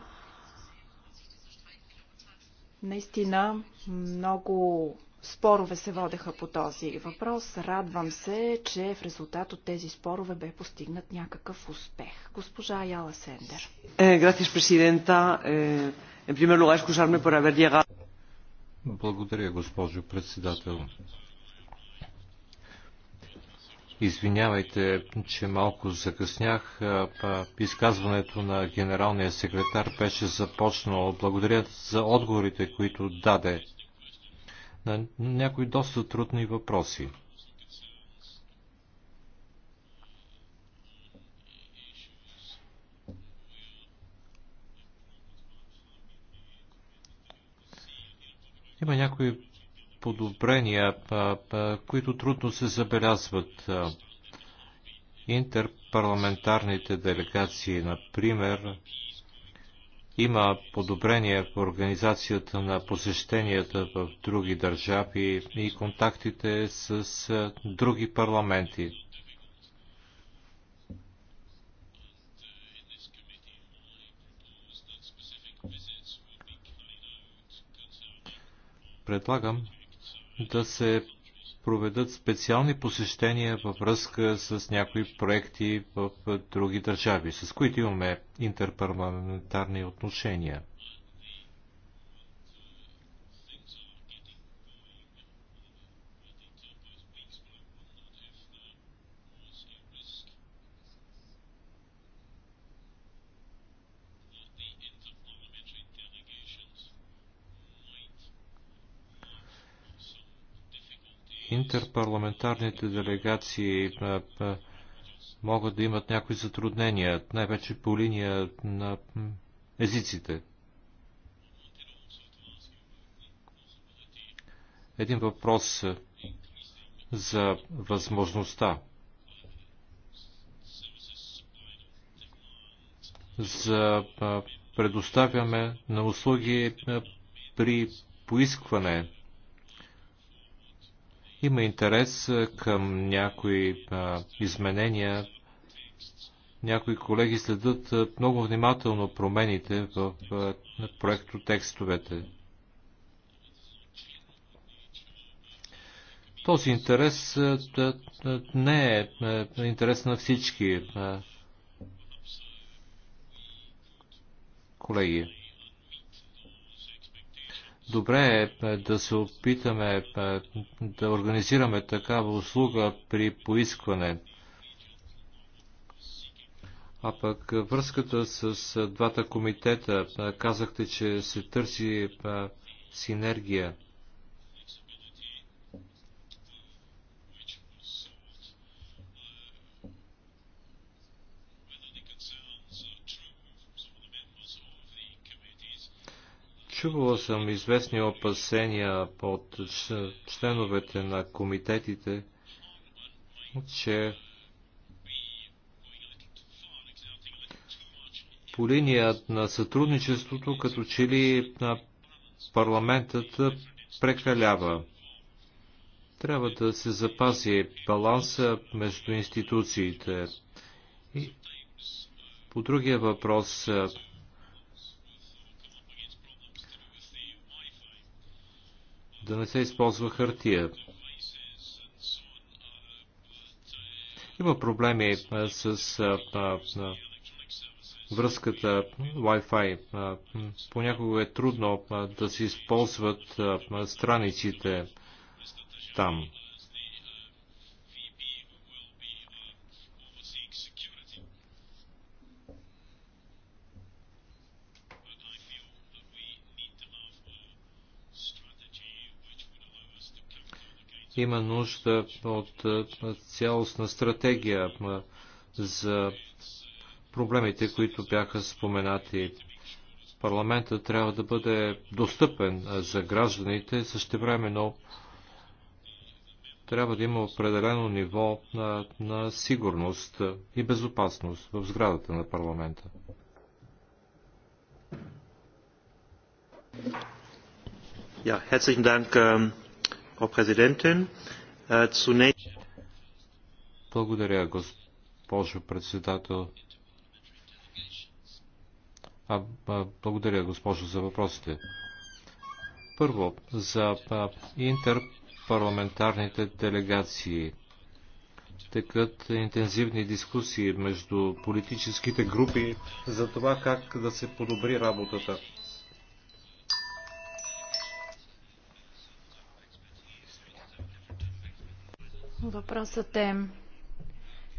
Наистина много спорове се водеха по този въпрос. Радвам се, че в резултат от тези спорове бе постигнат някакъв успех. Госпожа Яла Сендер. Gracias, Е, En primer lugar, excusarme por haber llegado. Благодаря, госпожо председател. Извинявайте, че малко закъснях. Изказването на генералния секретар беше започнало. Благодаря за отговорите, които даде на някои доста трудни въпроси. Има някои подобрения, които трудно се забелязват. Интерпарламентарните делегации, например, има подобрения в организацията на посещенията в други държави и контактите с други парламенти. Предлагам да се проведат специални посещения във връзка с някои проекти в други държави, с които имаме интерпарламентарни отношения. интерпарламентарните делегации е, е, могат да имат някои затруднения, най-вече по линия на езиците. Един въпрос за възможността за предоставяме на услуги при поискване има интерес към някои а, изменения. Някои колеги следят много внимателно промените в проекто текстовете. Този интерес не е интерес на всички колеги. Добре е, е да се опитаме е, да организираме такава услуга при поискване. А пък връзката с е, двата комитета, казахте, че се търси синергия. чувал съм известни опасения от членовете на комитетите, че по линия на сътрудничеството, като че ли на парламентът прекалява. Трябва да се запази баланса между институциите. И по другия въпрос да не се използва хартия. Има проблеми с връзката Wi-Fi. Понякога е трудно да се използват страниците там. има нужда от цялостна стратегия за проблемите, които бяха споменати. Парламента трябва да бъде достъпен за гражданите, същевременно трябва да има определено ниво на, на сигурност и безопасност в сградата на парламента. Ja, herzlichen Dank. Ähm, Äh, благодаря, госпожо председател. А, а, благодаря, госпожо, за въпросите. Първо, за а, интерпарламентарните делегации. Текат интензивни дискусии между политическите групи за това как да се подобри работата Въпросът е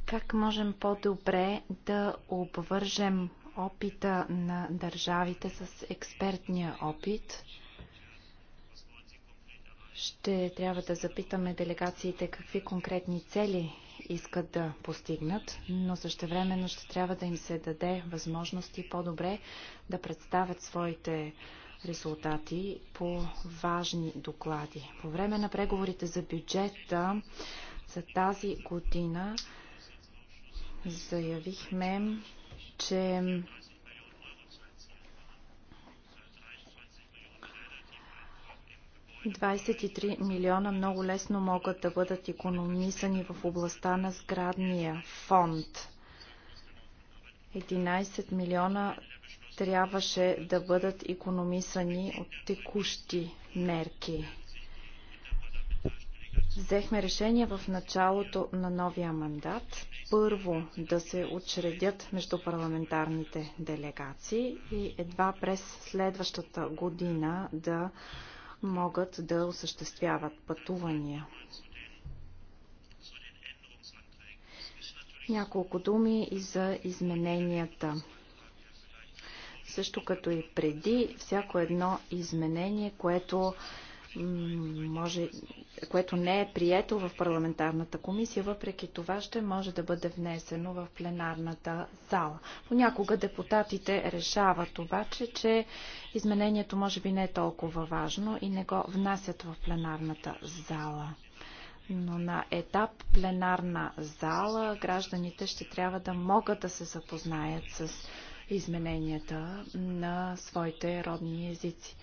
как можем по-добре да обвържем опита на държавите с експертния опит. Ще трябва да запитаме делегациите какви конкретни цели искат да постигнат, но времено ще трябва да им се даде възможности по-добре да представят своите резултати по важни доклади. По време на преговорите за бюджета за тази година заявихме, че милиона много лесно могат да бъдат економисани в областта на сградния фонд. 11 милиона трябваше да бъдат економисани от текущи мерки. Взехме решение в началото на новия мандат първо да се учредят междупарламентарните делегации и едва през следващата година да могат да осъществяват пътувания. Няколко думи и за измененията. Също като и преди, всяко едно изменение, което може, което не е прието в парламентарната комисия, въпреки това ще може да бъде внесено в пленарната зала. Понякога депутатите решават обаче, че изменението може би не е толкова важно и не го внасят в пленарната зала. Но на етап пленарна зала гражданите ще трябва да могат да се запознаят с измененията на своите родни езици.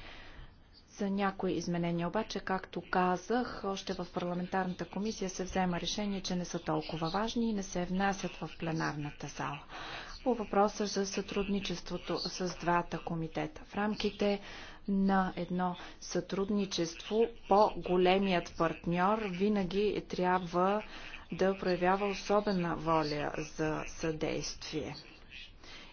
Са някои изменения, обаче, както казах, още в парламентарната комисия се взема решение, че не са толкова важни и не се внасят в пленарната зала. По въпроса за сътрудничеството с двата комитета. В рамките на едно сътрудничество по-големият партньор винаги трябва да проявява особена воля за съдействие.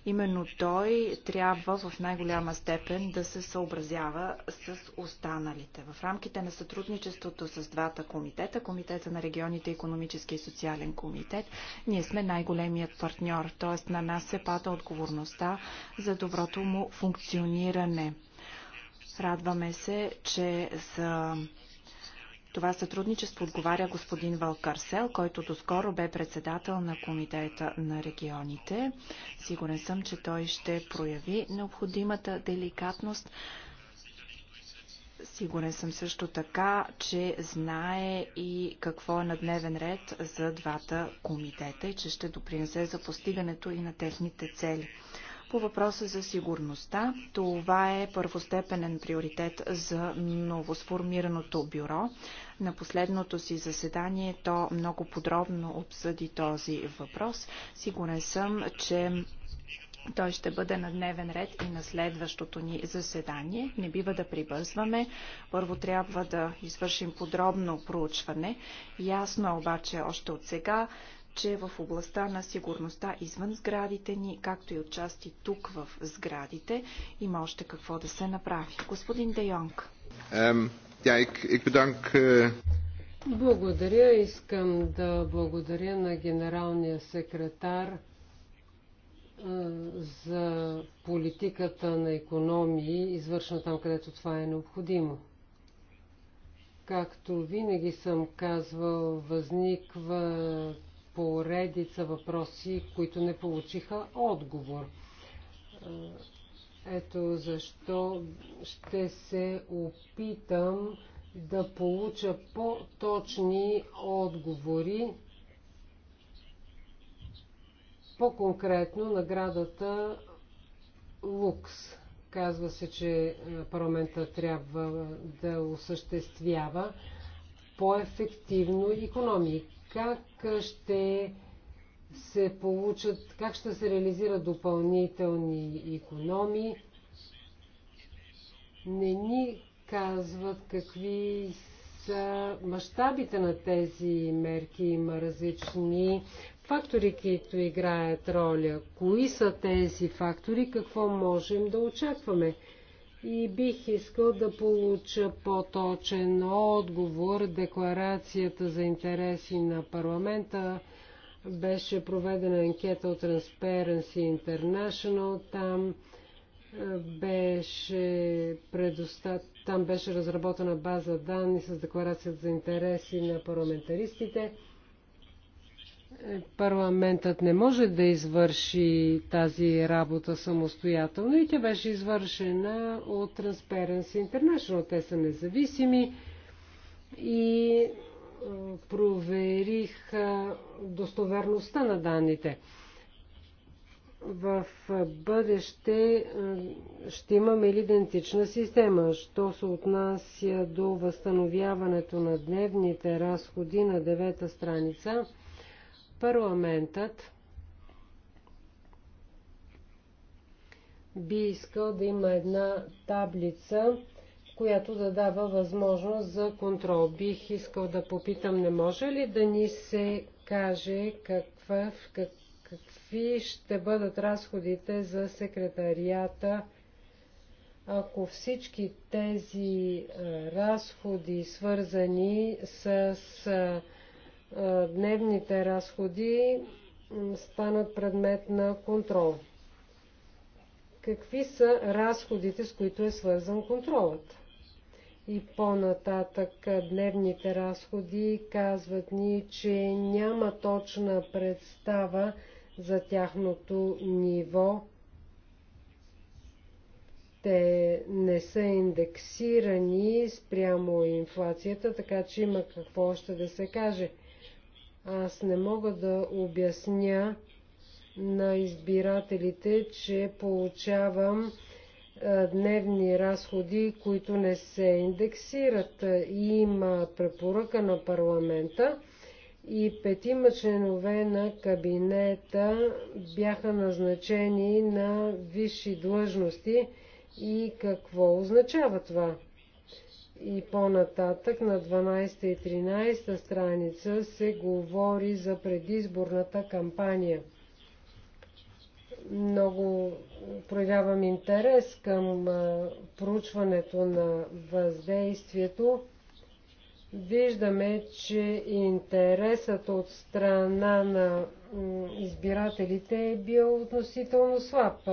Именно той трябва в най-голяма степен да се съобразява с останалите. В рамките на сътрудничеството с двата комитета, Комитета на регионите, економически и социален комитет, ние сме най-големият партньор, т.е. на нас се пада отговорността за доброто му функциониране. Радваме се, че за това сътрудничество отговаря господин Валкарсел, който доскоро бе председател на Комитета на регионите. Сигурен съм, че той ще прояви необходимата деликатност. Сигурен съм също така, че знае и какво е на дневен ред за двата комитета и че ще допринесе за постигането и на техните цели. По въпроса за сигурността, това е първостепенен приоритет за новосформираното бюро. На последното си заседание то много подробно обсъди този въпрос. Сигурен съм, че той ще бъде на дневен ред и на следващото ни заседание. Не бива да прибързваме. Първо трябва да извършим подробно проучване. Ясно е обаче още от сега, че в областта на сигурността извън сградите ни, както и отчасти тук в сградите, има още какво да се направи. Господин Де Йонг. Е, благодаря. Искам да благодаря на генералния секретар е, за политиката на економии, извършена там, където това е необходимо. Както винаги съм казвал, възникват поредица въпроси, които не получиха отговор. Е, ето защо ще се опитам да получа по-точни отговори, по-конкретно наградата Лукс. Казва се, че е, парламента трябва да осъществява по-ефективно економии как ще се получат, как ще се реализират допълнителни економии. Не ни казват какви са мащабите на тези мерки. Има различни фактори, които играят роля. Кои са тези фактори? Какво можем да очакваме? и бих искал да получа по-точен отговор. Декларацията за интереси на парламента беше проведена анкета от Transparency International. Там беше, предоста... Там беше разработена база данни с декларацията за интереси на парламентаристите парламентът не може да извърши тази работа самостоятелно и тя беше извършена от Transparency International. Те са независими и е, проверих достоверността на данните. В бъдеще е, ще имаме идентична система. Що се отнася до възстановяването на дневните разходи на девета страница – Парламентът би искал да има една таблица, която да дава възможност за контрол. Бих искал да попитам, не може ли да ни се каже каква, как, какви ще бъдат разходите за секретарията, ако всички тези разходи, свързани с е, дневните разходи станат предмет на контрол. Какви са разходите, с които е свързан контролът? И по-нататък е, дневните разходи казват ни, че няма точна представа за тяхното ниво. Те не са индексирани спрямо инфлацията, така че има какво още да се каже – аз не мога да обясня на избирателите, че получавам дневни разходи, които не се индексират. Има препоръка на парламента и петима членове на кабинета бяха назначени на висши длъжности. И какво означава това? и по-нататък на 12 и 13 страница се говори за предизборната кампания. Много проявявам интерес към проучването на въздействието. Виждаме, че интересът от страна на избирателите е бил относително слаб.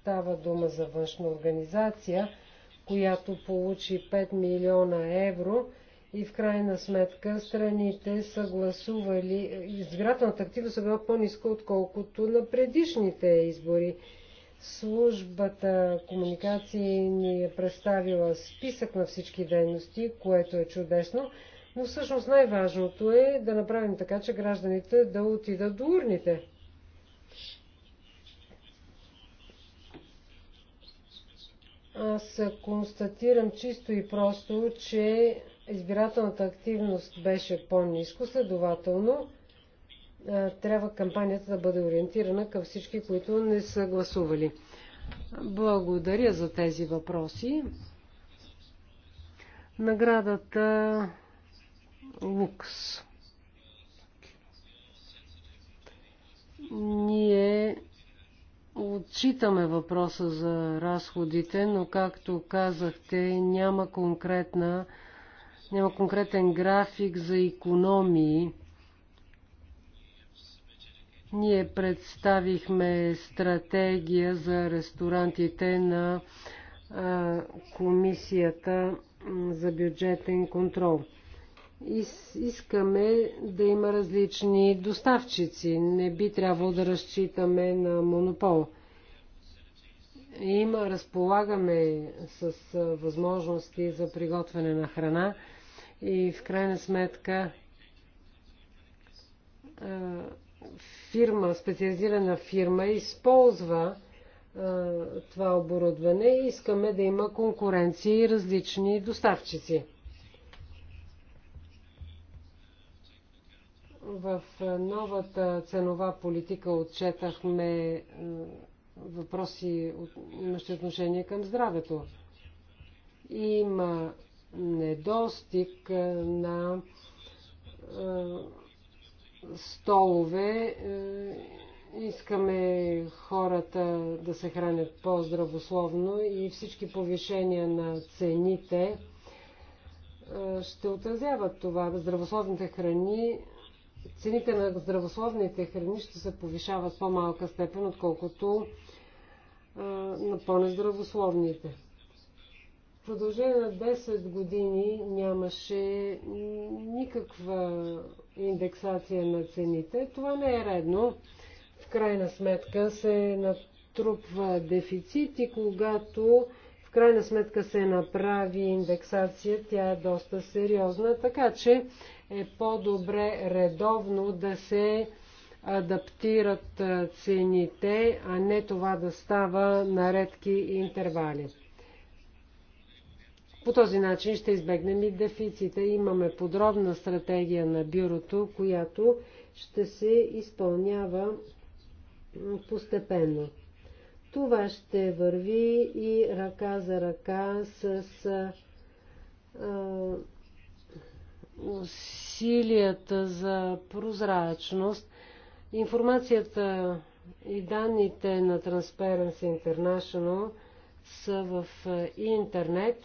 Става дума за външна организация – която получи 5 милиона евро и в крайна сметка страните са гласували, избирателната активност е била по-ниска, отколкото на предишните избори. Службата комуникации ни е представила списък на всички дейности, което е чудесно, но всъщност най-важното е да направим така, че гражданите да отидат до урните. Аз констатирам чисто и просто, че избирателната активност беше по низко следователно трябва кампанията да бъде ориентирана към всички, които не са гласували. Благодаря за тези въпроси. Наградата Лукс. Ние Отчитаме въпроса за разходите, но както казахте, няма, конкретна, няма конкретен график за економии. Ние представихме стратегия за ресторантите на Комисията за бюджетен контрол искаме да има различни доставчици. Не би трябвало да разчитаме на монопол. Има, разполагаме с възможности за приготвяне на храна и в крайна сметка фирма, специализирана фирма използва това оборудване. и Искаме да има конкуренция и различни доставчици. В новата ценова политика отчетахме е, въпроси, имащи отношение към здравето. Има недостиг е, на е, столове. Искаме хората да се хранят по-здравословно и всички повишения на цените ще отразяват това. Здравословните храни цените на здравословните храни ще се повишават в по-малка степен, отколкото а, на по-нездравословните. В продължение на 10 години нямаше никаква индексация на цените. Това не е редно. В крайна сметка се натрупва дефицит и когато в крайна сметка се направи индексация, тя е доста сериозна. Така че е по-добре редовно да се адаптират цените, а не това да става на редки интервали. По този начин ще избегнем и дефицита. Имаме подробна стратегия на бюрото, която ще се изпълнява постепенно. Това ще върви и ръка за ръка с а, усилията за прозрачност, информацията и данните на Transparency International са в е, интернет.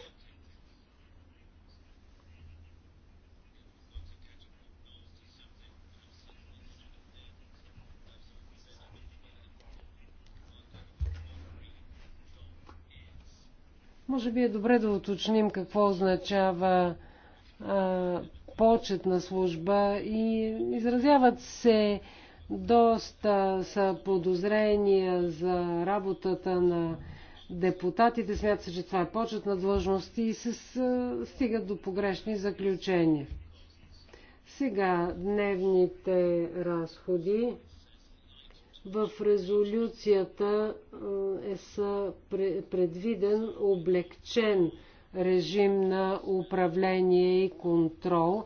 Може би е добре да уточним какво означава почетна служба и изразяват се доста са подозрения за работата на депутатите. Смятат се, че това е почетна длъжност и се стигат до погрешни заключения. Сега дневните разходи в резолюцията е предвиден облегчен режим на управление и контрол.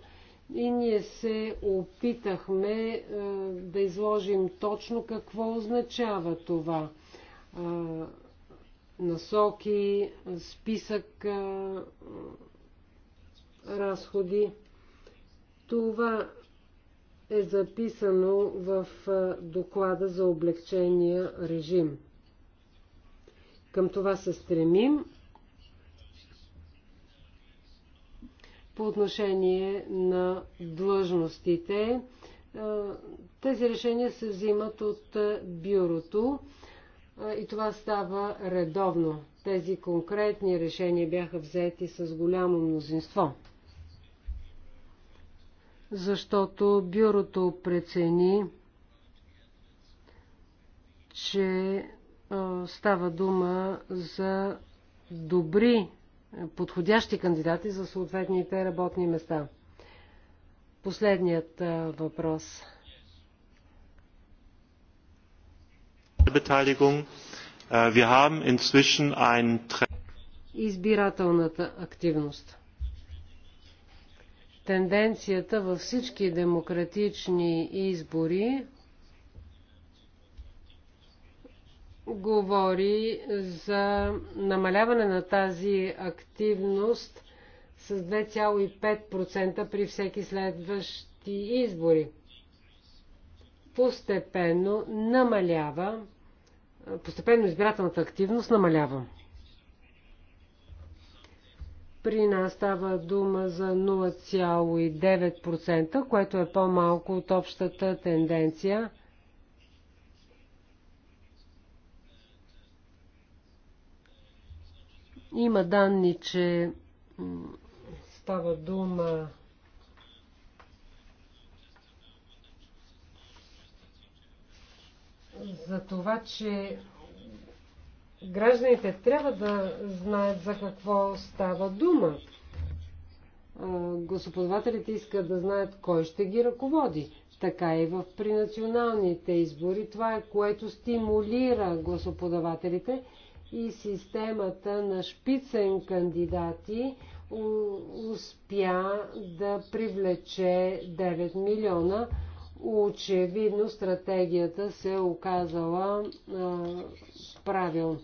И ние се опитахме е, да изложим точно какво означава това. Е, насоки, списък, е, разходи. Това е записано в доклада за облегчения режим. Към това се стремим по отношение на длъжностите. Е, тези решения се взимат от е, бюрото е, и това става редовно. Тези конкретни решения бяха взети с голямо мнозинство, защото бюрото прецени, че става дума за добри подходящи кандидати за съответните работни места. Последният въпрос. Äh, избирателната активност. Тенденцията във всички демократични избори говори за намаляване на тази активност с 2,5% при всеки следващи избори. Постепенно намалява, постепенно избирателната активност намалява. При нас става дума за 0,9%, което е по-малко от общата тенденция – Има данни, че става дума за това, че гражданите трябва да знаят за какво става дума. Гласоподавателите искат да знаят кой ще ги ръководи. Така е и в принационалните избори. Това е което стимулира гласоподавателите и системата на шпицен кандидати успя да привлече 9 милиона. Очевидно стратегията се е оказала а, правилно.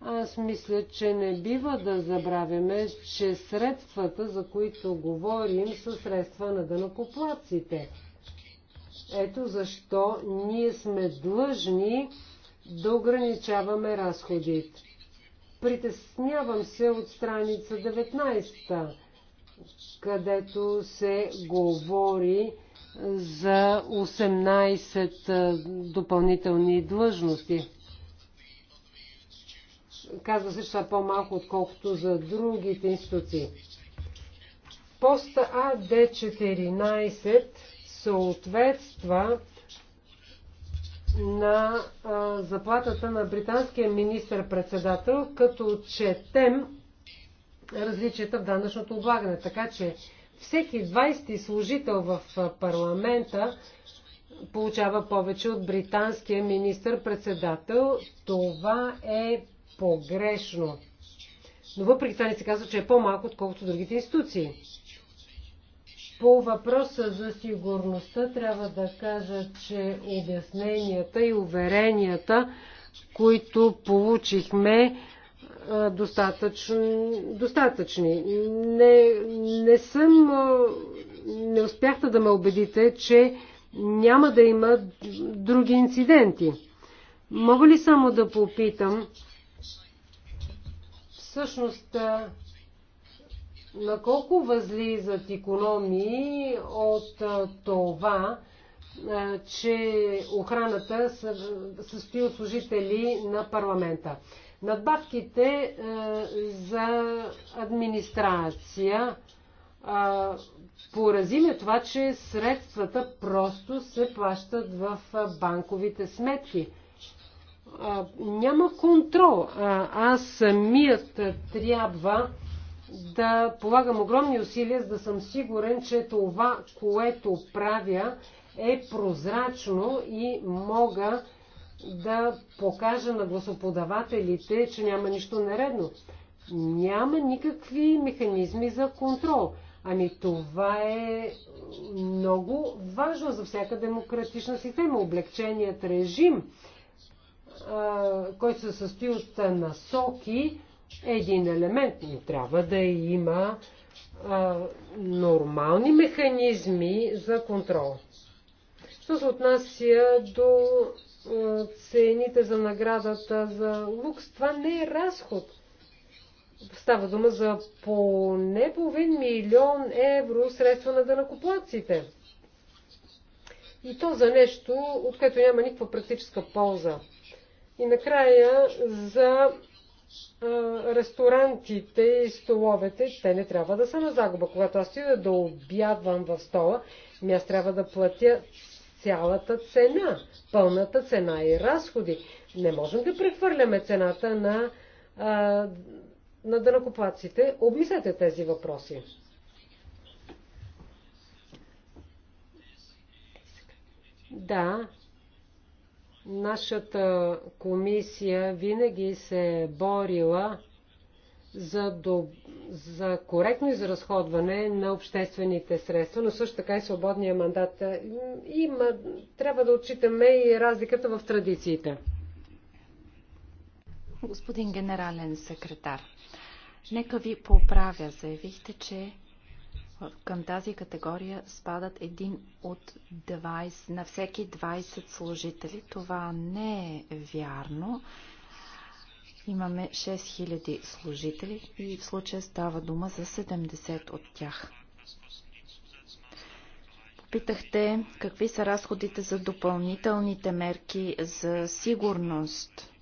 Аз мисля, че не бива да забравяме, че средствата, за които говорим, са средства на дънакоплаците. Ето защо ние сме длъжни да ограничаваме разходите. Притеснявам се от страница 19, където се говори за 18 допълнителни длъжности. Казва се, че са е по-малко, отколкото за другите институции. Поста АД-14 съответства на а, заплатата на британския министр-председател, като четем различията в данъчното облагане. Така че всеки 20 служител в парламента получава повече от британския министр-председател. Това е погрешно. Но въпреки това не се казва, че е по-малко, отколкото другите институции. По въпроса за сигурността трябва да кажа, че обясненията и уверенията, които получихме, достатъчно, достатъчни. Не, не съм, не успяхте да ме убедите, че няма да има други инциденти. Мога ли само да попитам? Всъщност, на колко възлизат економии от това, че охраната състои от служители на парламента. Надбавките за администрация е това, че средствата просто се плащат в банковите сметки. Няма контрол. Аз самият трябва да полагам огромни усилия, за да съм сигурен, че това, което правя, е прозрачно и мога да покажа на гласоподавателите, че няма нищо нередно. Няма никакви механизми за контрол. Ами това е много важно за всяка демократична система. Облегченият режим, който се състои от насоки, един елемент, но трябва да има а, нормални механизми за контрол. Що се отнася до а, цените за наградата за лукс, това не е разход. Става дума за поне половин милион евро средства на дънакоплаците. И то за нещо, от което няма никаква практическа полза. И накрая за ресторантите и столовете, те не трябва да са на загуба. Когато аз отида да обядвам в стола, ми аз трябва да платя цялата цена, пълната цена и разходи. Не можем да прехвърляме цената на, а, на дънакоплаците. Обмислете тези въпроси. Да, Нашата комисия винаги се е борила за, до, за коректно изразходване на обществените средства, но също така и свободния мандат. Има, трябва да отчитаме и разликата в традициите. Господин генерален секретар, нека ви поправя. Заявихте, че към тази категория спадат един от 20, на всеки 20 служители. Това не е вярно. Имаме 6000 служители и в случая става дума за 70 от тях. Попитахте какви са разходите за допълнителните мерки за сигурност.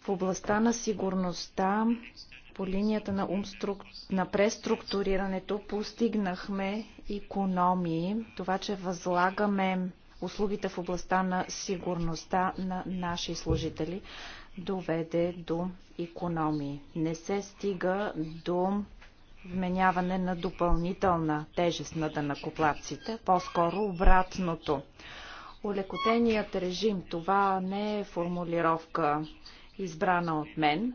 В областта на сигурността по линията на, струк... на преструктурирането постигнахме економии. Това, че възлагаме услугите в областта на сигурността на наши служители, доведе до економии. Не се стига до вменяване на допълнителна тежест на дънакоплаците, по-скоро обратното. Олекотеният режим, това не е формулировка избрана от мен.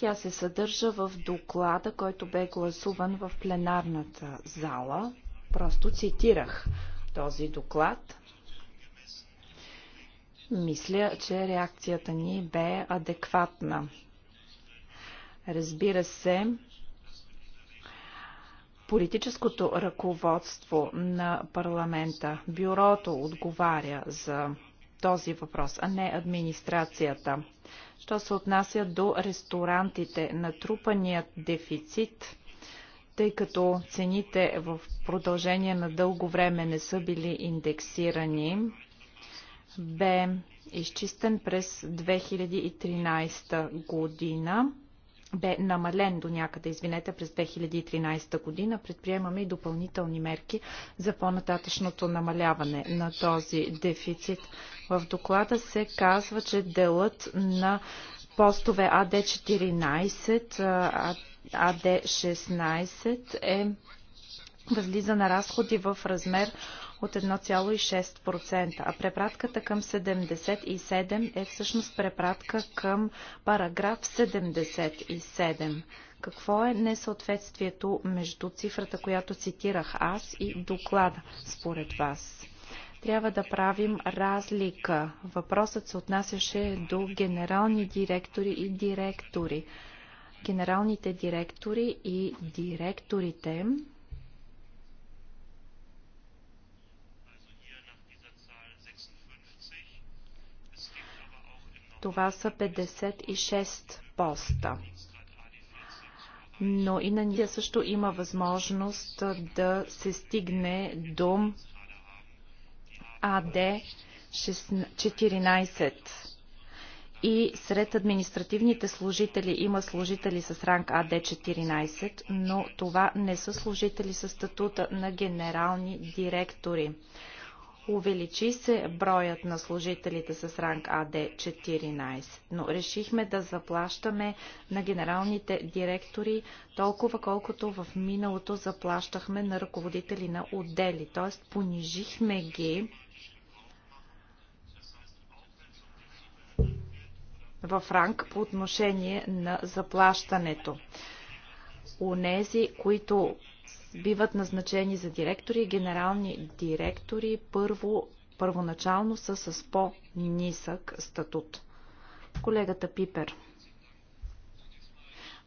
Тя се съдържа в доклада, който бе гласуван в пленарната зала. Просто цитирах този доклад. Мисля, че реакцията ни бе адекватна. Разбира се, политическото ръководство на парламента, бюрото отговаря за този въпрос, а не администрацията. Що се отнася до ресторантите, натрупаният дефицит, тъй като цените в продължение на дълго време не са били индексирани, бе изчистен през 2013 година бе намален до някъде, извинете, през 2013 година. Предприемаме и допълнителни мерки за по-нататъчното намаляване на този дефицит. В доклада се казва, че делът на постове АД-14, АД-16 е възлиза на разходи в размер от 1,6%, а препратката към 77 е всъщност препратка към параграф 77. Какво е несъответствието между цифрата, която цитирах аз и доклада, според вас? трябва да правим разлика. Въпросът се отнасяше до генерални директори и директори. Генералните директори и директорите Това са 56 поста. Но и на ние също има възможност да се стигне до АД 14 и сред административните служители има служители с ранг АД-14, но това не са служители с статута на генерални директори. Увеличи се броят на служителите с ранг АД-14, но решихме да заплащаме на генералните директори толкова колкото в миналото заплащахме на ръководители на отдели, т.е. понижихме ги в ранг по отношение на заплащането. нези, които биват назначени за директори и генерални директори, първо, първоначално са с по-нисък статут. Колегата Пипер.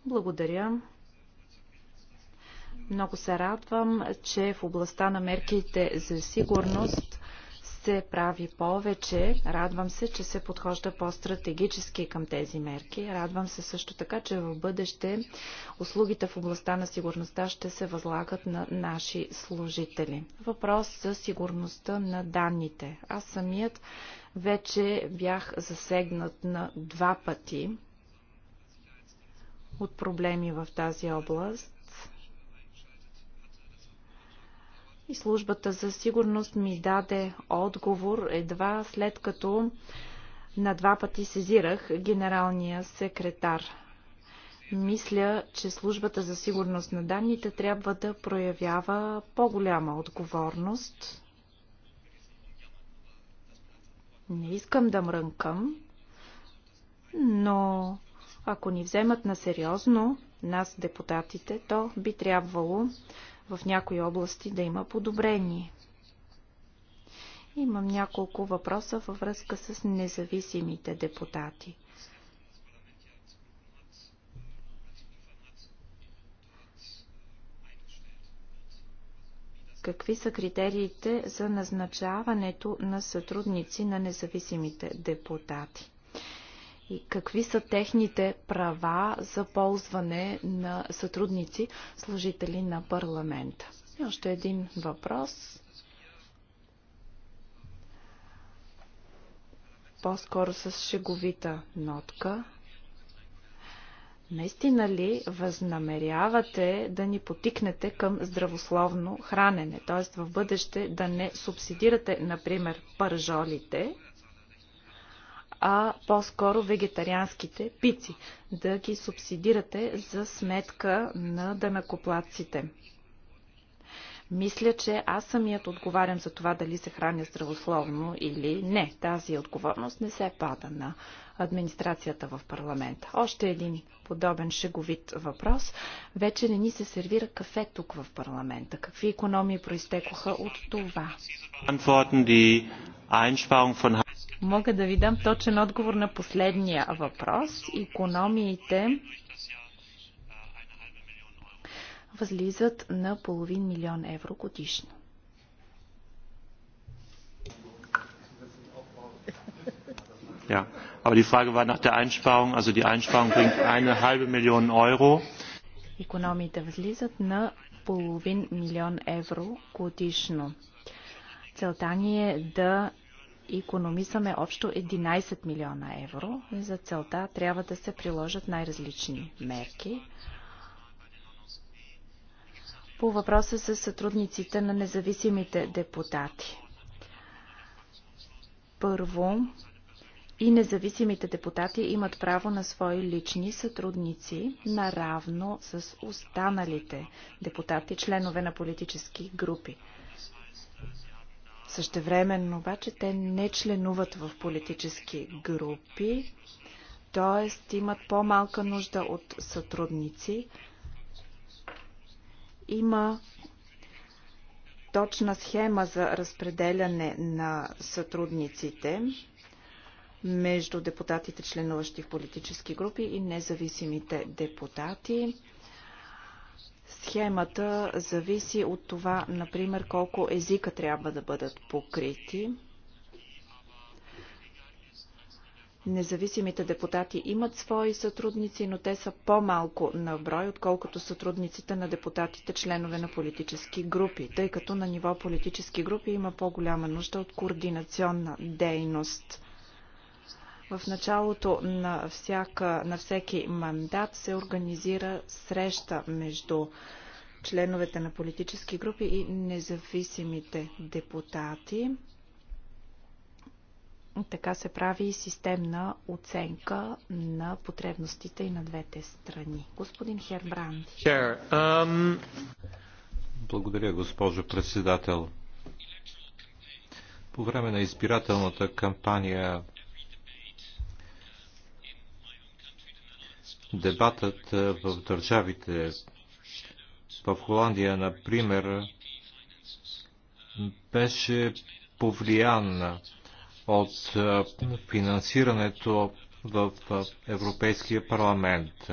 Благодаря. Много се радвам, че в областта на мерките за сигурност се прави повече. Радвам се, че се подхожда по-стратегически към тези мерки. Радвам се също така, че в бъдеще услугите в областта на сигурността ще се възлагат на наши служители. Въпрос за сигурността на данните. Аз самият вече бях засегнат на два пъти от проблеми в тази област. И службата за сигурност ми даде отговор едва след като на два пъти сезирах генералния секретар. Мисля, че службата за сигурност на данните трябва да проявява по-голяма отговорност. Не искам да мрънкам, но ако ни вземат на сериозно, нас депутатите, то би трябвало в някои области да има подобрение. Имам няколко въпроса във връзка с независимите депутати. Какви са критериите за назначаването на сътрудници на независимите депутати? и какви са техните права за ползване на сътрудници, служители на парламента. И още един въпрос. По-скоро с шеговита нотка. Наистина ли възнамерявате да ни потикнете към здравословно хранене? Т.е. в бъдеще да не субсидирате, например, пържолите, а по-скоро вегетарианските пици, да ги субсидирате за сметка на дънакоплатците. Мисля, че аз самият отговарям за това дали се храня здравословно или не. Тази отговорност не се пада на администрацията в парламента. Още един подобен шеговит въпрос. Вече не ни се сервира кафе тук в парламента. Какви економии проистекоха от това? Мога да ви дам точен отговор на последния въпрос. Економиите възлизат на половин милион евро годишно. Ja, aber die Frage war nach der Einsparung. Also die Einsparung bringt eine halbe Million Euro. Економиите възлизат на половин милион евро годишно. Целта ни е да економисаме общо 11 милиона евро и за целта трябва да се приложат най-различни мерки. По въпроса с сътрудниците на независимите депутати. Първо, и независимите депутати имат право на свои лични сътрудници, наравно с останалите депутати, членове на политически групи. Същевременно обаче те не членуват в политически групи, т.е. имат по-малка нужда от сътрудници. Има точна схема за разпределяне на сътрудниците между депутатите, членуващи в политически групи и независимите депутати. Схемата зависи от това, например, колко езика трябва да бъдат покрити. Независимите депутати имат свои сътрудници, но те са по-малко на брой, отколкото сътрудниците на депутатите, членове на политически групи, тъй като на ниво политически групи има по-голяма нужда от координационна дейност. В началото на, всяка, на всеки мандат се организира среща между членовете на политически групи и независимите депутати. Така се прави и системна оценка на потребностите и на двете страни. Господин Хербранд. Um, Благодаря, госпожо председател. По време на избирателната кампания дебатът в държавите. В Холандия, например, беше повлиян от финансирането в Европейския парламент.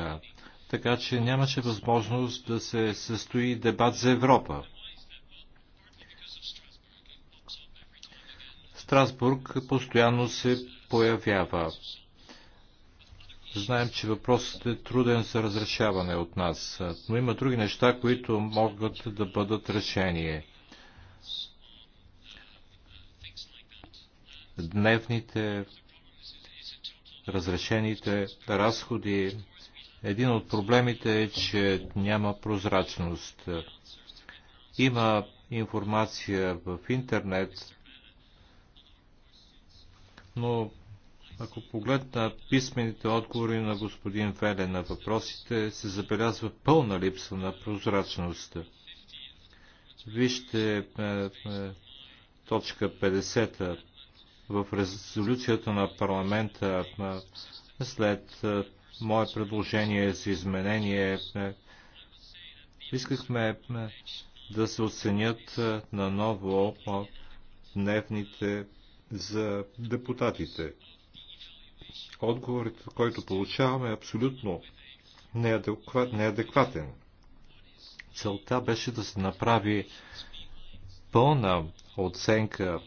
Така че нямаше възможност да се състои дебат за Европа. Страсбург постоянно се появява Знаем, че въпросът е труден за разрешаване от нас, но има други неща, които могат да бъдат решение. Дневните, разрешените разходи. Един от проблемите е, че няма прозрачност. Има информация в интернет, но ако погледна писмените отговори на господин Веле на въпросите, се забелязва пълна липса на прозрачност. Вижте е, е, точка 50 в резолюцията на парламента е, след мое предложение за изменение. Искахме да се оценят наново дневните за депутатите. Отговорът, който получаваме, е абсолютно неадекват, неадекватен. Целта беше да се направи пълна оценка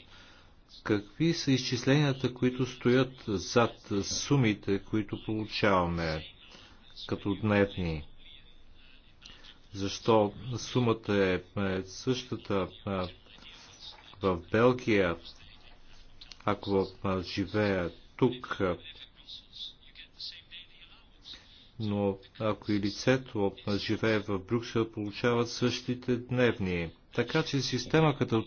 какви са изчисленията, които стоят зад сумите, които получаваме като дневни. Защо сумата е, е същата в Белгия, ако живея тук но ако и лицето живее в Брюксел, получават същите дневни. Така че система като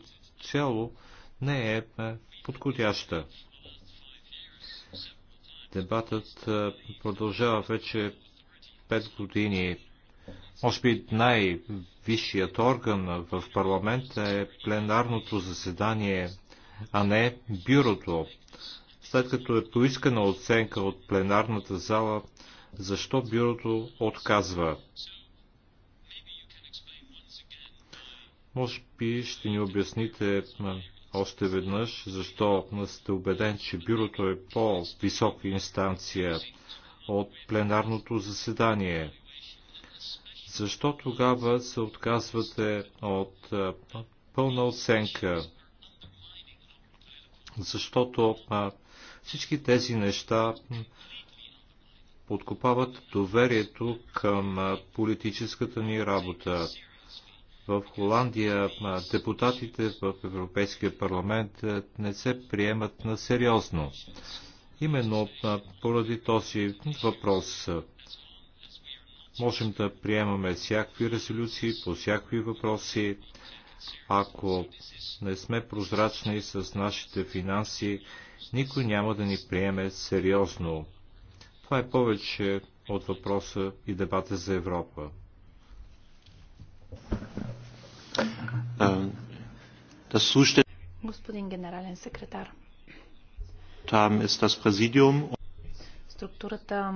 цяло не е, е подходяща. Дебатът е, продължава вече 5 години. Може би най-висшият орган в парламента е пленарното заседание, а не бюрото. След като е поискана оценка от пленарната зала, защо бюрото отказва. Може би ще ни обясните още веднъж, защо сте убеден, че бюрото е по-висока инстанция от пленарното заседание. Защо тогава се отказвате от пълна оценка? Защото всички тези неща подкопават доверието към политическата ни работа. В Холандия депутатите в Европейския парламент не се приемат на сериозно. Именно поради този въпрос можем да приемаме всякакви резолюции по всякакви въпроси. Ако не сме прозрачни с нашите финанси, никой няма да ни приеме сериозно. Това е повече от въпроса и дебата за Европа. Господин генерален секретар. Е Структурата,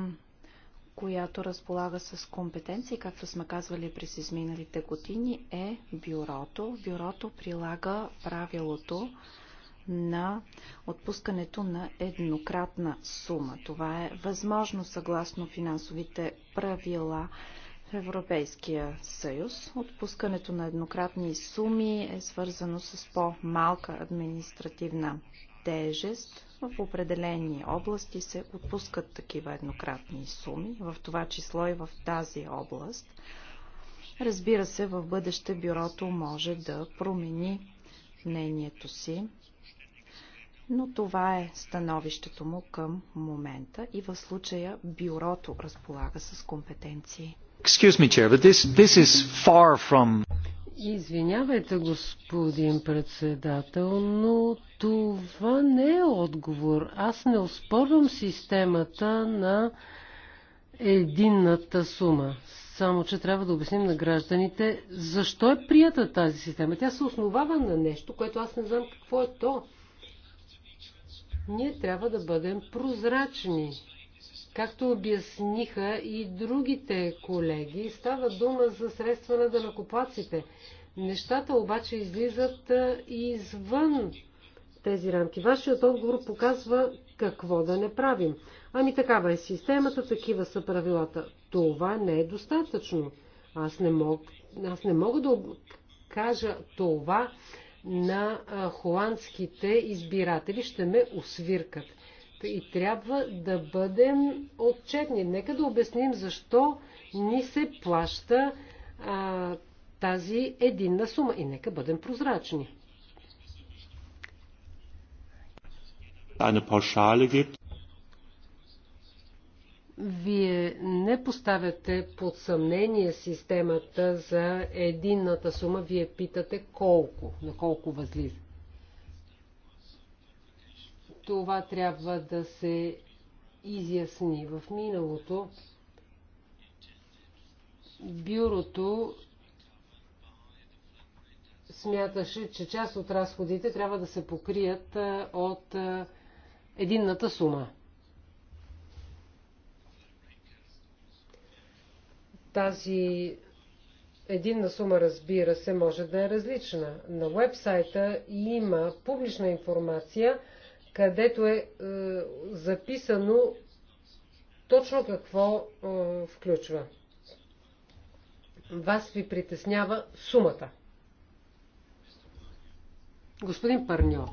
която разполага с компетенции, както сме казвали през изминалите години, е бюрото. Бюрото прилага правилото на отпускането на еднократна сума. Това е възможно съгласно финансовите правила в Европейския съюз. Отпускането на еднократни суми е свързано с по-малка административна тежест. В определени области се отпускат такива еднократни суми, в това число и в тази област. Разбира се, в бъдеще бюрото може да промени мнението си но това е становището му към момента и в случая бюрото разполага с компетенции. Excuse me, chair, but this, this is far from... Извинявайте, господин председател, но това не е отговор. Аз не оспорвам системата на единната сума. Само, че трябва да обясним на гражданите защо е прията тази система. Тя се основава на нещо, което аз не знам какво е то. Ние трябва да бъдем прозрачни. Както обясниха и другите колеги, става дума за средства на дънакоплаците. Нещата обаче излизат извън тези рамки. Вашият отговор показва какво да не правим. Ами такава е системата, такива са правилата. Това не е достатъчно. Аз не, мог, аз не мога да кажа това на холандските избиратели ще ме освиркат. И трябва да бъдем отчетни. Нека да обясним защо ни се плаща а, тази единна сума. И нека бъдем прозрачни. Eine Pauschale gibt. Вие не поставяте под съмнение системата за единната сума, вие питате колко, на колко възлиза. Това трябва да се изясни. В миналото бюрото смяташе, че част от разходите трябва да се покрият от единната сума. Тази единна сума, разбира се, може да е различна. На вебсайта има публична информация, където е, е записано точно какво е, включва. Вас ви притеснява сумата. Господин Парньо,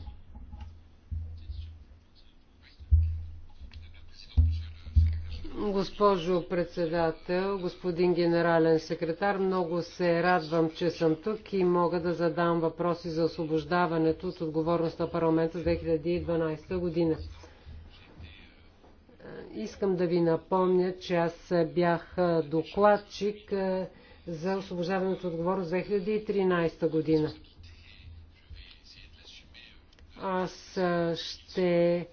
Госпожо председател, господин генерален секретар, много се радвам, че съм тук и мога да задам въпроси за освобождаването от отговорност на парламента 2012 година. Искам да ви напомня, че аз бях докладчик е, за освобождаването от отговорност 2013 година. Аз е, ще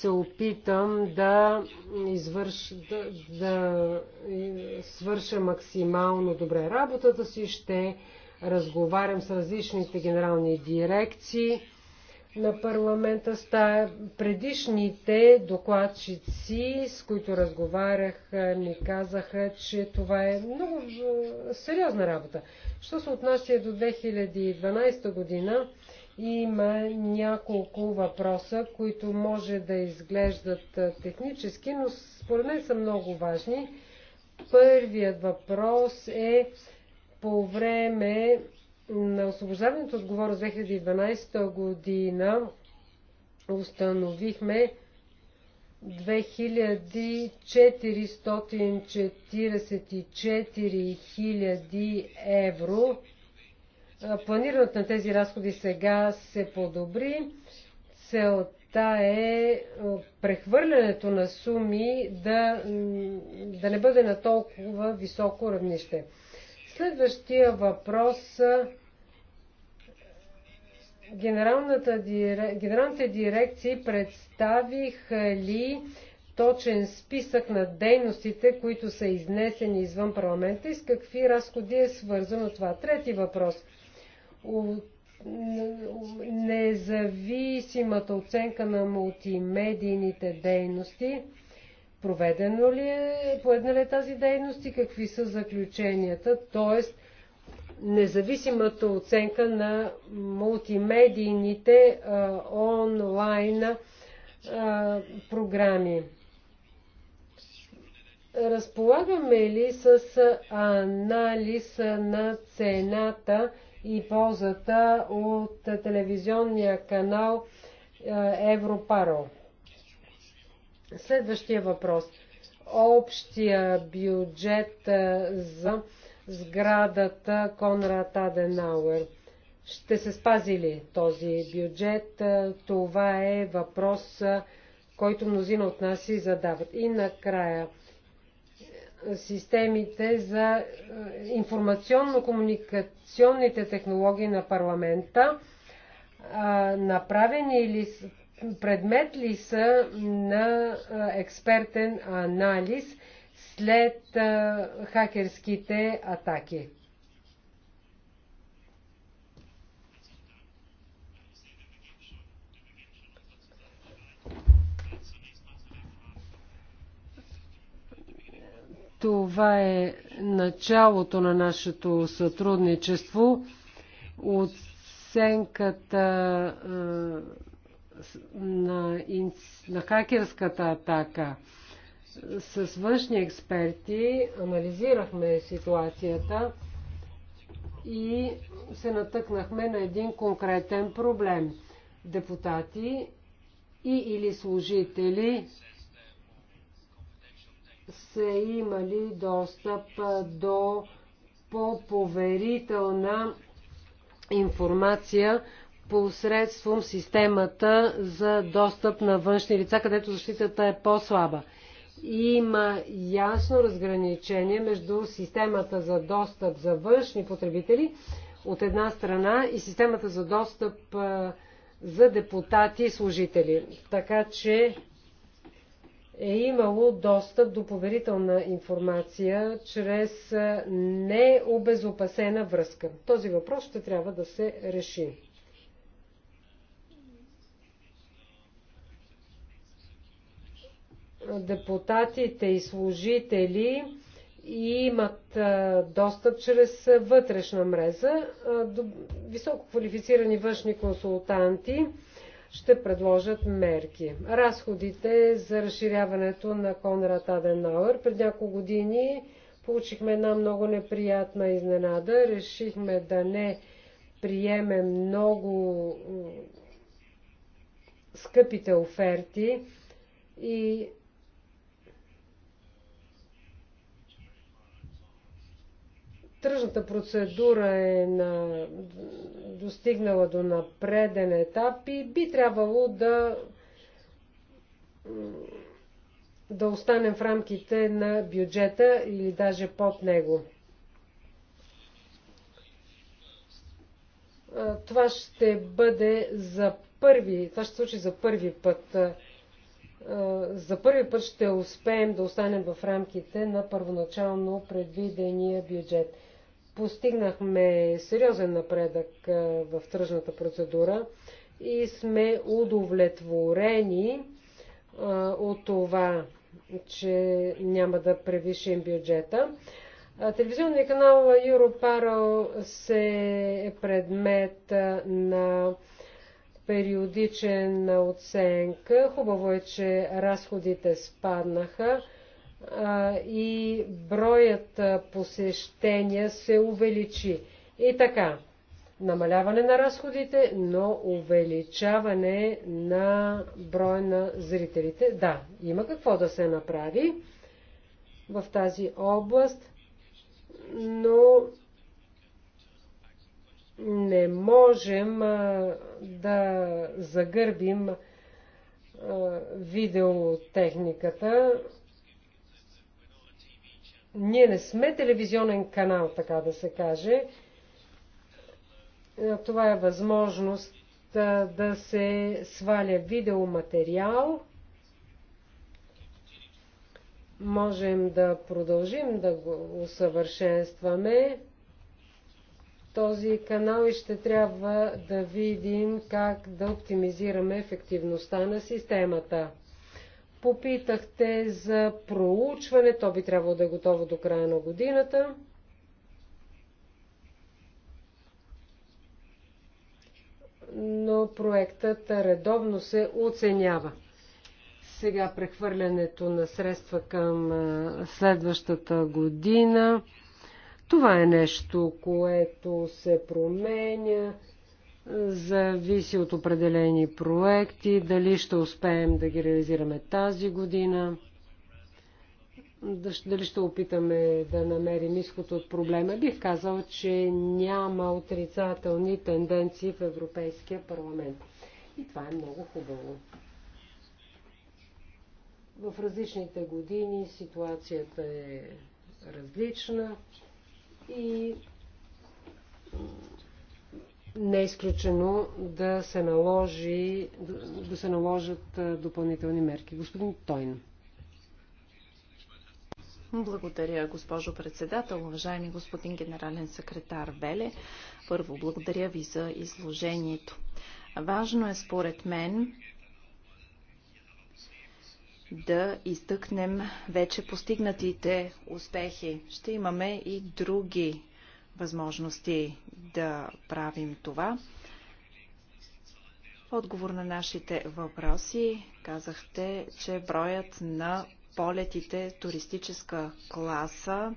се опитам да, извърш, да, да свърша максимално добре работата си. Ще разговарям с различните генерални дирекции на парламента. Стая предишните докладчици, с които разговарях, ми казаха, че това е много е, сериозна работа. Що се отнася до 2012 година, има няколко въпроса, които може да изглеждат технически, но според мен са много важни. Първият въпрос е по време на освобождаването от говора 2012 година установихме 2444 хиляди евро Планирането на тези разходи сега се подобри. Целта е, е прехвърлянето на суми да, да не бъде на толкова високо равнище. Следващия въпрос генералните дирекции представиха ли точен списък на дейностите, които са изнесени извън парламента и с какви разходи е свързано това? Трети въпрос независимата оценка на мултимедийните дейности. Проведено ли е, поедна ли е тази дейност и какви са заключенията, т.е. независимата оценка на мултимедийните а, онлайн а, програми. Разполагаме ли с анализ на цената и ползата от телевизионния канал е, Европаро. Следващия въпрос. Общия бюджет е, за сградата Конрад Аденауер. Ще се спази ли този бюджет? Е, това е въпрос, който мнозина от нас си задават. И накрая – системите за е, информационно-комуникационните технологии на парламента направени ли, предмет ли са на експертен анализ след хакерските атаки? Това е началото на нашето сътрудничество. Оценката на, на хакерската атака с външни експерти анализирахме ситуацията и се натъкнахме на един конкретен проблем. Депутати и или служители са имали достъп до по-поверителна информация посредством системата за достъп на външни лица, където защитата е по-слаба. Има ясно разграничение между системата за достъп за външни потребители от една страна и системата за достъп за депутати и служители. Така че е имало достъп до поверителна информация чрез е, необезопасена връзка. Този въпрос ще трябва да се реши. Депутатите и служители имат е, достъп чрез вътрешна мрежа е, до високо квалифицирани външни консултанти – ще предложат мерки. Разходите за разширяването на Конрад Аденауер. Пред няколко години получихме една много неприятна изненада. Решихме да не приемем много скъпите оферти и Тръжната процедура е на, достигнала до напреден етап и би трябвало да, да останем в рамките на бюджета или даже под него. Това ще бъде за първи, това ще случи за първи път. За първи път ще успеем да останем в рамките на първоначално предвидения бюджет. Постигнахме сериозен напредък в тръжната процедура и сме удовлетворени от това, че няма да превишим бюджета. Телевизионният канал Europaro се е предмет на периодичен оценка. Хубаво е, че разходите спаднаха и броят посещения се увеличи. И така, намаляване на разходите, но увеличаване на броя на зрителите. Да, има какво да се направи в тази област, но не можем да загърбим а, видеотехниката. Ние не сме телевизионен канал, така да се каже. Е, това е възможност да се сваля видеоматериал. Можем да продължим да го усъвършенстваме този канал и ще трябва да видим как да оптимизираме ефективността на системата. Попитахте за проучване, то би трябвало да е готово до края на годината. Но проектът редовно се оценява. Сега прехвърлянето на средства към следващата година. Това е нещо, което се променя зависи от определени проекти, дали ще успеем да ги реализираме тази година, дали ще опитаме да намерим изход от проблема. Бих казал, че няма отрицателни тенденции в Европейския парламент. И това е много хубаво. В различните години ситуацията е различна и не е изключено да се, наложи, да се наложат допълнителни мерки. Господин Тойн. Благодаря, госпожо председател, уважаеми господин генерален секретар Веле. Първо, благодаря ви за изложението. Важно е според мен да изтъкнем вече постигнатите успехи. Ще имаме и други възможности да правим това. В отговор на нашите въпроси казахте, че броят на полетите туристическа класа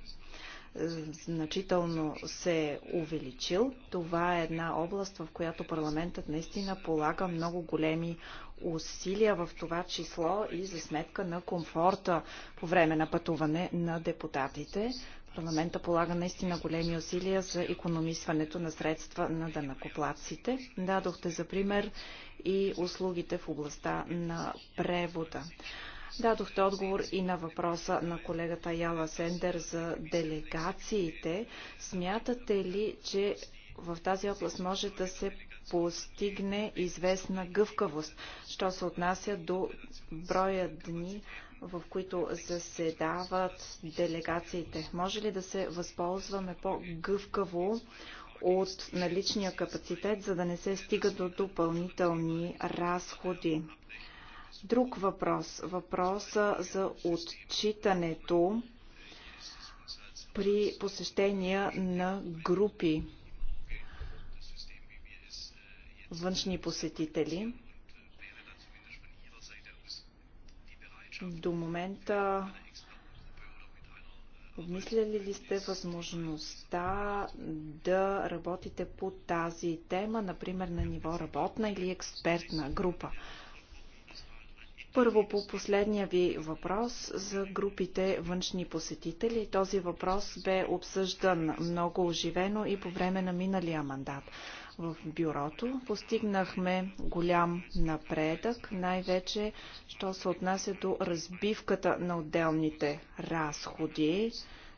е, значително се е увеличил. Това е една област, в която парламентът наистина полага много големи усилия в това число и за сметка на комфорта по време на пътуване на депутатите. Парламента полага наистина големи усилия за економисването на средства на данакоплатците. Дадохте за пример и услугите в областта на превода. Дадохте отговор и на въпроса на колегата Яла Сендер за делегациите. Смятате ли, че в тази област може да се постигне известна гъвкавост, що се отнася до броя дни в които заседават делегациите. Може ли да се възползваме по-гъвкаво от наличния капацитет, за да не се стига до допълнителни разходи? Друг въпрос. Въпроса за отчитането при посещения на групи външни посетители. До момента Обмисляли ли сте възможността да работите по тази тема, например на ниво работна или експертна група? Първо по последния ви въпрос за групите външни посетители. Този въпрос бе обсъждан много оживено и по време на миналия мандат в бюрото. Постигнахме голям напредък, най-вече, що се отнася до разбивката на отделните разходи.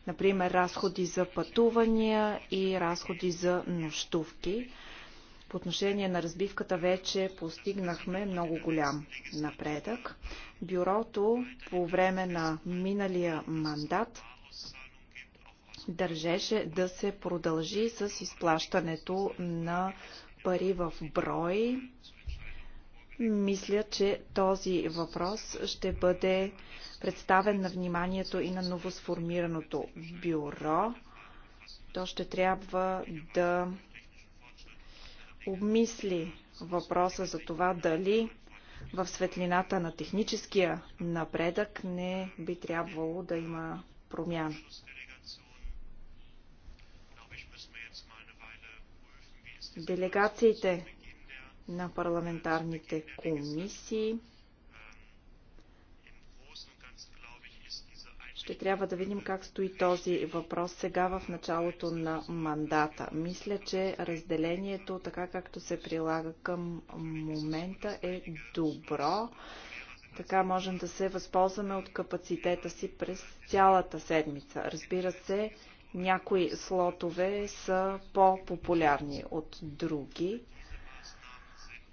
Например, разходи за пътувания и разходи за нощувки. По отношение на разбивката вече постигнахме много голям напредък. Бюрото по време на миналия мандат държеше да се продължи с изплащането на пари в брой. Мисля, че този въпрос ще бъде представен на вниманието и на новосформираното бюро. То ще трябва да обмисли въпроса за това дали в светлината на техническия напредък не би трябвало да има промяна. делегациите на парламентарните комисии. Ще трябва да видим как стои този въпрос сега в началото на мандата. Мисля, че разделението, така както се прилага към момента, е добро. Така можем да се възползваме от капацитета си през цялата седмица. Разбира се, някои слотове са по-популярни от други.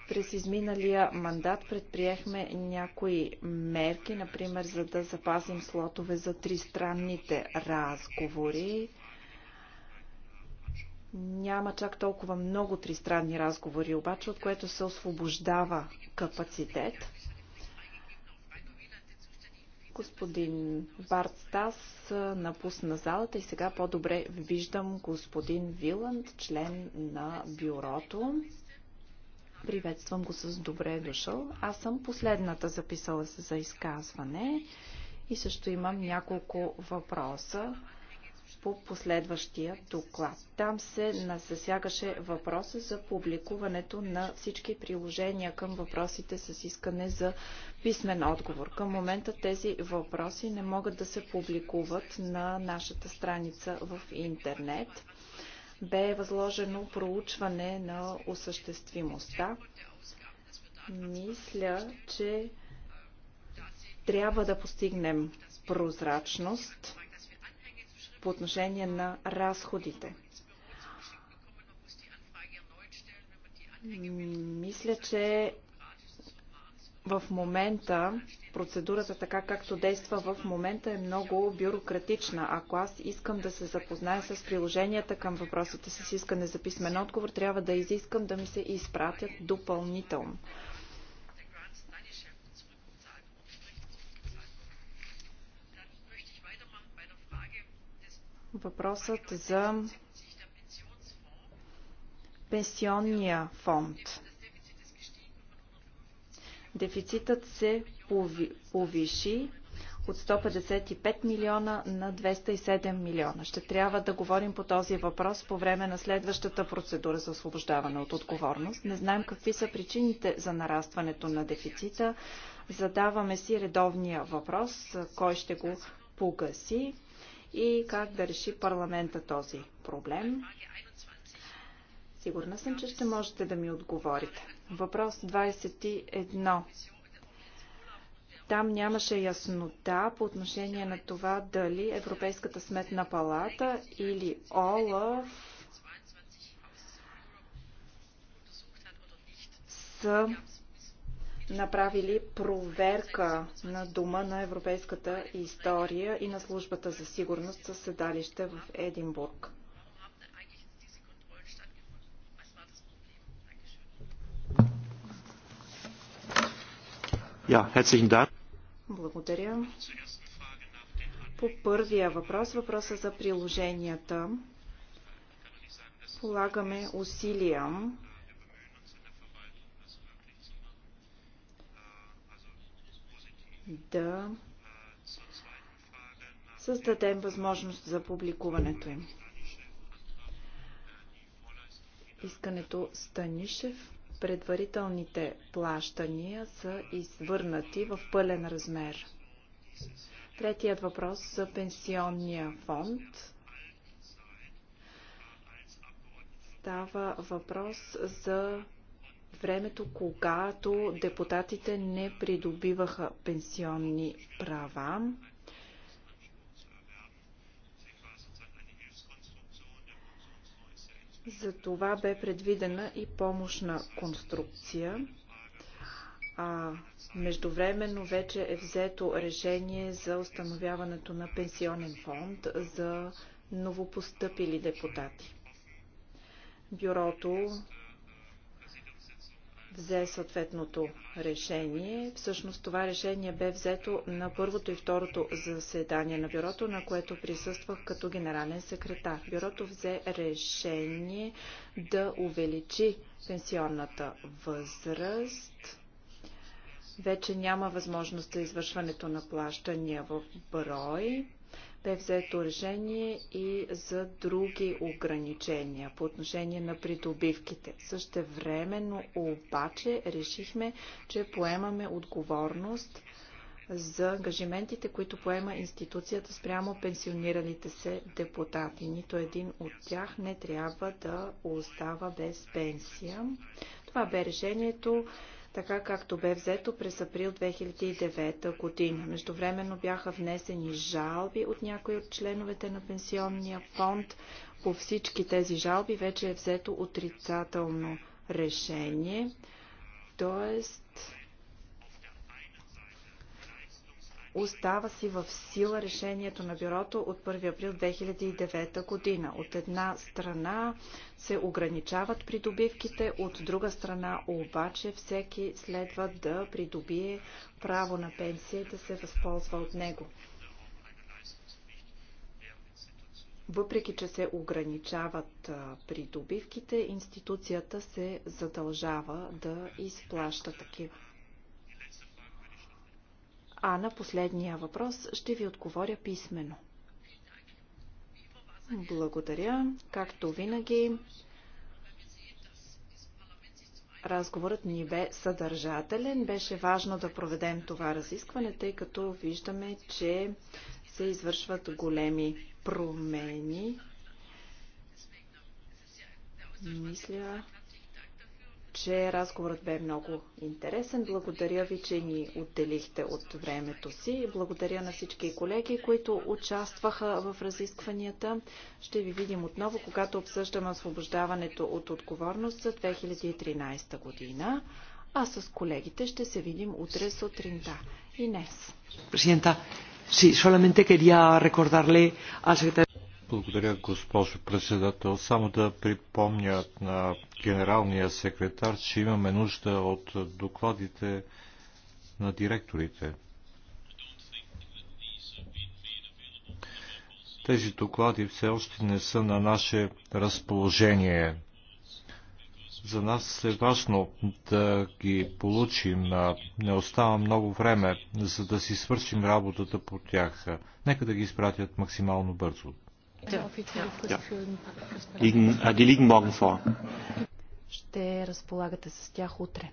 През изминалия мандат предприехме някои мерки, например, за да запазим слотове за тристранните разговори. Няма чак толкова много тристранни разговори, обаче, от което се освобождава капацитет. Господин Барт Стас напусна залата и сега по-добре виждам господин Виланд, член на бюрото. Приветствам го с добре дошъл. Аз съм последната записала се за изказване и също имам няколко въпроса по последващия доклад. Там се засягаше въпроса за публикуването на всички приложения към въпросите с искане за писмен отговор. Към момента тези въпроси не могат да се публикуват на нашата страница в интернет. Бе възложено проучване на осъществимостта. Мисля, че трябва да постигнем прозрачност по отношение на разходите. Мисля, че в момента процедурата така както действа в момента е много бюрократична. Ако аз искам да се запозная с приложенията към въпросите с искане за писмен отговор, трябва да изискам да ми се изпратят допълнително. въпросът за пенсионния фонд. Дефицитът се повиши от 155 милиона на 207 милиона. Ще трябва да говорим по този въпрос по време на следващата процедура за освобождаване от отговорност. Не знаем какви са причините за нарастването на дефицита. Задаваме си редовния въпрос, кой ще го погаси и как да реши парламента този проблем. Сигурна съм, че ще можете да ми отговорите. Въпрос 21. Там нямаше яснота по отношение на това дали Европейската сметна палата или ОЛАФ са направили проверка на Дома на европейската история и на службата за сигурност със седалище в Единбург. Благодаря. По първия въпрос, въпроса за приложенията, полагаме усилия да създадем възможност за публикуването им. Искането Станишев предварителните плащания са извърнати в пълен размер. Третият въпрос за пенсионния фонд. Става въпрос за времето, когато депутатите не придобиваха пенсионни права. За това бе предвидена и помощна конструкция. А, междувременно вече е взето решение за установяването на пенсионен фонд за новопостъпили депутати. Бюрото взе съответното решение. Всъщност това решение бе взето на първото и второто заседание на бюрото, на което присъствах като генерален секретар. Бюрото взе решение да увеличи пенсионната възраст. Вече няма възможност за извършването на плащания в брой бе взето решение и за други ограничения по отношение на придобивките. времено обаче решихме, че поемаме отговорност за ангажиментите, които поема институцията спрямо пенсионираните се депутати. Нито един от тях не трябва да остава без пенсия. Това бе решението така както бе взето през април 2009 година. Междувременно бяха внесени жалби от някои от членовете на пенсионния фонд. По всички тези жалби вече е взето отрицателно решение, т.е. Остава си в сила решението на бюрото от 1 април 2009 година. От една страна се ограничават придобивките, от друга страна обаче всеки следва да придобие право на пенсия и да се възползва от него. Въпреки, че се ограничават придобивките, институцията се задължава да изплаща такива. А на последния въпрос ще ви отговоря писменно. Благодаря. Както винаги, разговорът ни бе съдържателен. Беше важно да проведем това разискване, тъй като виждаме, че се извършват големи промени. Мисля, че разговорът бе много интересен. Благодаря ви, че ни отделихте от времето си. Благодаря на всички колеги, които участваха в разискванията. Ще ви видим отново, когато обсъждаме освобождаването от отговорност за 2013 година. А с колегите ще се видим утре сутринта. Инес. Президента, си, solamente quería recordarle al secretario. Благодаря, госпожо председател. Само да припомня на генералния секретар, че имаме нужда от докладите на директорите. Тези доклади все още не са на наше разположение. За нас е важно да ги получим. Не остава много време, за да си свършим работата по тях. Нека да ги изпратят максимално бързо. Е, Ще разполагате с тях утре.